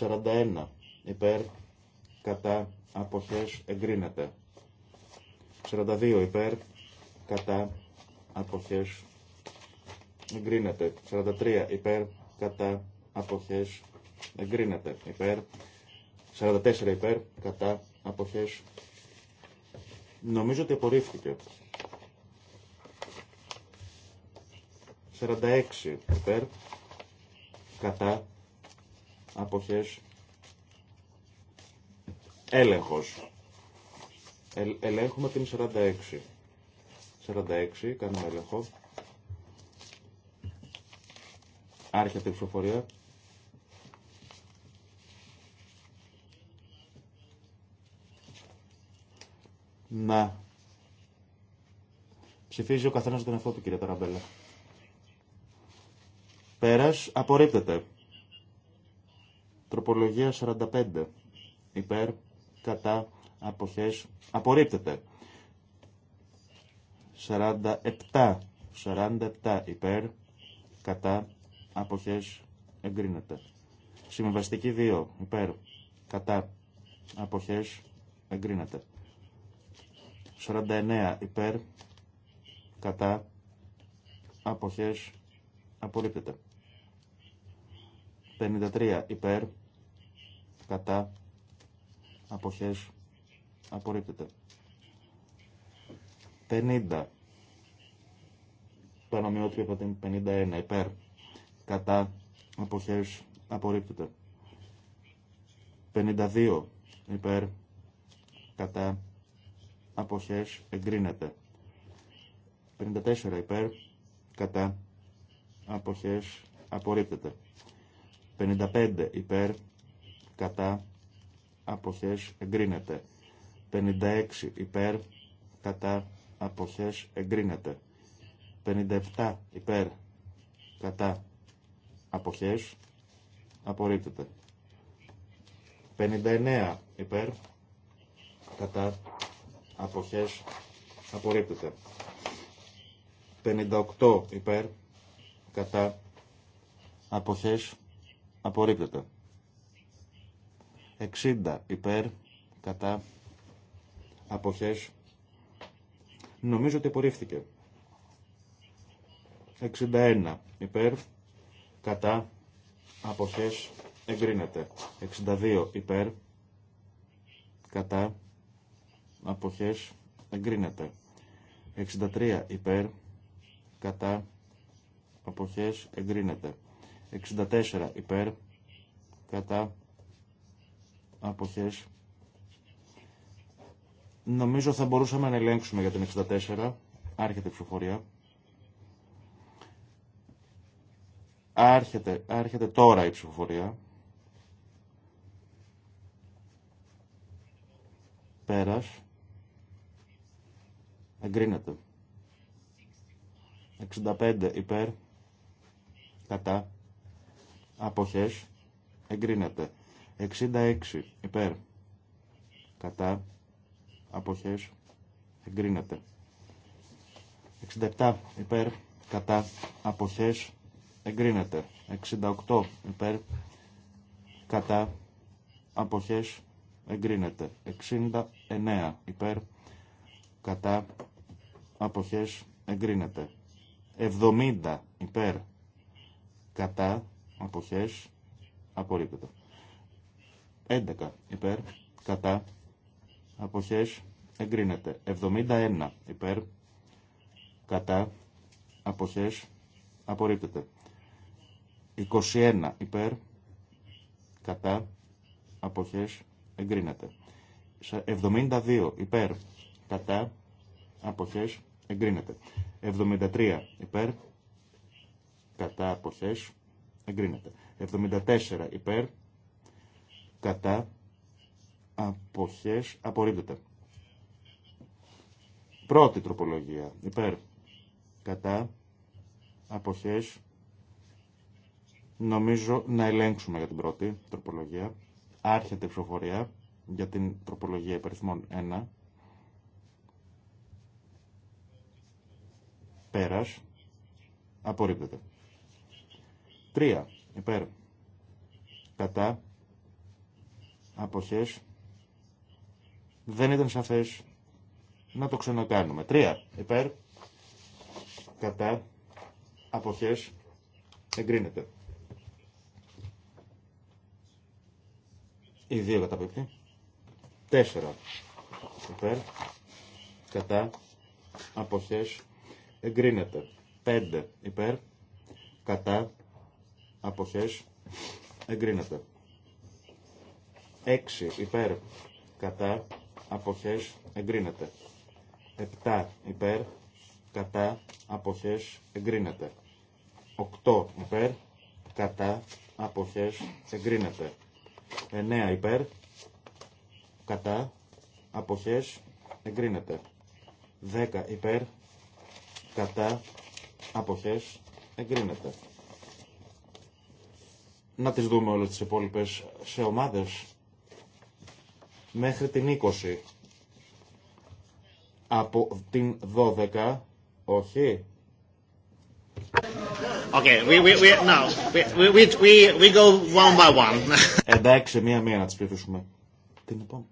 41 υπέρ κατά αποχές εγκρίνεται. 42 υπέρ κατά αποχές εγκρίνεται. 43 υπέρ κατά αποχές εγκρίνεται. Υπέρ 44 υπέρ, κατά, αποχές. Νομίζω ότι απορρίφθηκε. 46 υπέρ, κατά, αποχές, έλεγχος. Ε, ελέγχουμε την 46. 46, κάνουμε έλεγχο. Άρχεται η ψηφοφορία. να ψηφίζει ο καθένας τον εαυτό του, κύριε Ταραμπέλα. Πέρας, απορρίπτεται. Τροπολογία 45. Υπέρ, κατά, αποχές, απορρίπτεται. 47. 47 υπέρ, κατά, αποχές, εγκρίνεται. Συμβαστική 2 υπέρ, κατά, αποχές, εγκρίνεται. 49 υπέρ, κατά, αποχές, απορρίπτεται. 53 υπέρ, κατά, αποχές, απορρίπτεται. 50 παρομοιότυπη από την 51 υπέρ, κατά, αποχές, απορρίπτεται. 52 υπέρ, κατά, αποχές εγκρίνεται. 54 υπέρ κατά αποχές απορρίπτεται. 55 υπέρ κατά αποχές εγκρίνεται. 56 υπέρ κατά αποχές εγκρίνεται. 57 υπέρ κατά αποχές απορρίπτεται. 59 υπέρ κατά αποχές απορρίπτεται. 58 υπέρ κατά αποχές απορρίπτεται. 60 υπέρ κατά αποχές νομίζω ότι απορρίφθηκε. 61 υπέρ κατά αποχές εγκρίνεται. 62 υπέρ κατά αποχές εγκρίνεται. 63 υπέρ κατά αποχές εγκρίνεται. 64 υπέρ κατά αποχές Νομίζω θα μπορούσαμε να ελέγξουμε για την 64. Άρχεται η ψηφοφορία. Άρχεται, τώρα η ψηφοφορία. Πέρας εγκρίνεται. 65 υπέρ, κατά, αποχές, εγκρίνεται. 66 υπέρ, κατά, αποχές, εγκρίνεται. 67 υπέρ, κατά, αποχές, εγκρίνεται. 68 υπέρ, κατά, αποχές, εγκρίνεται. 69 υπέρ, κατά, αποχές εγκρίνεται. 70 υπέρ κατά αποχές απορρίπτεται. 11 υπέρ κατά αποχές εγκρίνεται. 71 υπέρ κατά αποχές απορρίπτεται. 21 υπέρ κατά αποχές εγκρίνεται. 72 υπέρ κατά αποχές εγκρίνεται. 73 υπέρ κατά αποχές εγκρίνεται. 74 υπέρ κατά αποχές απορρίπτεται. Πρώτη τροπολογία υπέρ κατά αποχές νομίζω να ελέγξουμε για την πρώτη τροπολογία. Άρχεται η ψηφοφορία για την τροπολογία υπαριθμών 1. πέρας απορρίπτεται. Τρία. Υπέρ. Κατά. Αποχές. Δεν ήταν σαφές να το ξανακάνουμε. Τρία. Υπέρ. Κατά. Αποχές. Εγκρίνεται. Οι δύο καταπίπτει. Τέσσερα. Υπέρ. Κατά. Αποχές εγκρίνεται. 5 υπέρ, κατά, αποχές, εγκρίνεται. 6 υπέρ, κατά, αποχές, εγκρίνεται. 7 υπέρ, κατά, αποχές, εγκρίνεται. 8 υπέρ, κατά, αποχές, εγκρίνεται. 9 υπέρ, κατά, αποχές, εγκρίνεται. 10 υπέρ, κατά αποχές εγκρίνεται. Να τις δούμε όλες τις υπόλοιπες σε ομάδες μέχρι την 20. Από την 12, όχι. Okay, we, we, we, no, we, we, we, we go one by one. Εντάξει, μία-μία να τις πληθούσουμε. Την επόμενη.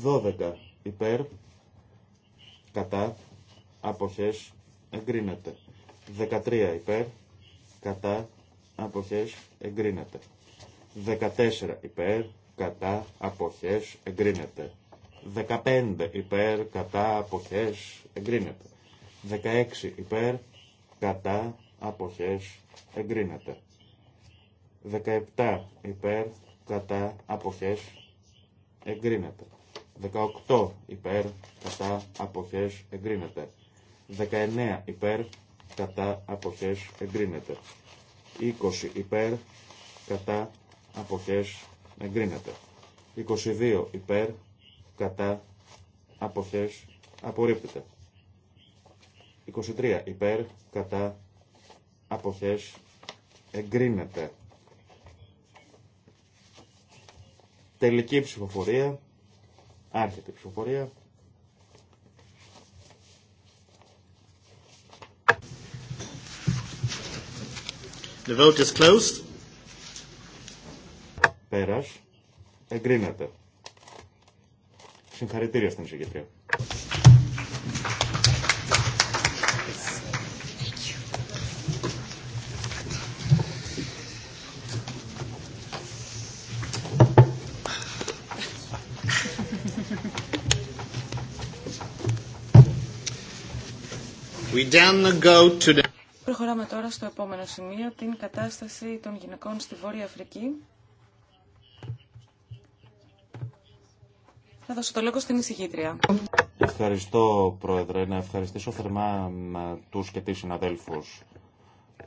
12 υπέρ, κατά, αποχές, εγκρίνεται. 13 υπέρ, κατά, αποχές, εγκρίνεται. 14 υπέρ, κατά, αποχές, εγκρίνεται. 15 υπέρ, κατά, αποχές, εγκρίνεται. 16 υπέρ, κατά, αποχές, εγκρίνεται. 17 υπέρ, κατά, αποχές, εγκρίνεται. 18 υπέρ κατά αποχές εγκρίνεται. 19 υπέρ κατά αποχές εγκρίνεται. 20 υπέρ κατά αποχές εγκρίνεται. 22 υπέρ κατά αποχές απορρίπτεται. 23 υπέρ κατά αποχές εγκρίνεται. Τελική ψηφοφορία Άρχεται η ψηφοφορία. The vote is closed. Πέρας. Εγκρίνεται. Συγχαρητήρια στην εισηγητρία. Προχωράμε τώρα στο επόμενο σημείο, την κατάσταση των γυναικών στη Βόρεια Αφρική. Θα δώσω το λόγο στην εισηγήτρια. Ευχαριστώ, Πρόεδρε. Να ευχαριστήσω θερμά τους και τις συναδέλφους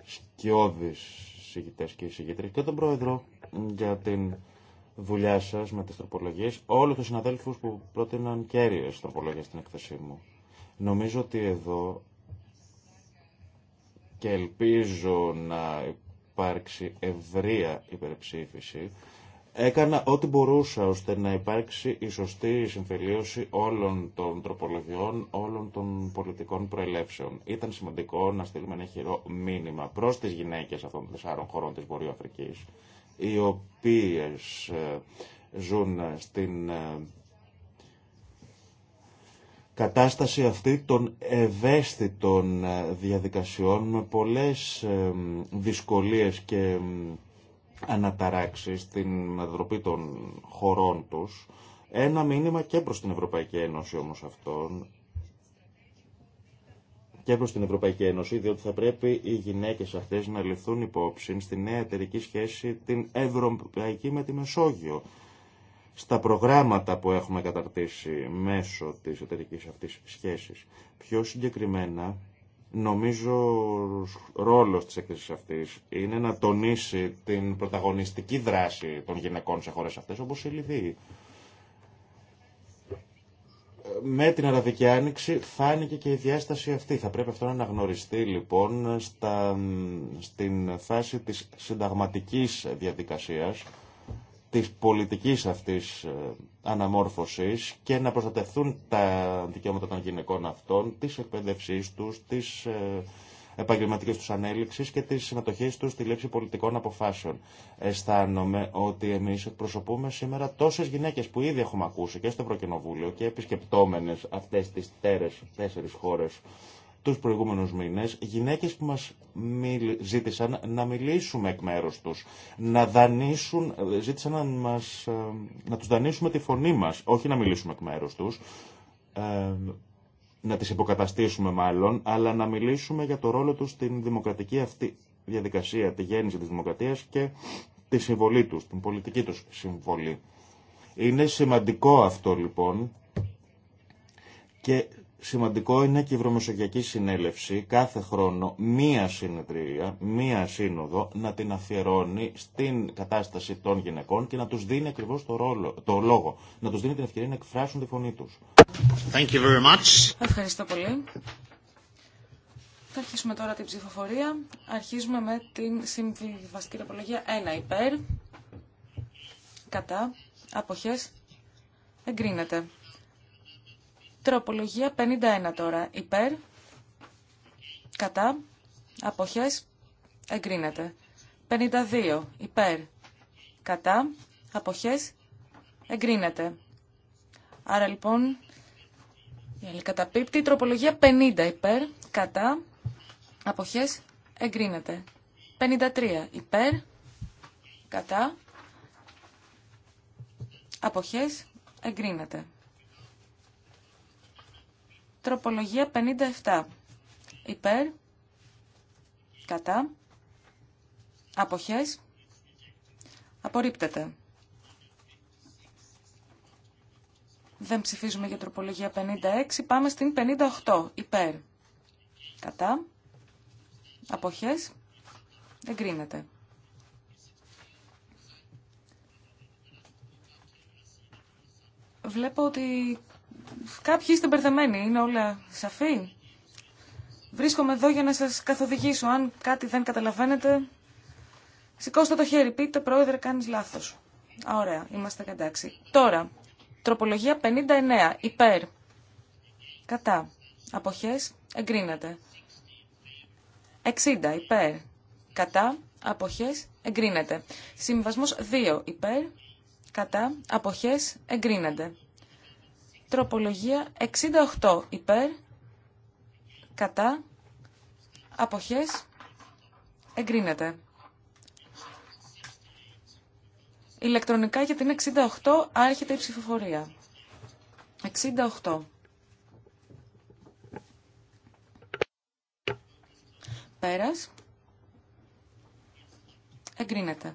σκιώδης εισηγητές και εισηγήτρες και τον Πρόεδρο για την δουλειά σας με τις τροπολογίες, όλους τους συναδέλφους που πρότειναν κέρυες τροπολογίες στην εκθεσή μου. Νομίζω ότι εδώ και ελπίζω να υπάρξει ευρεία υπερψήφιση, έκανα ό,τι μπορούσα ώστε να υπάρξει η σωστή συμφελίωση όλων των τροπολογιών, όλων των πολιτικών προελεύσεων. Ήταν σημαντικό να στείλουμε ένα χειρό μήνυμα προς τις γυναίκες αυτών των τεσσάρων χωρών της Βορειοαφρικής, οι οποίες ε, ζουν στην ε, κατάσταση αυτή των ευαίσθητων ε, διαδικασιών με πολλές ε, δυσκολίες και ε, αναταράξεις στην ανθρωπή των χωρών τους. Ένα μήνυμα και προς την Ευρωπαϊκή Ένωση όμως αυτόν και προς την Ευρωπαϊκή Ένωση, διότι θα πρέπει οι γυναίκες αυτές να ληφθούν υπόψη στη νέα εταιρική σχέση την Ευρωπαϊκή με τη Μεσόγειο στα προγράμματα που έχουμε καταρτήσει μέσω της εταιρική αυτής σχέσης. Πιο συγκεκριμένα, νομίζω ρόλος της έκθεσης αυτής είναι να τονίσει την πρωταγωνιστική δράση των γυναικών σε χώρες αυτές, όπως η Λιβύη. Με την Αραβική Άνοιξη φάνηκε και η διάσταση αυτή. Θα πρέπει αυτό να αναγνωριστεί λοιπόν στα, στην φάση της συνταγματικής διαδικασίας της πολιτικής αυτής ε, αναμόρφωσης και να προστατευτούν τα δικαιώματα των γυναικών αυτών, της εκπαίδευσή τους, της ε, επαγγελματικής τους ανέλυξης και της συμμετοχής τους στη λήψη πολιτικών αποφάσεων. Αισθάνομαι ότι εμείς εκπροσωπούμε σήμερα τόσες γυναίκες που ήδη έχουμε ακούσει και στο Ευρωκοινοβούλιο και επισκεπτόμενες αυτές τις τέρες, τέσσερις χώρες τους προηγούμενους μήνες γυναίκες που μας ζήτησαν να μιλήσουμε εκ μέρους τους, να δανείσουν, ζήτησαν να, μας, ε, να τους δανείσουμε τη φωνή μας, όχι να μιλήσουμε εκ μέρους τους, ε, να τις υποκαταστήσουμε μάλλον, αλλά να μιλήσουμε για το ρόλο τους στην δημοκρατική αυτή διαδικασία, τη γέννηση της δημοκρατίας και τη συμβολή τους, την πολιτική τους συμβολή. Είναι σημαντικό αυτό λοιπόν και Σημαντικό είναι και η Ευρωμεσογειακή Συνέλευση κάθε χρόνο μία συνεδρία, μία σύνοδο να την αφιερώνει στην κατάσταση των γυναικών και να τους δίνει ακριβώς το, ρόλο, το λόγο, να τους δίνει την ευκαιρία να εκφράσουν τη φωνή τους. Thank you very much. Ευχαριστώ πολύ. Θα αρχίσουμε τώρα την ψηφοφορία. Αρχίζουμε με την συμβιβαστική απολογία 1 υπέρ, κατά, αποχές, εγκρίνεται. Τροπολογία 51 τώρα. Υπέρ, κατά, αποχές, εγκρίνεται. 52. Υπέρ, κατά, αποχές, εγκρίνεται. Άρα λοιπόν, η άλλη Τροπολογία 50. Υπέρ, κατά, αποχές, εγκρίνεται. 53. Υπέρ, κατά, αποχές, εγκρίνεται. Τροπολογία 57. Υπέρ. Κατά. Αποχές. Απορρίπτεται. Δεν ψηφίζουμε για τροπολογία 56. Πάμε στην 58. Υπέρ. Κατά. Αποχές. Δεν κρίνεται. Βλέπω ότι Κάποιοι είστε μπερδεμένοι, είναι όλα σαφή. Βρίσκομαι εδώ για να σας καθοδηγήσω. Αν κάτι δεν καταλαβαίνετε, σηκώστε το χέρι, πείτε πρόεδρε κάνεις λάθος. ωραία, είμαστε εντάξει. Τώρα, τροπολογία 59, υπέρ. Κατά. Αποχές, εγκρίνεται. 60, υπέρ. Κατά. Αποχές, εγκρίνεται. Συμβασμός 2, υπέρ. Κατά. Αποχές, εγκρίνεται. Τροπολογία 68 υπέρ, κατά, αποχές, εγκρίνεται. Ηλεκτρονικά για την 68 άρχεται η ψηφοφορία. 68. Πέρας. Εγκρίνεται.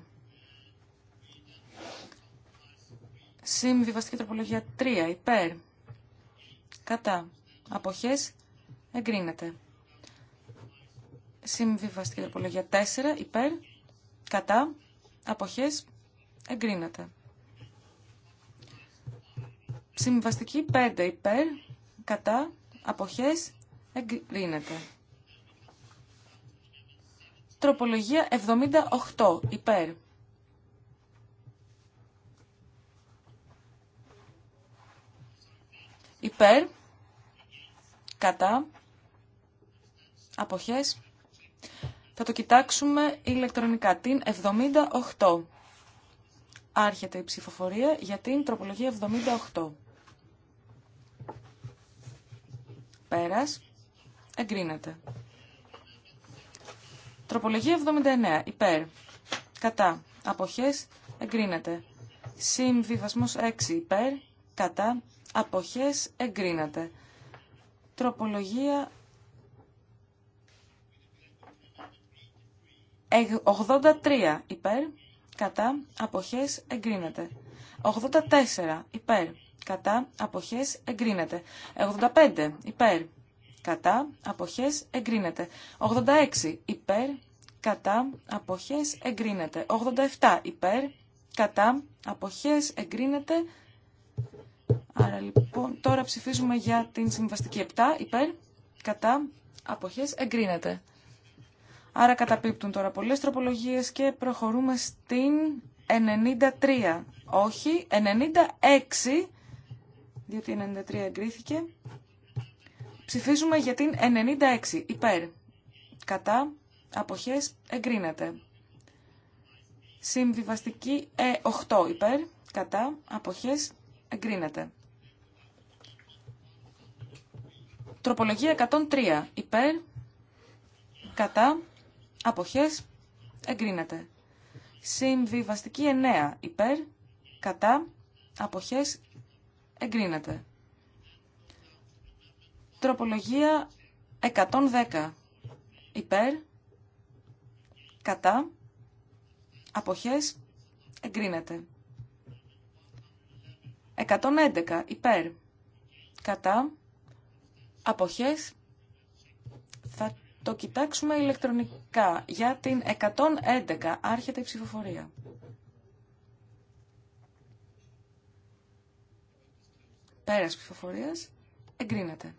Συμβιβαστική τροπολογία 3. Υπέρ. Κατά. Αποχές. Εγκρίνεται. Συμβιβαστική τροπολογία 4. Υπέρ. Κατά. Αποχές. Εγκρίνεται. Συμβιβαστική 5. Υπέρ. Κατά. Αποχές. Εγκρίνεται. Τροπολογία 78. Υπέρ. Υπέρ, κατά, αποχές. Θα το κοιτάξουμε ηλεκτρονικά. Την 78. Άρχεται η ψηφοφορία για την τροπολογία 78. Πέρας. Εγκρίνεται. Τροπολογία 79. Υπέρ. Κατά. Αποχές. Εγκρίνεται. Συμβιβασμός 6. Υπέρ. Κατά αποχές εγκρίνατε. Τροπολογία 83 υπέρ, κατά, αποχές εγκρίνεται. 84 υπέρ, κατά, αποχές εγκρίνεται. 85 υπέρ, κατά, αποχές εγκρίνεται. 86 υπέρ, κατά, αποχές εγκρίνεται. 87 υπέρ, κατά, αποχές εγκρίνεται. Άρα λοιπόν τώρα ψηφίζουμε για την συμβαστική 7 υπέρ, κατά, αποχές, εγκρίνεται. Άρα καταπίπτουν τώρα πολλές τροπολογίες και προχωρούμε στην 93. Όχι, 96, διότι 93 εγκρίθηκε. Ψηφίζουμε για την 96 υπέρ, κατά, αποχές, εγκρίνεται. Συμβιβαστική 8 ε, υπέρ, κατά, αποχές, εγκρίνεται. Τροπολογία 103. Υπέρ, κατά, αποχές, εγκρίνεται. Συμβιβαστική 9. Υπέρ, κατά, αποχές, εγκρίνεται. Τροπολογία 110. Υπέρ, κατά, αποχές, εγκρίνεται. 111. Υπέρ, κατά, αποχές θα το κοιτάξουμε ηλεκτρονικά. Για την 111 άρχεται η ψηφοφορία. Πέρας ψηφοφορίας εγκρίνεται.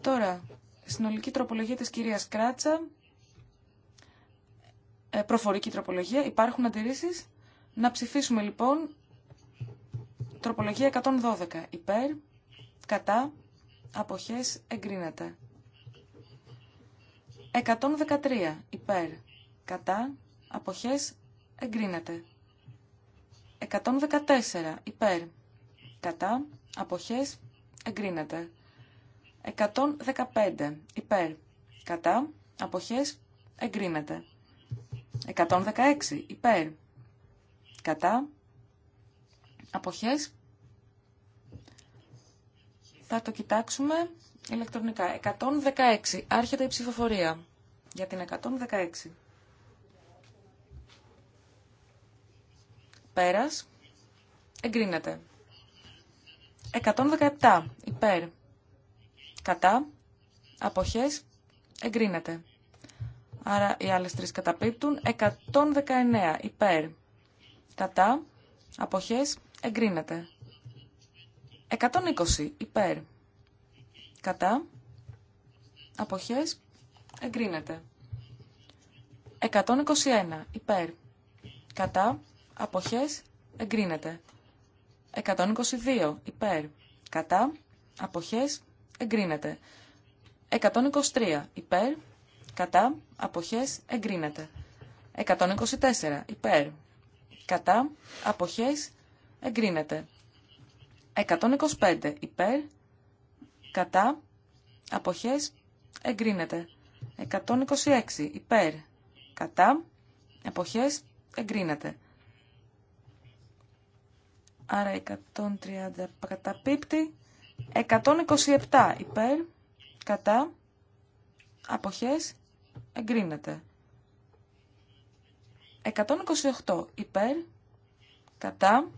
Τώρα, συνολική τροπολογία της κυρίας Κράτσα, ε, προφορική τροπολογία, υπάρχουν αντιρρήσεις. Να ψηφίσουμε λοιπόν τροπολογία 112 υπέρ κατά, αποχές, εγκρίνεται. 113 υπέρ, κατά, αποχές, εγκρίνεται. 114 υπέρ, κατά, αποχές, εγκρίνεται. 115 υπέρ, κατά, αποχές, εγκρίνεται. 116 υπέρ, κατά, αποχές, θα το κοιτάξουμε ηλεκτρονικά. 116. Άρχεται η ψηφοφορία για την 116. Πέρας. Εγκρίνεται. 117. Υπέρ. Κατά. Αποχές. Εγκρίνεται. Άρα οι άλλες τρεις καταπίπτουν. 119. Υπέρ. Κατά. Αποχές. Εγκρίνεται. 120 υπέρ. Κατά. Αποχές. Εγκρίνεται. 121 υπέρ. Κατά. Αποχές. Εγκρίνεται. 122 υπέρ. Κατά. Αποχές. Εγκρίνεται. 123 υπέρ. Κατά. Αποχές. Εγκρίνεται. 124 υπέρ. Κατά. Αποχές. Εγκρίνεται. 125 υπέρ, κατά, αποχές, εγκρίνεται. 126 υπέρ, κατά, αποχές, εγκρίνεται. Άρα 130 καταπίπτει. 127 υπέρ, κατά, αποχές, εγκρίνεται. 128 υπέρ, κατά,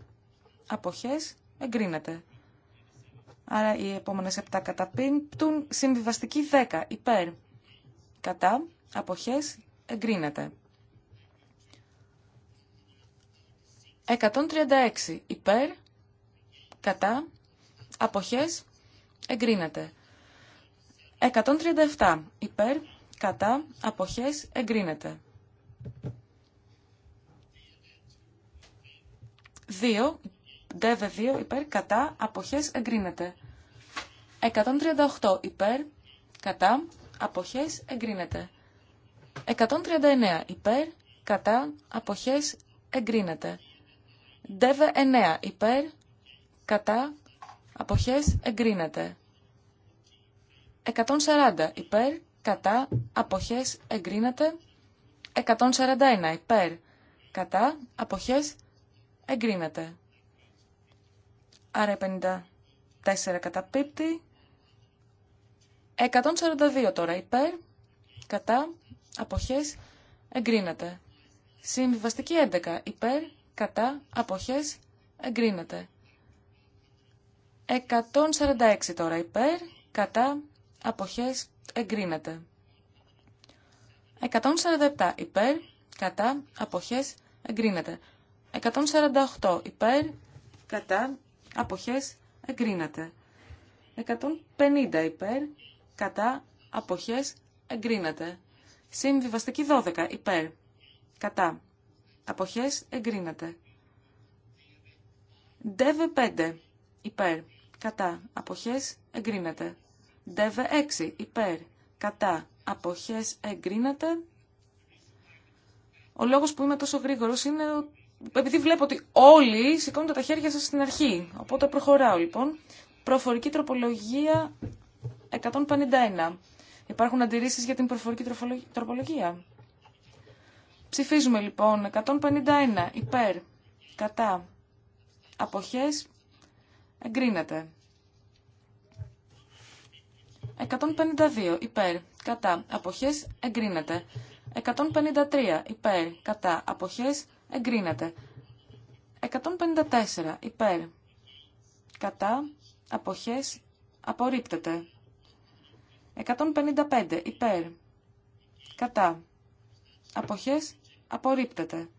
αποχές, εγκρίνεται. Άρα οι επόμενε 7 καταπίπτουν. Συμβιβαστική 10 υπέρ. Κατά. απόχέ, εγκρίνεται. 136 υπέρ. Κατά. απόχέ, εγκρίνεται. 137 υπέρ. Κατά. απόχέ, εγκρίνεται. 2 ΔΕΒΕ 2 υπέρ κατά αποχές εγκρίνεται. 138 υπέρ κατά αποχές εγκρίνεται. 139 υπέρ κατά αποχές εγκρίνεται. ΔΕΒΕ 9 υπέρ κατά αποχές εγκρίνεται. 140 υπέρ κατά αποχές εγκρίνεται. 141 υπέρ κατά αποχές εγκρίνεται. Άρα 54 καταπίπτει. 142 τώρα υπέρ, κατά, αποχές, εγκρίνεται. Συμβιβαστική 11 υπέρ, κατά, αποχές, εγκρίνεται. 146 τώρα υπέρ, κατά, αποχές, εγκρίνεται. 147 υπέρ, κατά, αποχές, εγκρίνεται. 148 υπέρ, κατά, αποχές εγκρίνεται. 150 υπέρ, κατά, αποχές εγκρίνεται. Συμβιβαστική 12 υπέρ, κατά, αποχές εγκρίνεται. Δεβε 5 υπέρ, κατά, αποχές εγκρίνεται. Δεβε 6 υπέρ, κατά, αποχές εγκρίνεται. Ο λόγος που είμαι τόσο γρήγορος είναι ότι επειδή βλέπω ότι όλοι σηκώνετε τα χέρια σας στην αρχή. Οπότε προχωράω λοιπόν. Προφορική τροπολογία 151. Υπάρχουν αντιρρήσεις για την προφορική τροπολογία. Ψηφίζουμε λοιπόν 151 υπέρ, κατά, αποχές, εγκρίνεται. 152 υπέρ, κατά, αποχές, εγκρίνεται. 153 υπέρ, κατά, αποχές, εγκρίνεται. 154 υπέρ. Κατά αποχές απορρίπτεται. 155 υπέρ. Κατά αποχές απορρίπτεται.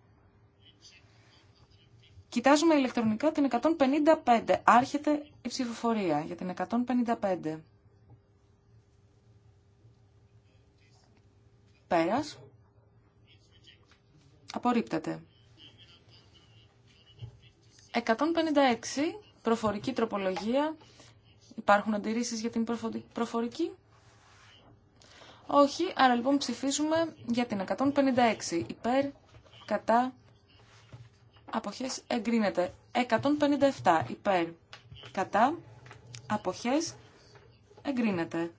Κοιτάζουμε ηλεκτρονικά την 155. Άρχεται η ψηφοφορία για την 155. Πέρας. Απορρίπτεται. 156, προφορική τροπολογία. Υπάρχουν αντιρρήσεις για την προφορική. Όχι, άρα λοιπόν ψηφίζουμε για την 156. Υπέρ, κατά, αποχές, εγκρίνεται. 157. Υπέρ, κατά, αποχές, εγκρίνεται.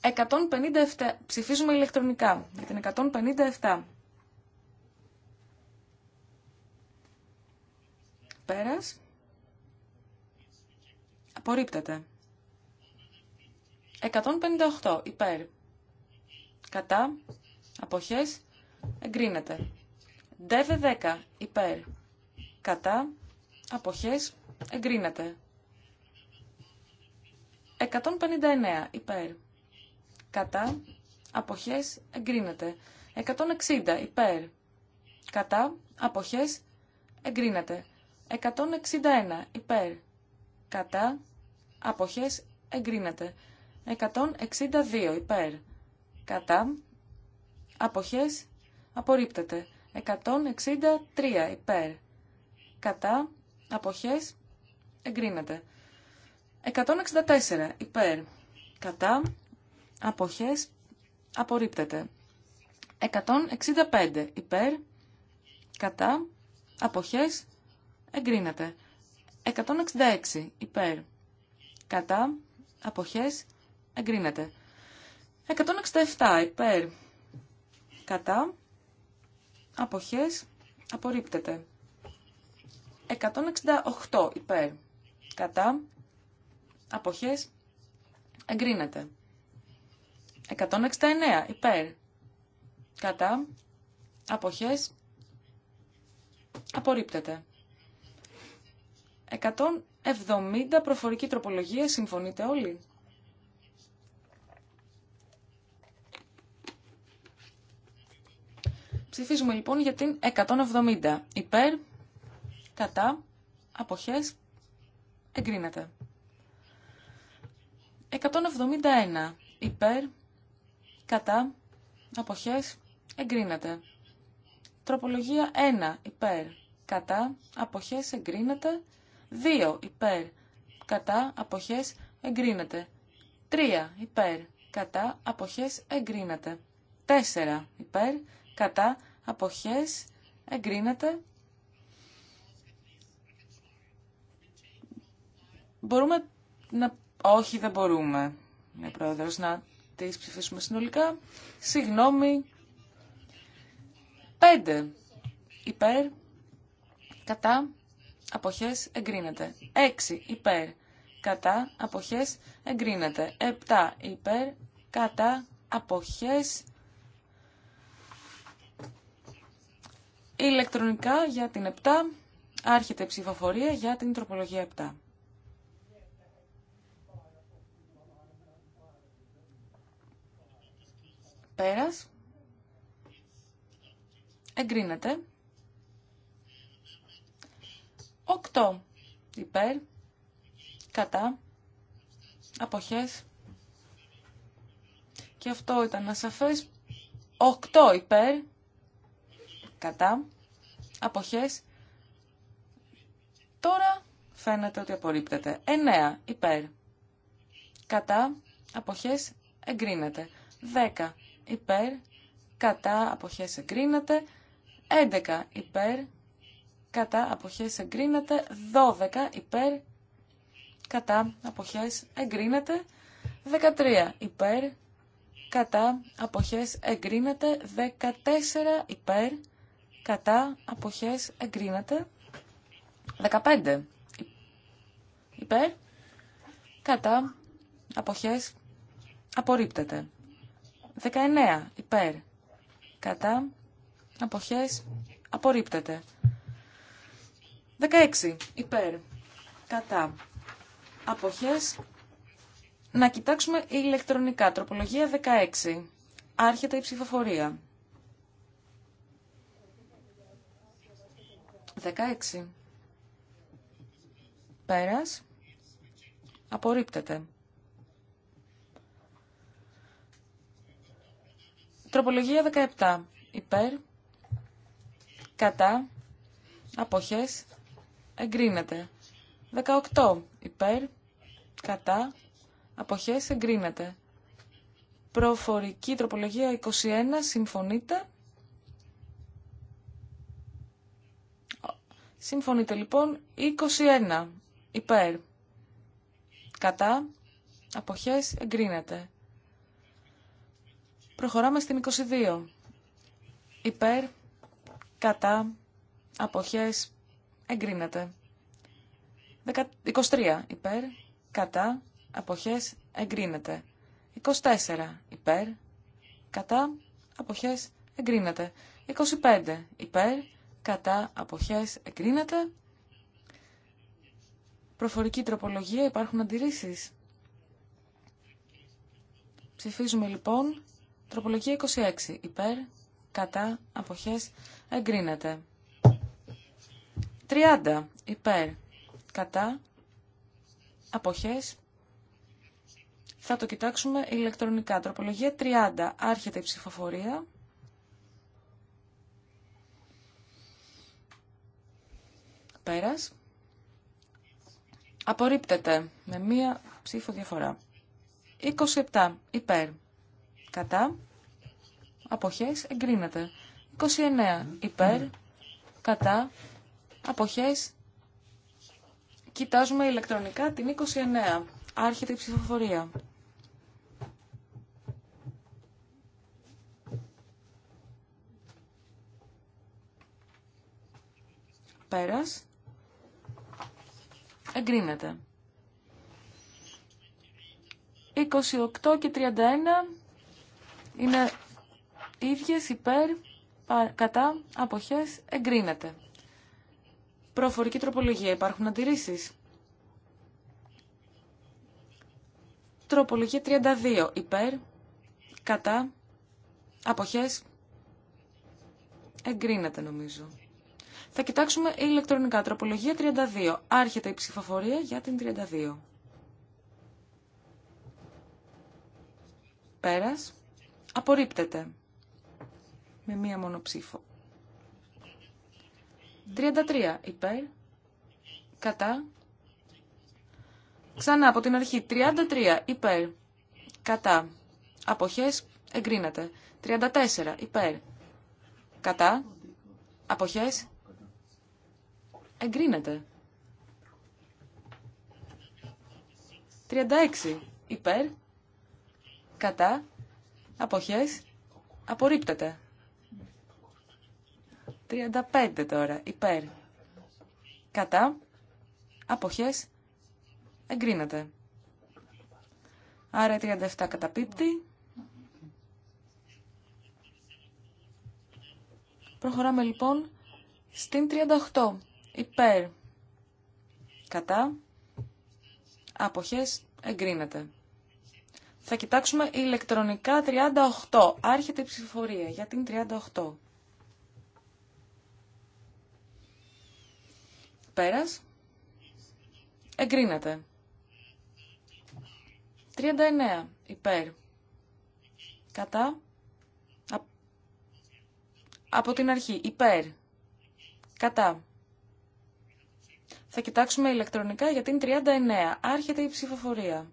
157. Ψηφίζουμε ηλεκτρονικά για την 157. Πέρας. Απορρίπτεται. 158 υπέρ. Κατά. Αποχές. Εγκρίνεται. Δεύε 10 υπέρ. Κατά. Αποχές. Εγκρίνεται. 159 υπέρ. Κατά. Αποχές. Εγκρίνεται. 160 υπέρ. Κατά. Αποχές. Εγκρίνεται. 161 υπέρ. Κατά. Αποχές εγκρίνεται. 162 υπέρ. Κατά. Αποχές απορρίπτεται. 163 υπέρ. Κατά. Αποχές εγκρίνεται. 164 υπέρ. Κατά. Αποχές απορρίπτεται. 165 υπέρ. Κατά. Αποχές εγκρίνεται. 166 υπέρ. Κατά αποχές εγκρίνεται. 167 υπέρ. Κατά αποχές απορρίπτεται. 168 υπέρ. Κατά αποχές εγκρίνεται. 169 υπέρ. Κατά αποχές απορρίπτεται. 170 προφορική τροπολογία. Συμφωνείτε όλοι. Ψηφίζουμε λοιπόν για την 170. Υπέρ, κατά, αποχές, εγκρίνεται. 171. Υπέρ, κατά, αποχές, εγκρίνεται. Τροπολογία 1. Υπέρ, κατά, αποχές, εγκρίνεται. 2 υπέρ κατά αποχές εγκρίνεται. 3 υπέρ κατά αποχές εγκρίνεται. Τέσσερα υπέρ κατά αποχές εγκρίνεται. Μπορούμε να... Όχι, δεν μπορούμε, ναι, πρόεδρος, να τις ψηφίσουμε συνολικά. Συγγνώμη. 5 υπέρ κατά αποχές εγκρίνεται. 6 υπέρ κατά αποχές εγκρίνεται. 7 υπέρ κατά αποχές ηλεκτρονικά για την 7 άρχεται η ψηφοφορία για την τροπολογία 7. Πέρας. Εγκρίνεται. Οκτώ υπέρ, κατά, αποχές. Και αυτό ήταν ασαφές. Οκτώ υπέρ, κατά, αποχές. Τώρα φαίνεται ότι απορρίπτεται. 9 υπέρ, κατά, αποχές, εγκρίνεται. 10 υπέρ, κατά, αποχές, εγκρίνεται. 11 υπέρ, κατά αποχές εγκρίνεται, 12 υπέρ, κατά αποχές εγκρίνεται, 13 υπέρ, κατά αποχές εγκρίνεται, 14 υπέρ, κατά αποχές εγκρίνεται, 15 υπέρ, κατά αποχές απορρίπτεται, 19 υπέρ, κατά αποχές απορρίπτεται. 16. Υπέρ. Κατά. Αποχές. Να κοιτάξουμε ηλεκτρονικά. Τροπολογία 16. Άρχεται η ψηφοφορία. 16. Πέρας. Απορρίπτεται. Τροπολογία 17. Υπέρ. Κατά. Αποχές εγκρίνεται. 18 υπέρ, κατά, αποχές εγκρίνεται. Προφορική τροπολογία 21, συμφωνείτε. Συμφωνείτε λοιπόν, 21 υπέρ, κατά, αποχές εγκρίνεται. Προχωράμε στην 22. Υπέρ, κατά, αποχές εγκρίνεται. 23 υπέρ, κατά, αποχές, εγκρίνεται. 24 υπέρ, κατά, αποχές, εγκρίνεται. 25 υπέρ, κατά, αποχές, εγκρίνεται. Προφορική τροπολογία, υπάρχουν αντιρρήσεις. Ψηφίζουμε λοιπόν τροπολογία 26 υπέρ, κατά, αποχές, εγκρίνεται. 30 υπέρ κατά αποχές θα το κοιτάξουμε ηλεκτρονικά. Τροπολογία 30. Άρχεται η ψηφοφορία. Πέρας. Απορρίπτεται με μία ψήφο διαφορά. 27. Υπέρ. Κατά. Αποχές. Εγκρίνεται. 29. Υπέρ. Κατά αποχές, κοιτάζουμε ηλεκτρονικά την 29. Άρχεται η ψηφοφορία. Πέρας. Εγκρίνεται. 28 και 31 είναι ίδιες υπέρ, κατά, αποχές, εγκρίνεται. Προφορική τροπολογία. Υπάρχουν αντιρρήσεις. Τροπολογία 32. Υπέρ. Κατά. Αποχές. Εγκρίνεται νομίζω. Θα κοιτάξουμε ηλεκτρονικά. Τροπολογία 32. Άρχεται η ψηφοφορία για την 32. Πέρας. Απορρίπτεται. Με μία μόνο ψήφο. 33 υπέρ, κατά. Ξανά από την αρχή. 33 υπέρ, κατά. Αποχές εγκρίνεται. 34 υπέρ, κατά. Αποχές εγκρίνεται. 36 υπέρ, κατά. Αποχές απορρίπτεται. 35 τώρα, υπέρ. Κατά. Αποχές. Εγκρίνεται. Άρα 37 καταπίπτει. Προχωράμε λοιπόν στην 38. Υπέρ. Κατά. Αποχές. Εγκρίνεται. Θα κοιτάξουμε ηλεκτρονικά 38. Άρχεται η ψηφορία για την 38. Πέρας. Εγκρίνεται. 39. Υπέρ. Κατά. Από την αρχή. Υπέρ. Κατά. Θα κοιτάξουμε ηλεκτρονικά γιατί είναι 39. Άρχεται η ψηφοφορία.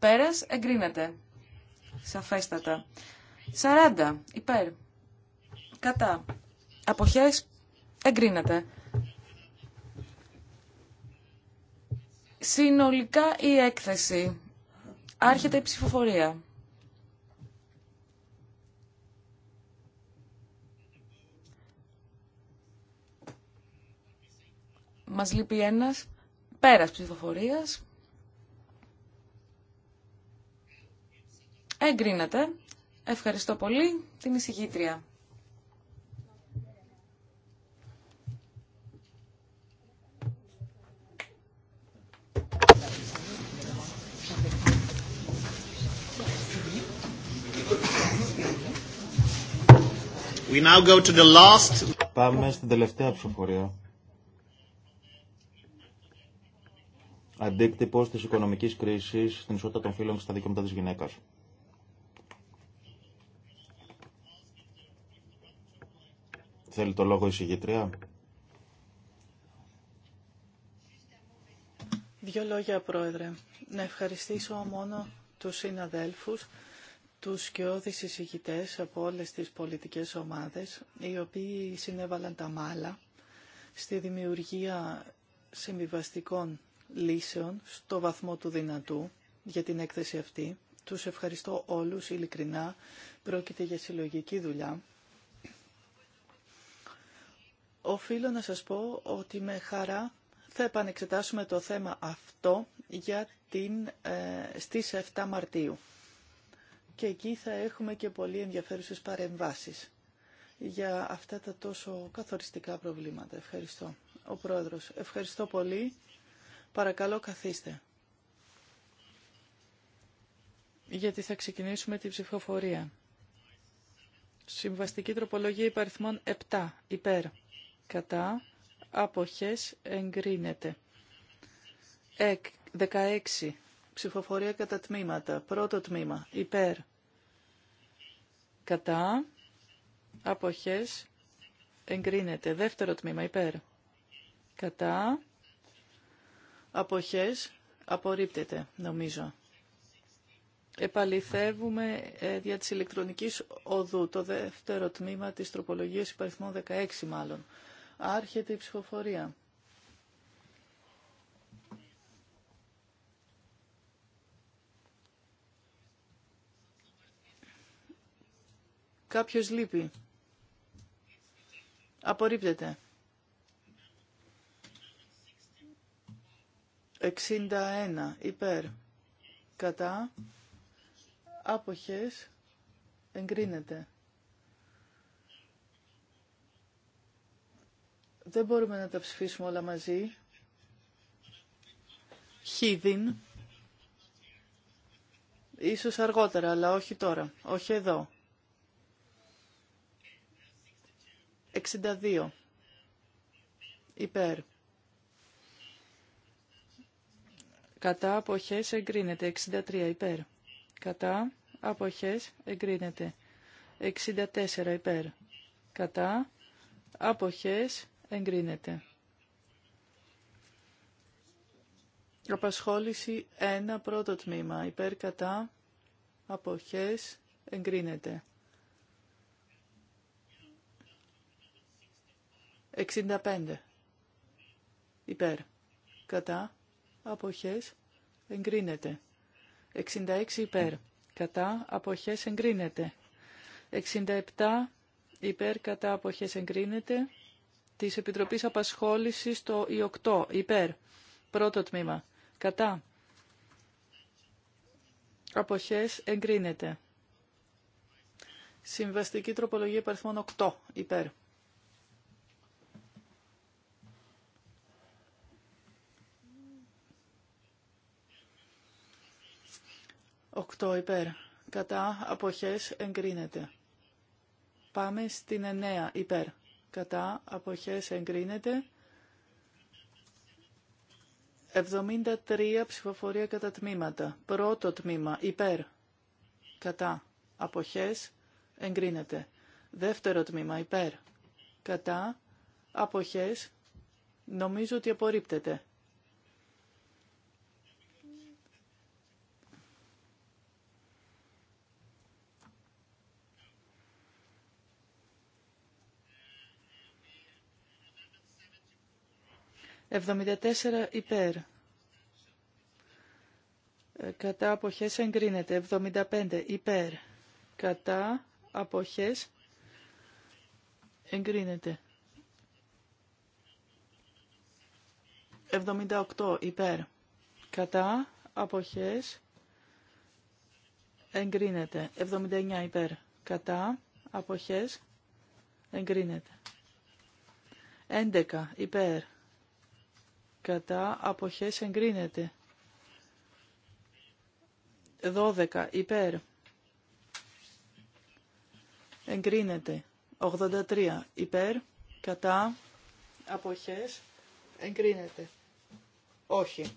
Πέρας εγκρίνεται. Σαφέστατα. 40 υπέρ. Κατά. Αποχές εγκρίνεται. Συνολικά η έκθεση. Άρχεται η ψηφοφορία. Μας λείπει ένας πέρας ψηφοφορίας. Εγκρίνεται. Ευχαριστώ πολύ την εισηγήτρια. We now go to the last... Πάμε στην τελευταία ψηφοφορία. Αντίκτυπος της οικονομικής κρίσης στην ισότητα των φίλων και στα δικαιώματα της γυναίκας. Θέλει το λόγο η συγγετρία. Δύο λόγια, Πρόεδρε. Να ευχαριστήσω μόνο τους συναδέλφους, τους σκιώδης εισηγητές από όλες τις πολιτικές ομάδες, οι οποίοι συνέβαλαν τα μάλα στη δημιουργία συμβιβαστικών λύσεων στο βαθμό του δυνατού για την έκθεση αυτή. Τους ευχαριστώ όλους ειλικρινά. Πρόκειται για συλλογική δουλειά οφείλω να σας πω ότι με χαρά θα επανεξετάσουμε το θέμα αυτό για την, ε, στις 7 Μαρτίου. Και εκεί θα έχουμε και πολύ ενδιαφέρουσες παρεμβάσεις για αυτά τα τόσο καθοριστικά προβλήματα. Ευχαριστώ. Ο Πρόεδρος, ευχαριστώ πολύ. Παρακαλώ καθίστε. Γιατί θα ξεκινήσουμε την ψηφοφορία. Συμβαστική τροπολογία υπαριθμών 7. Υπέρ κατά αποχές εγκρίνεται. 16. Ψηφοφορία κατά τμήματα. Πρώτο τμήμα. Υπέρ. Κατά. Αποχές. Εγκρίνεται. Δεύτερο τμήμα. Υπέρ. Κατά. Αποχές. Απορρίπτεται, νομίζω. Επαληθεύουμε ε, δια της ηλεκτρονικής οδού το δεύτερο τμήμα της τροπολογίας υπαριθμών 16 μάλλον. Άρχεται η ψηφοφορία. Κάποιος λείπει. Απορρίπτεται. 61 υπέρ κατά αποχές εγκρίνεται. Δεν μπορούμε να τα ψηφίσουμε όλα μαζί. Χίδιν. Ίσως αργότερα, αλλά όχι τώρα. Όχι εδώ. 62. Υπέρ. Κατά αποχές εγκρίνεται. 63 υπέρ. Κατά αποχές εγκρίνεται. 64 υπέρ. Κατά αποχές εγκρίνεται. Απασχόληση 1 πρώτο τμήμα. Υπέρ κατά αποχές εγκρίνεται. 65. Υπέρ. Κατά. Αποχές. Εγκρίνεται. 66 υπέρ. Κατά. Αποχές εγκρίνεται. 67 υπέρ. Κατά. Αποχές εγκρίνεται της Επιτροπής Απασχόλησης το 8 υπέρ. Πρώτο τμήμα. Κατά. Αποχές εγκρίνεται. Συμβαστική τροπολογία υπαριθμών 8, υπέρ. Οκτώ υπέρ. Κατά αποχές εγκρίνεται. Πάμε στην εννέα υπέρ κατά αποχές εγκρίνεται. 73 ψηφοφορία κατά τμήματα. Πρώτο τμήμα υπέρ κατά αποχές εγκρίνεται. Δεύτερο τμήμα υπέρ κατά αποχές νομίζω ότι απορρίπτεται. 74 ε, υπέρ. Κατά αποχές εγκρίνεται. 75 υπέρ. Κατά αποχές εγκρίνεται. 78 υπέρ. Κατά αποχές εγκρίνεται. 79 υπέρ. Κατά αποχές εγκρίνεται. 11 υπέρ κατά αποχές εγκρίνεται. 12 υπέρ εγκρίνεται. 83 υπέρ κατά αποχές εγκρίνεται. Όχι.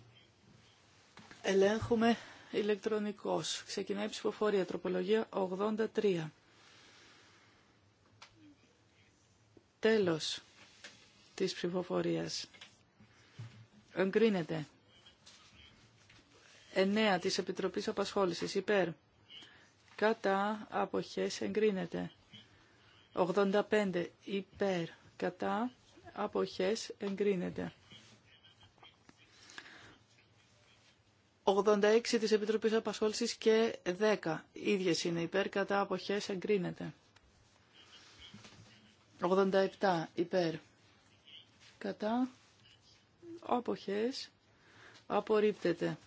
Ελέγχουμε ηλεκτρονικός. Ξεκινάει η ψηφοφορία. Τροπολογία 83. Τέλος της ψηφοφορίας. Εγκρίνεται. 9 της Επιτροπής Απασχόλησης. Υπέρ. Κατά αποχές εγκρίνεται. 85 υπέρ. Κατά αποχές εγκρίνεται. 86 της Επιτροπής Απασχόλησης και 10. Ίδιες είναι υπέρ. Κατά αποχές εγκρίνεται. 87 υπέρ. Κατά αποχές απορρίπτεται.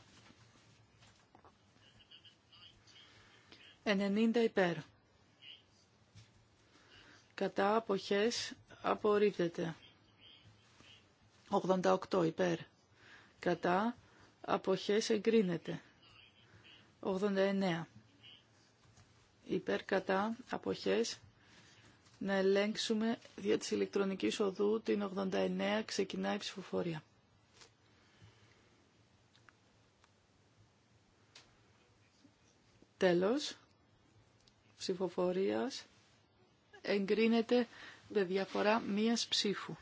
90 υπέρ. Κατά αποχές απορρίπτεται. 88 υπέρ. Κατά αποχές εγκρίνεται. 89 υπέρ κατά αποχές να ελέγξουμε δια της ηλεκτρονικής οδού την 89 ξεκινάει ψηφοφορία. Τέλος ψηφοφορίας εγκρίνεται με διαφορά μίας ψήφου.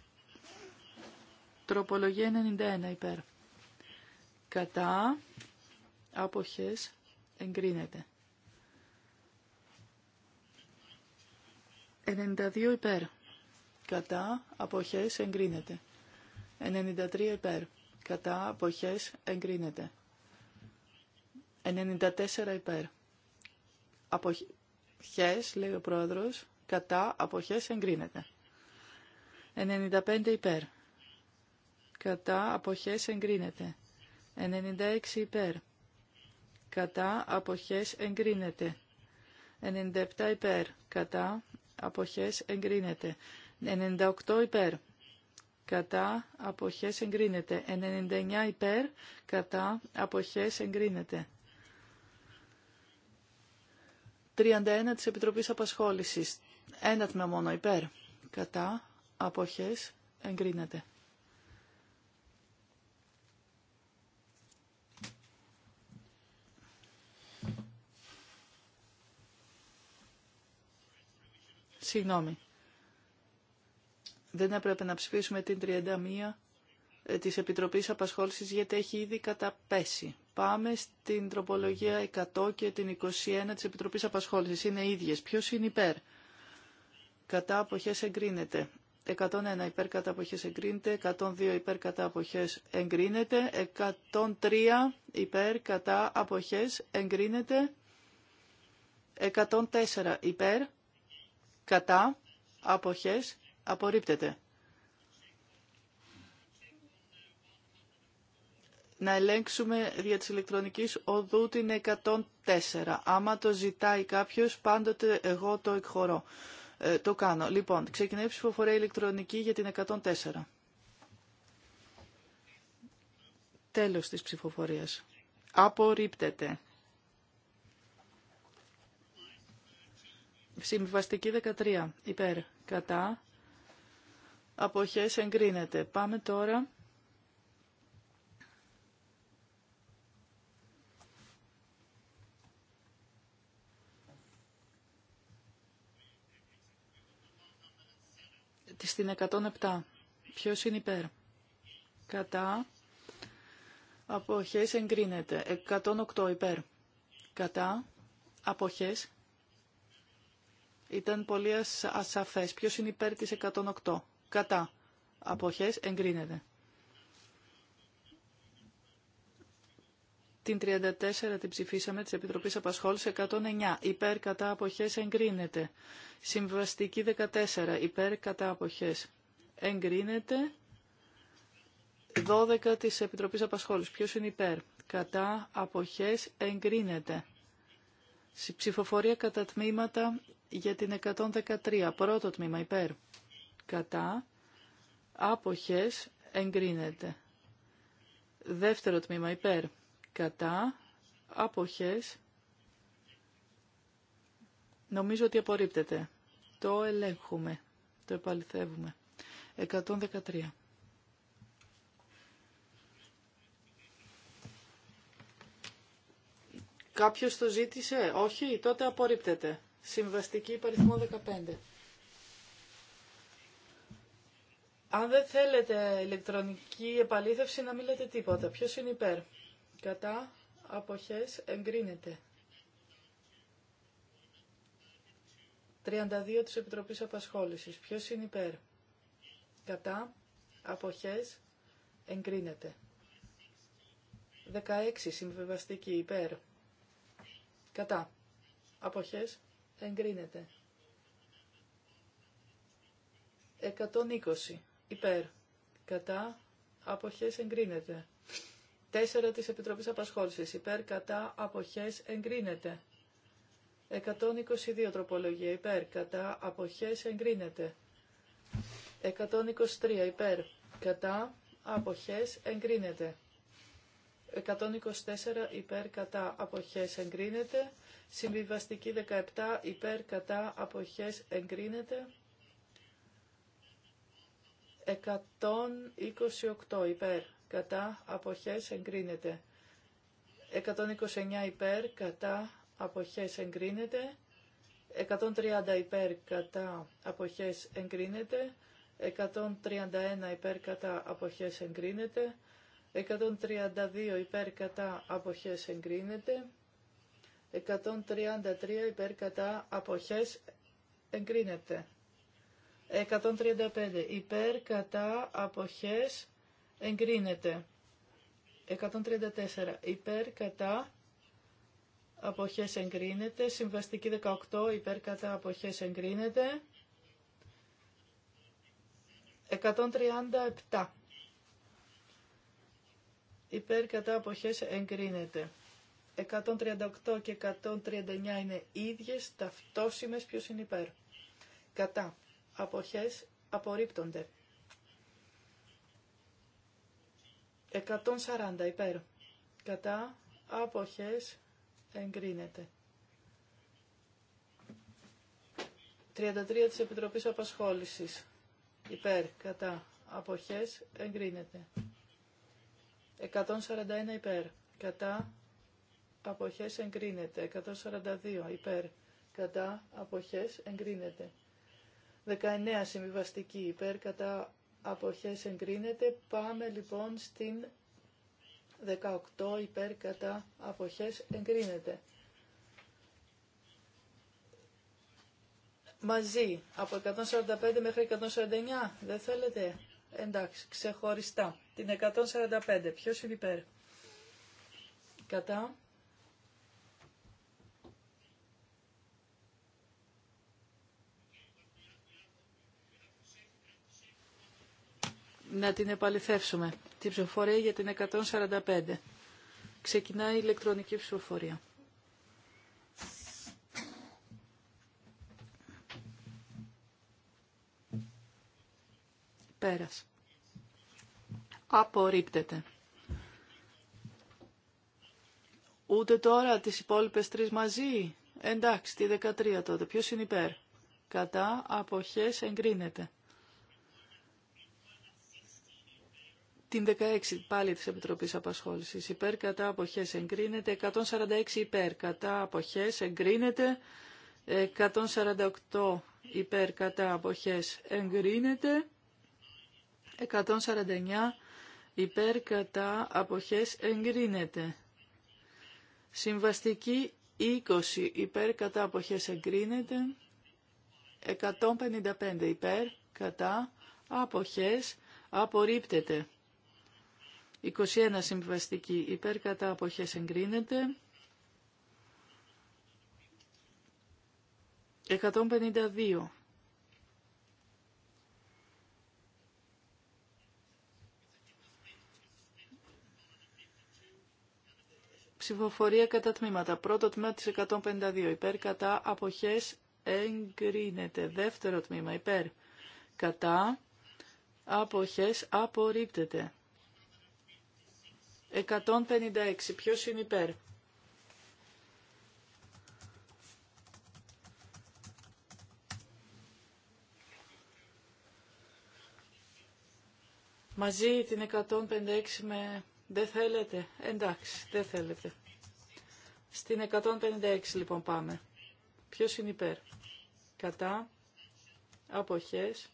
Τροπολογία 91 υπέρ. Κατά αποχές εγκρίνεται. 92 υπέρ. Κατά αποχές εγκρίνεται. 93 υπέρ. Κατά αποχές εγκρίνεται. 94 υπέρ αποχές, λέει ο πρόεδρος, κατά αποχές εγκρίνεται. 95 υπέρ. Κατά αποχές εγκρίνεται. 96 υπέρ. Κατά αποχές εγκρίνεται. 97 υπέρ. Κατά αποχές εγκρίνεται. 98 υπέρ. Κατά αποχές εγκρίνεται. 99 υπέρ. Κατά αποχές εγκρίνεται. 31 της Επιτροπής Απασχόλησης. Ένα τμήμα μόνο υπέρ. Κατά. Αποχές. Εγκρίνεται. Συγγνώμη. Δεν έπρεπε να ψηφίσουμε την 31 της Επιτροπής Απασχόλησης γιατί έχει ήδη καταπέσει. Πάμε στην τροπολογία 100 και την 21 της Επιτροπής Απασχόλησης. Είναι ίδιες. Ποιος είναι υπέρ. Κατά αποχές εγκρίνεται. 101 υπέρ κατά αποχές εγκρίνεται. 102 υπέρ κατά αποχές εγκρίνεται. 103 υπέρ κατά αποχές εγκρίνεται. 104 υπέρ κατά αποχές απορρίπτεται. να ελέγξουμε για της ηλεκτρονικής οδού την 104. Άμα το ζητάει κάποιος, πάντοτε εγώ το εκχωρώ. Ε, το κάνω. Λοιπόν, ξεκινάει η ψηφοφορία ηλεκτρονική για την 104. Τέλος της ψηφοφορίας. Απορρίπτεται. Συμβιβαστική 13. Υπέρ. Κατά. Αποχές εγκρίνεται. Πάμε τώρα στην 107. Ποιος είναι υπέρ. Κατά. Αποχές εγκρίνεται. 108 υπέρ. Κατά. Αποχές. Ήταν πολύ ασαφές. Ποιος είναι υπέρ της 108. Κατά. Αποχές εγκρίνεται. Την 34 την ψηφίσαμε της Επιτροπής Απασχόλησης 109. Υπέρ κατά αποχές εγκρίνεται. Συμβαστική 14. Υπέρ κατά αποχές εγκρίνεται. 12 της Επιτροπής Απασχόλησης. Ποιος είναι υπέρ. Κατά αποχές εγκρίνεται. Ψηφοφορία κατά τμήματα για την 113. Πρώτο τμήμα υπέρ. Κατά αποχές εγκρίνεται. Δεύτερο τμήμα υπέρ κατά, αποχές, νομίζω ότι απορρίπτεται. Το ελέγχουμε, το επαληθεύουμε. 113. Κάποιος το ζήτησε, όχι, τότε απορρίπτεται. Συμβαστική υπαριθμό 15. Αν δεν θέλετε ηλεκτρονική επαλήθευση να μην λέτε τίποτα. Ποιος είναι υπέρ κατά αποχές εγκρίνεται. 32 της Επιτροπής Απασχόλησης. Ποιος είναι υπέρ. Κατά αποχές εγκρίνεται. 16 συμβιβαστική υπέρ. Κατά αποχές εγκρίνεται. 120 υπέρ. Κατά αποχές εγκρίνεται. 4 της Επιτροπής Απασχόλησης. Υπέρ, κατά, αποχές, εγκρίνεται. 122 τροπολογία. Υπέρ, κατά, αποχές, εγκρίνεται. 123 υπέρ, κατά, αποχές, εγκρίνεται. 124 υπέρ κατά αποχές εγκρίνεται. Συμβιβαστική 17 υπέρ κατά αποχές εγκρίνεται. 128 υπέρ κατά αποχές εγκρίνεται. 129 υπέρ κατά αποχές εγκρίνεται. 130 υπέρ κατά αποχές εγκρίνεται. 131 υπέρ κατά αποχές εγκρίνεται. 132 υπέρ κατά αποχές εγκρίνεται. 133 υπέρ κατά αποχές εγκρίνεται. 135 υπέρ κατά αποχές εγκρίνεται. 134 υπέρ κατά αποχές εγκρίνεται. Συμβαστική 18 υπέρ κατά αποχές εγκρίνεται. 137 υπέρ κατά αποχές εγκρίνεται. 138 και 139 είναι ίδιες, ταυτόσιμες ποιος είναι υπέρ. Κατά. Αποχές απορρίπτονται. 140 υπέρ. Κατά άποχες εγκρίνεται. 33 της Επιτροπής Απασχόλησης. Υπέρ, κατά, αποχές, εγκρίνεται. 141 υπέρ, κατά, αποχές, εγκρίνεται. 142 υπέρ, κατά, αποχές, εγκρίνεται. 19 συμβιβαστική υπέρ, κατά, αποχές εγκρίνεται. Πάμε λοιπόν στην 18 υπέρ κατά αποχές εγκρίνεται. Μαζί, από 145 μέχρι 149, δεν θέλετε. Εντάξει, ξεχωριστά. Την 145, ποιος είναι υπέρ. Κατά να την επαληθεύσουμε. Την ψηφοφορία για την 145. Ξεκινάει η ηλεκτρονική ψηφοφορία. Πέρας. Απορρίπτεται. Ούτε τώρα τις υπόλοιπες τρεις μαζί. Εντάξει, τη 13 τότε. Ποιος είναι υπέρ. Κατά αποχές εγκρίνεται. Την 16 πάλι της Επιτροπής Απασχόλησης. Υπέρ κατά αποχές εγκρίνεται. 146 υπέρ κατά αποχές εγκρίνεται. 148 υπέρ κατά αποχές εγκρίνεται. 149 υπέρ κατά αποχές εγκρίνεται. Συμβαστική 20 υπέρ κατά αποχές εγκρίνεται. 155 υπέρ κατά αποχές απορρίπτεται. 21 συμβαστική υπέρ κατά αποχές εγκρίνεται. 152. Ψηφοφορία κατά τμήματα. Πρώτο τμήμα της 152. Υπέρ κατά αποχές εγκρίνεται. Δεύτερο τμήμα. Υπέρ κατά αποχές απορρίπτεται. 156. Ποιος είναι υπέρ. Μαζί την 156 με... Δεν θέλετε. Εντάξει, δεν θέλετε. Στην 156 λοιπόν πάμε. Ποιος είναι υπέρ. Κατά. Αποχές.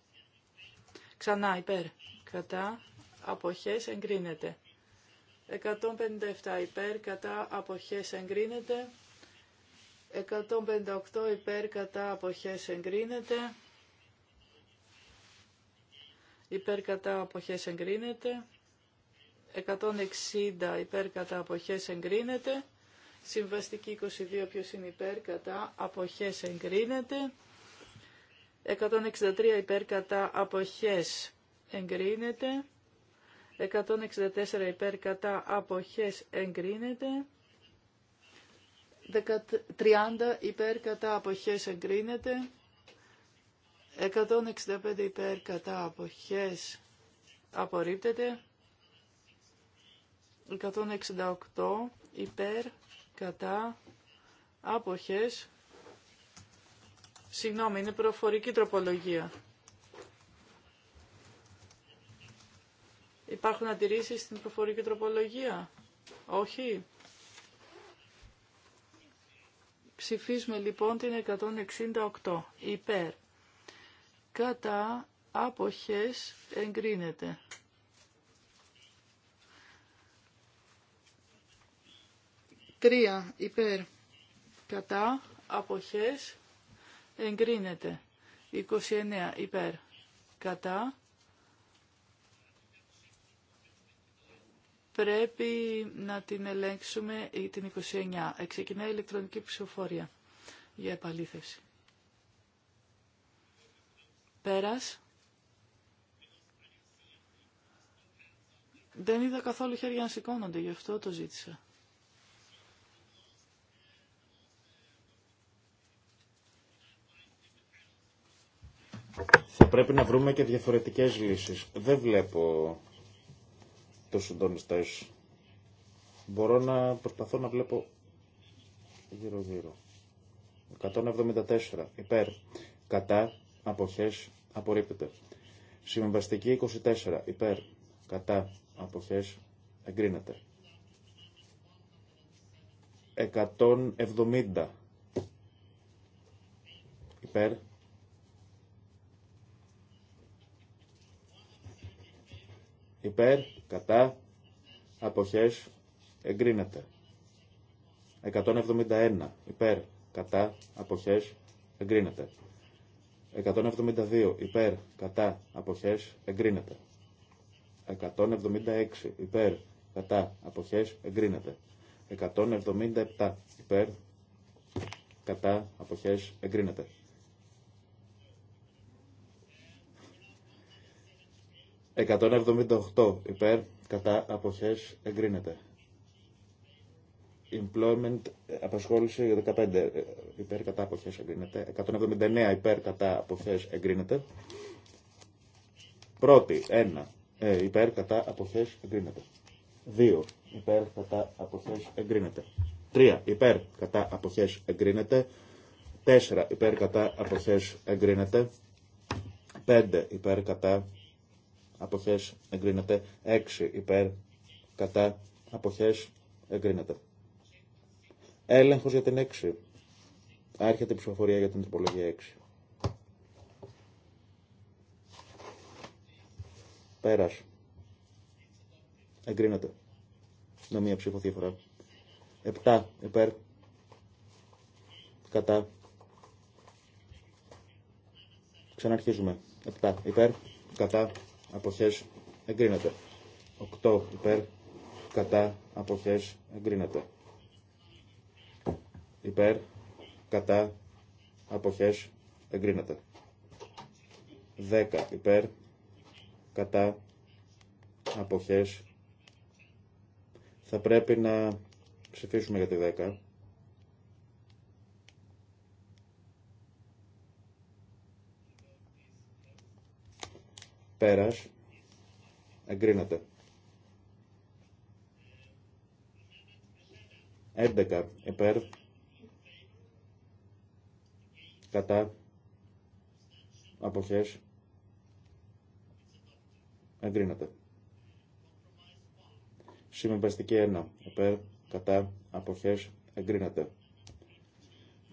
Ξανά υπέρ. Κατά. Αποχές εγκρίνεται. 157 υπέρ κατά αποχές εγκρίνεται. 158 υπέρ κατά αποχές εγκρίνεται. Υπέρ κατά αποχές εγκρίνεται. 160 υπέρ κατά αποχές εγκρίνεται. Συμβαστική 22 ποιος είναι υπέρ κατά αποχές εγκρίνεται. 163 υπέρ κατά αποχές εγκρίνεται. 164 υπέρ κατά αποχές εγκρίνεται. 30 υπέρ κατά αποχές εγκρίνεται. 165 υπέρ κατά αποχές απορρίπτεται. 168 υπέρ κατά αποχές Συγγνώμη, είναι προφορική τροπολογία. Υπάρχουν αντιρρήσει στην προφορική τροπολογία. Όχι. Ψηφίζουμε λοιπόν την 168. Υπέρ. Κατά άποχες εγκρίνεται. Τρία. Υπέρ. Κατά αποχές εγκρίνεται. 29. Υπέρ. Κατά πρέπει να την ελέγξουμε την 29. Εξεκινάει ε, η ηλεκτρονική ψηφοφορία για επαλήθευση. Πέρας. Δεν είδα καθόλου χέρια να σηκώνονται, γι' αυτό το ζήτησα. Θα πρέπει να βρούμε και διαφορετικές λύσεις. Δεν βλέπω τόσο συντονιστές. Μπορώ να προσπαθώ να βλέπω γύρω-γύρω. 174 υπέρ, κατά, αποχές, απορρίπτεται. Συμβαστική 24 υπέρ, κατά, αποχές, εγκρίνεται. 170 υπέρ, υπέρ, κατά, αποχές, εγκρίνεται. 171 υπέρ, κατά, αποχές, εγκρίνεται. 172 υπέρ, κατά, αποχές, εγκρίνεται. 176 υπέρ, κατά, αποχές, εγκρίνεται. 177 υπέρ, κατά, αποχές, εγκρίνεται. 178 υπέρ κατά αποχές εγκρίνεται. Employment απασχόληση 15 ε, υπέρ κατά αποχές εγκρίνεται. 179 υπέρ κατά αποχές εγκρίνεται. Πρώτη 1 ε, υπέρ κατά αποχές εγκρίνεται. 2 υπέρ κατά αποχές εγκρίνεται. 3 υπέρ κατά αποχές εγκρίνεται. 4 υπέρ κατά αποχές εγκρίνεται. 5 υπέρ κατά αποχές εγκρίνεται. 6 υπέρ κατά αποχές εγκρίνεται. Έλεγχος για την 6. Άρχεται η ψηφοφορία για την τροπολογία 6. Πέρας. Εγκρίνεται. Με μία ψήφο 7 υπέρ κατά Ξαναρχίζουμε. 7 υπέρ, κατά, αποχές εγκρίνεται. 8 υπέρ κατά αποχές εγκρίνεται. Υπέρ κατά αποχές εγκρίνεται. 10 υπέρ κατά αποχές θα πρέπει να ψηφίσουμε για τη 10 Πέρας. Εγκρίνεται. 11 υπέρ. Κατά. Αποχές. Εγκρίνεται. Συμμεμπαστική 1 υπέρ. Κατά. Αποχές. Εγκρίνεται.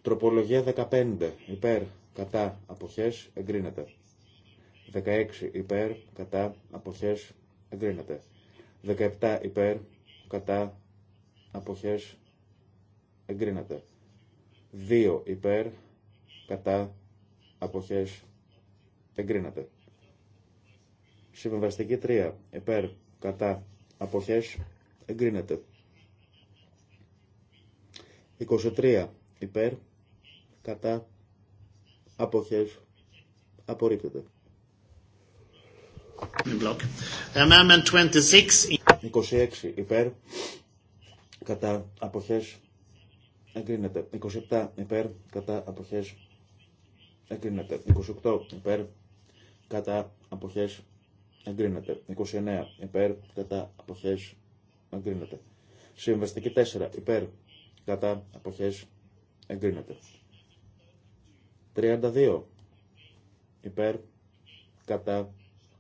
Τροπολογία 15 υπέρ. Κατά. Αποχές. Εγκρίνεται. 16 υπέρ, κατά, αποχές, εγκρίνεται. 17 υπέρ, κατά, αποχές, εγκρίνεται. 2 υπέρ, κατά, αποχές, εγκρίνεται. Συμβαστική 3 υπέρ, κατά, αποχές, εγκρίνεται. 23 υπέρ, κατά, αποχές, απορρίπτεται. 26 υπέρ κατά αποχές εγκρίνεται. 27 υπέρ κατά αποχές εγκρίνεται. 28 υπέρ κατά αποχές εγκρίνεται. 29 υπέρ κατά αποχές εγκρίνεται. Συμβαστική 4 υπέρ κατά αποχές εγκρίνεται. 32 υπέρ κατά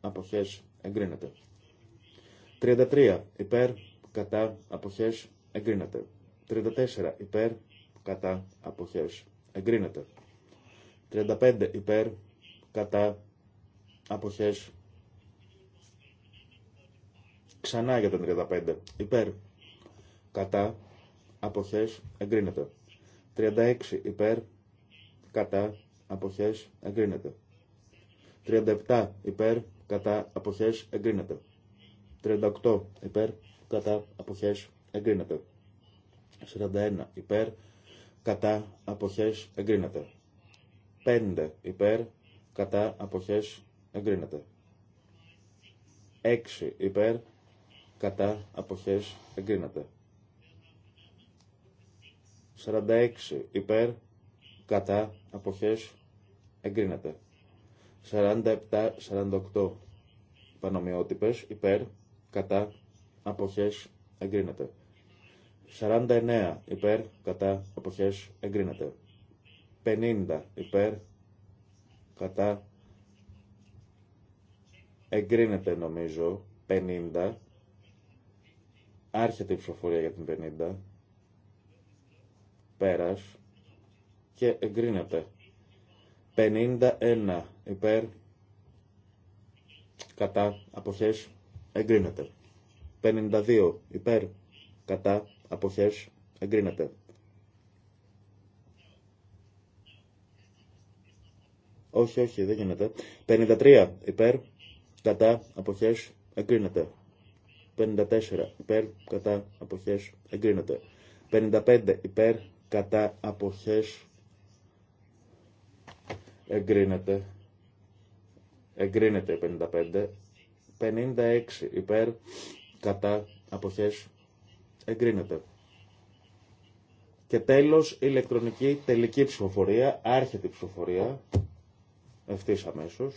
αποχές εγκρίνεται. 33 υπέρ κατά αποχές εγκρίνεται. 34 υπέρ κατά αποχές εγκρίνεται. 35 υπέρ κατά αποχές ξανά για τον 35 υπέρ κατά αποχές εγκρίνεται. 36 υπέρ κατά αποχές εγκρίνεται. 37 υπέρ κατά αποχές εγκρίνεται. 38 υπέρ κατά αποχές εγκρίνεται. 41 υπέρ κατά αποχές εγκρίνεται. 5 υπέρ κατά αποχές εγκρίνεται. 6 υπέρ κατά αποχές εγκρίνεται. 46 υπέρ κατά αποχές εγκρίνεται. 47-48 πανομοιότυπες υπέρ, κατά, αποχές, εγκρίνεται. 49 υπέρ, κατά, αποχές, εγκρίνεται. 50 υπέρ, κατά, εγκρίνεται νομίζω, 50, άρχεται η ψηφοφορία για την 50, πέρας και εγκρίνεται. 51 υπέρ κατά αποχές εγκρίνεται. 52 υπέρ κατά αποχές εγκρίνεται. Όχι, όχι, δεν γίνεται. 53 υπέρ κατά αποχές εγκρίνεται. 54 υπέρ κατά αποχές εγκρίνεται. 55 υπέρ κατά αποχές εγκρίνεται, εγκρίνεται 55, 56 υπέρ, κατά, αποχές, εγκρίνεται. Και τέλος, ηλεκτρονική τελική ψηφοφορία, άρχεται ψηφοφορία, ευθύς αμέσως,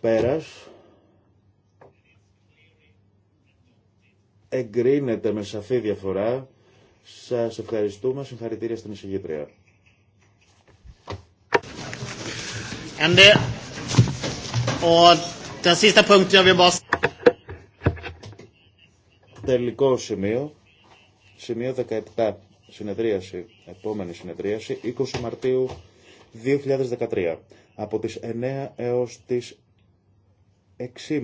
πέρας, εγκρίνεται με σαφή διαφορά. Σας ευχαριστούμε, συγχαρητήρια στην εισηγήτρια. Τελικό σημείο, σημείο 17, συνεδρίαση, επόμενη συνεδρίαση, 20 Μαρτίου 2013, από τις 9 έως τις 6.30.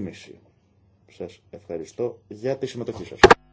Σας ευχαριστώ για τη συμμετοχή σας.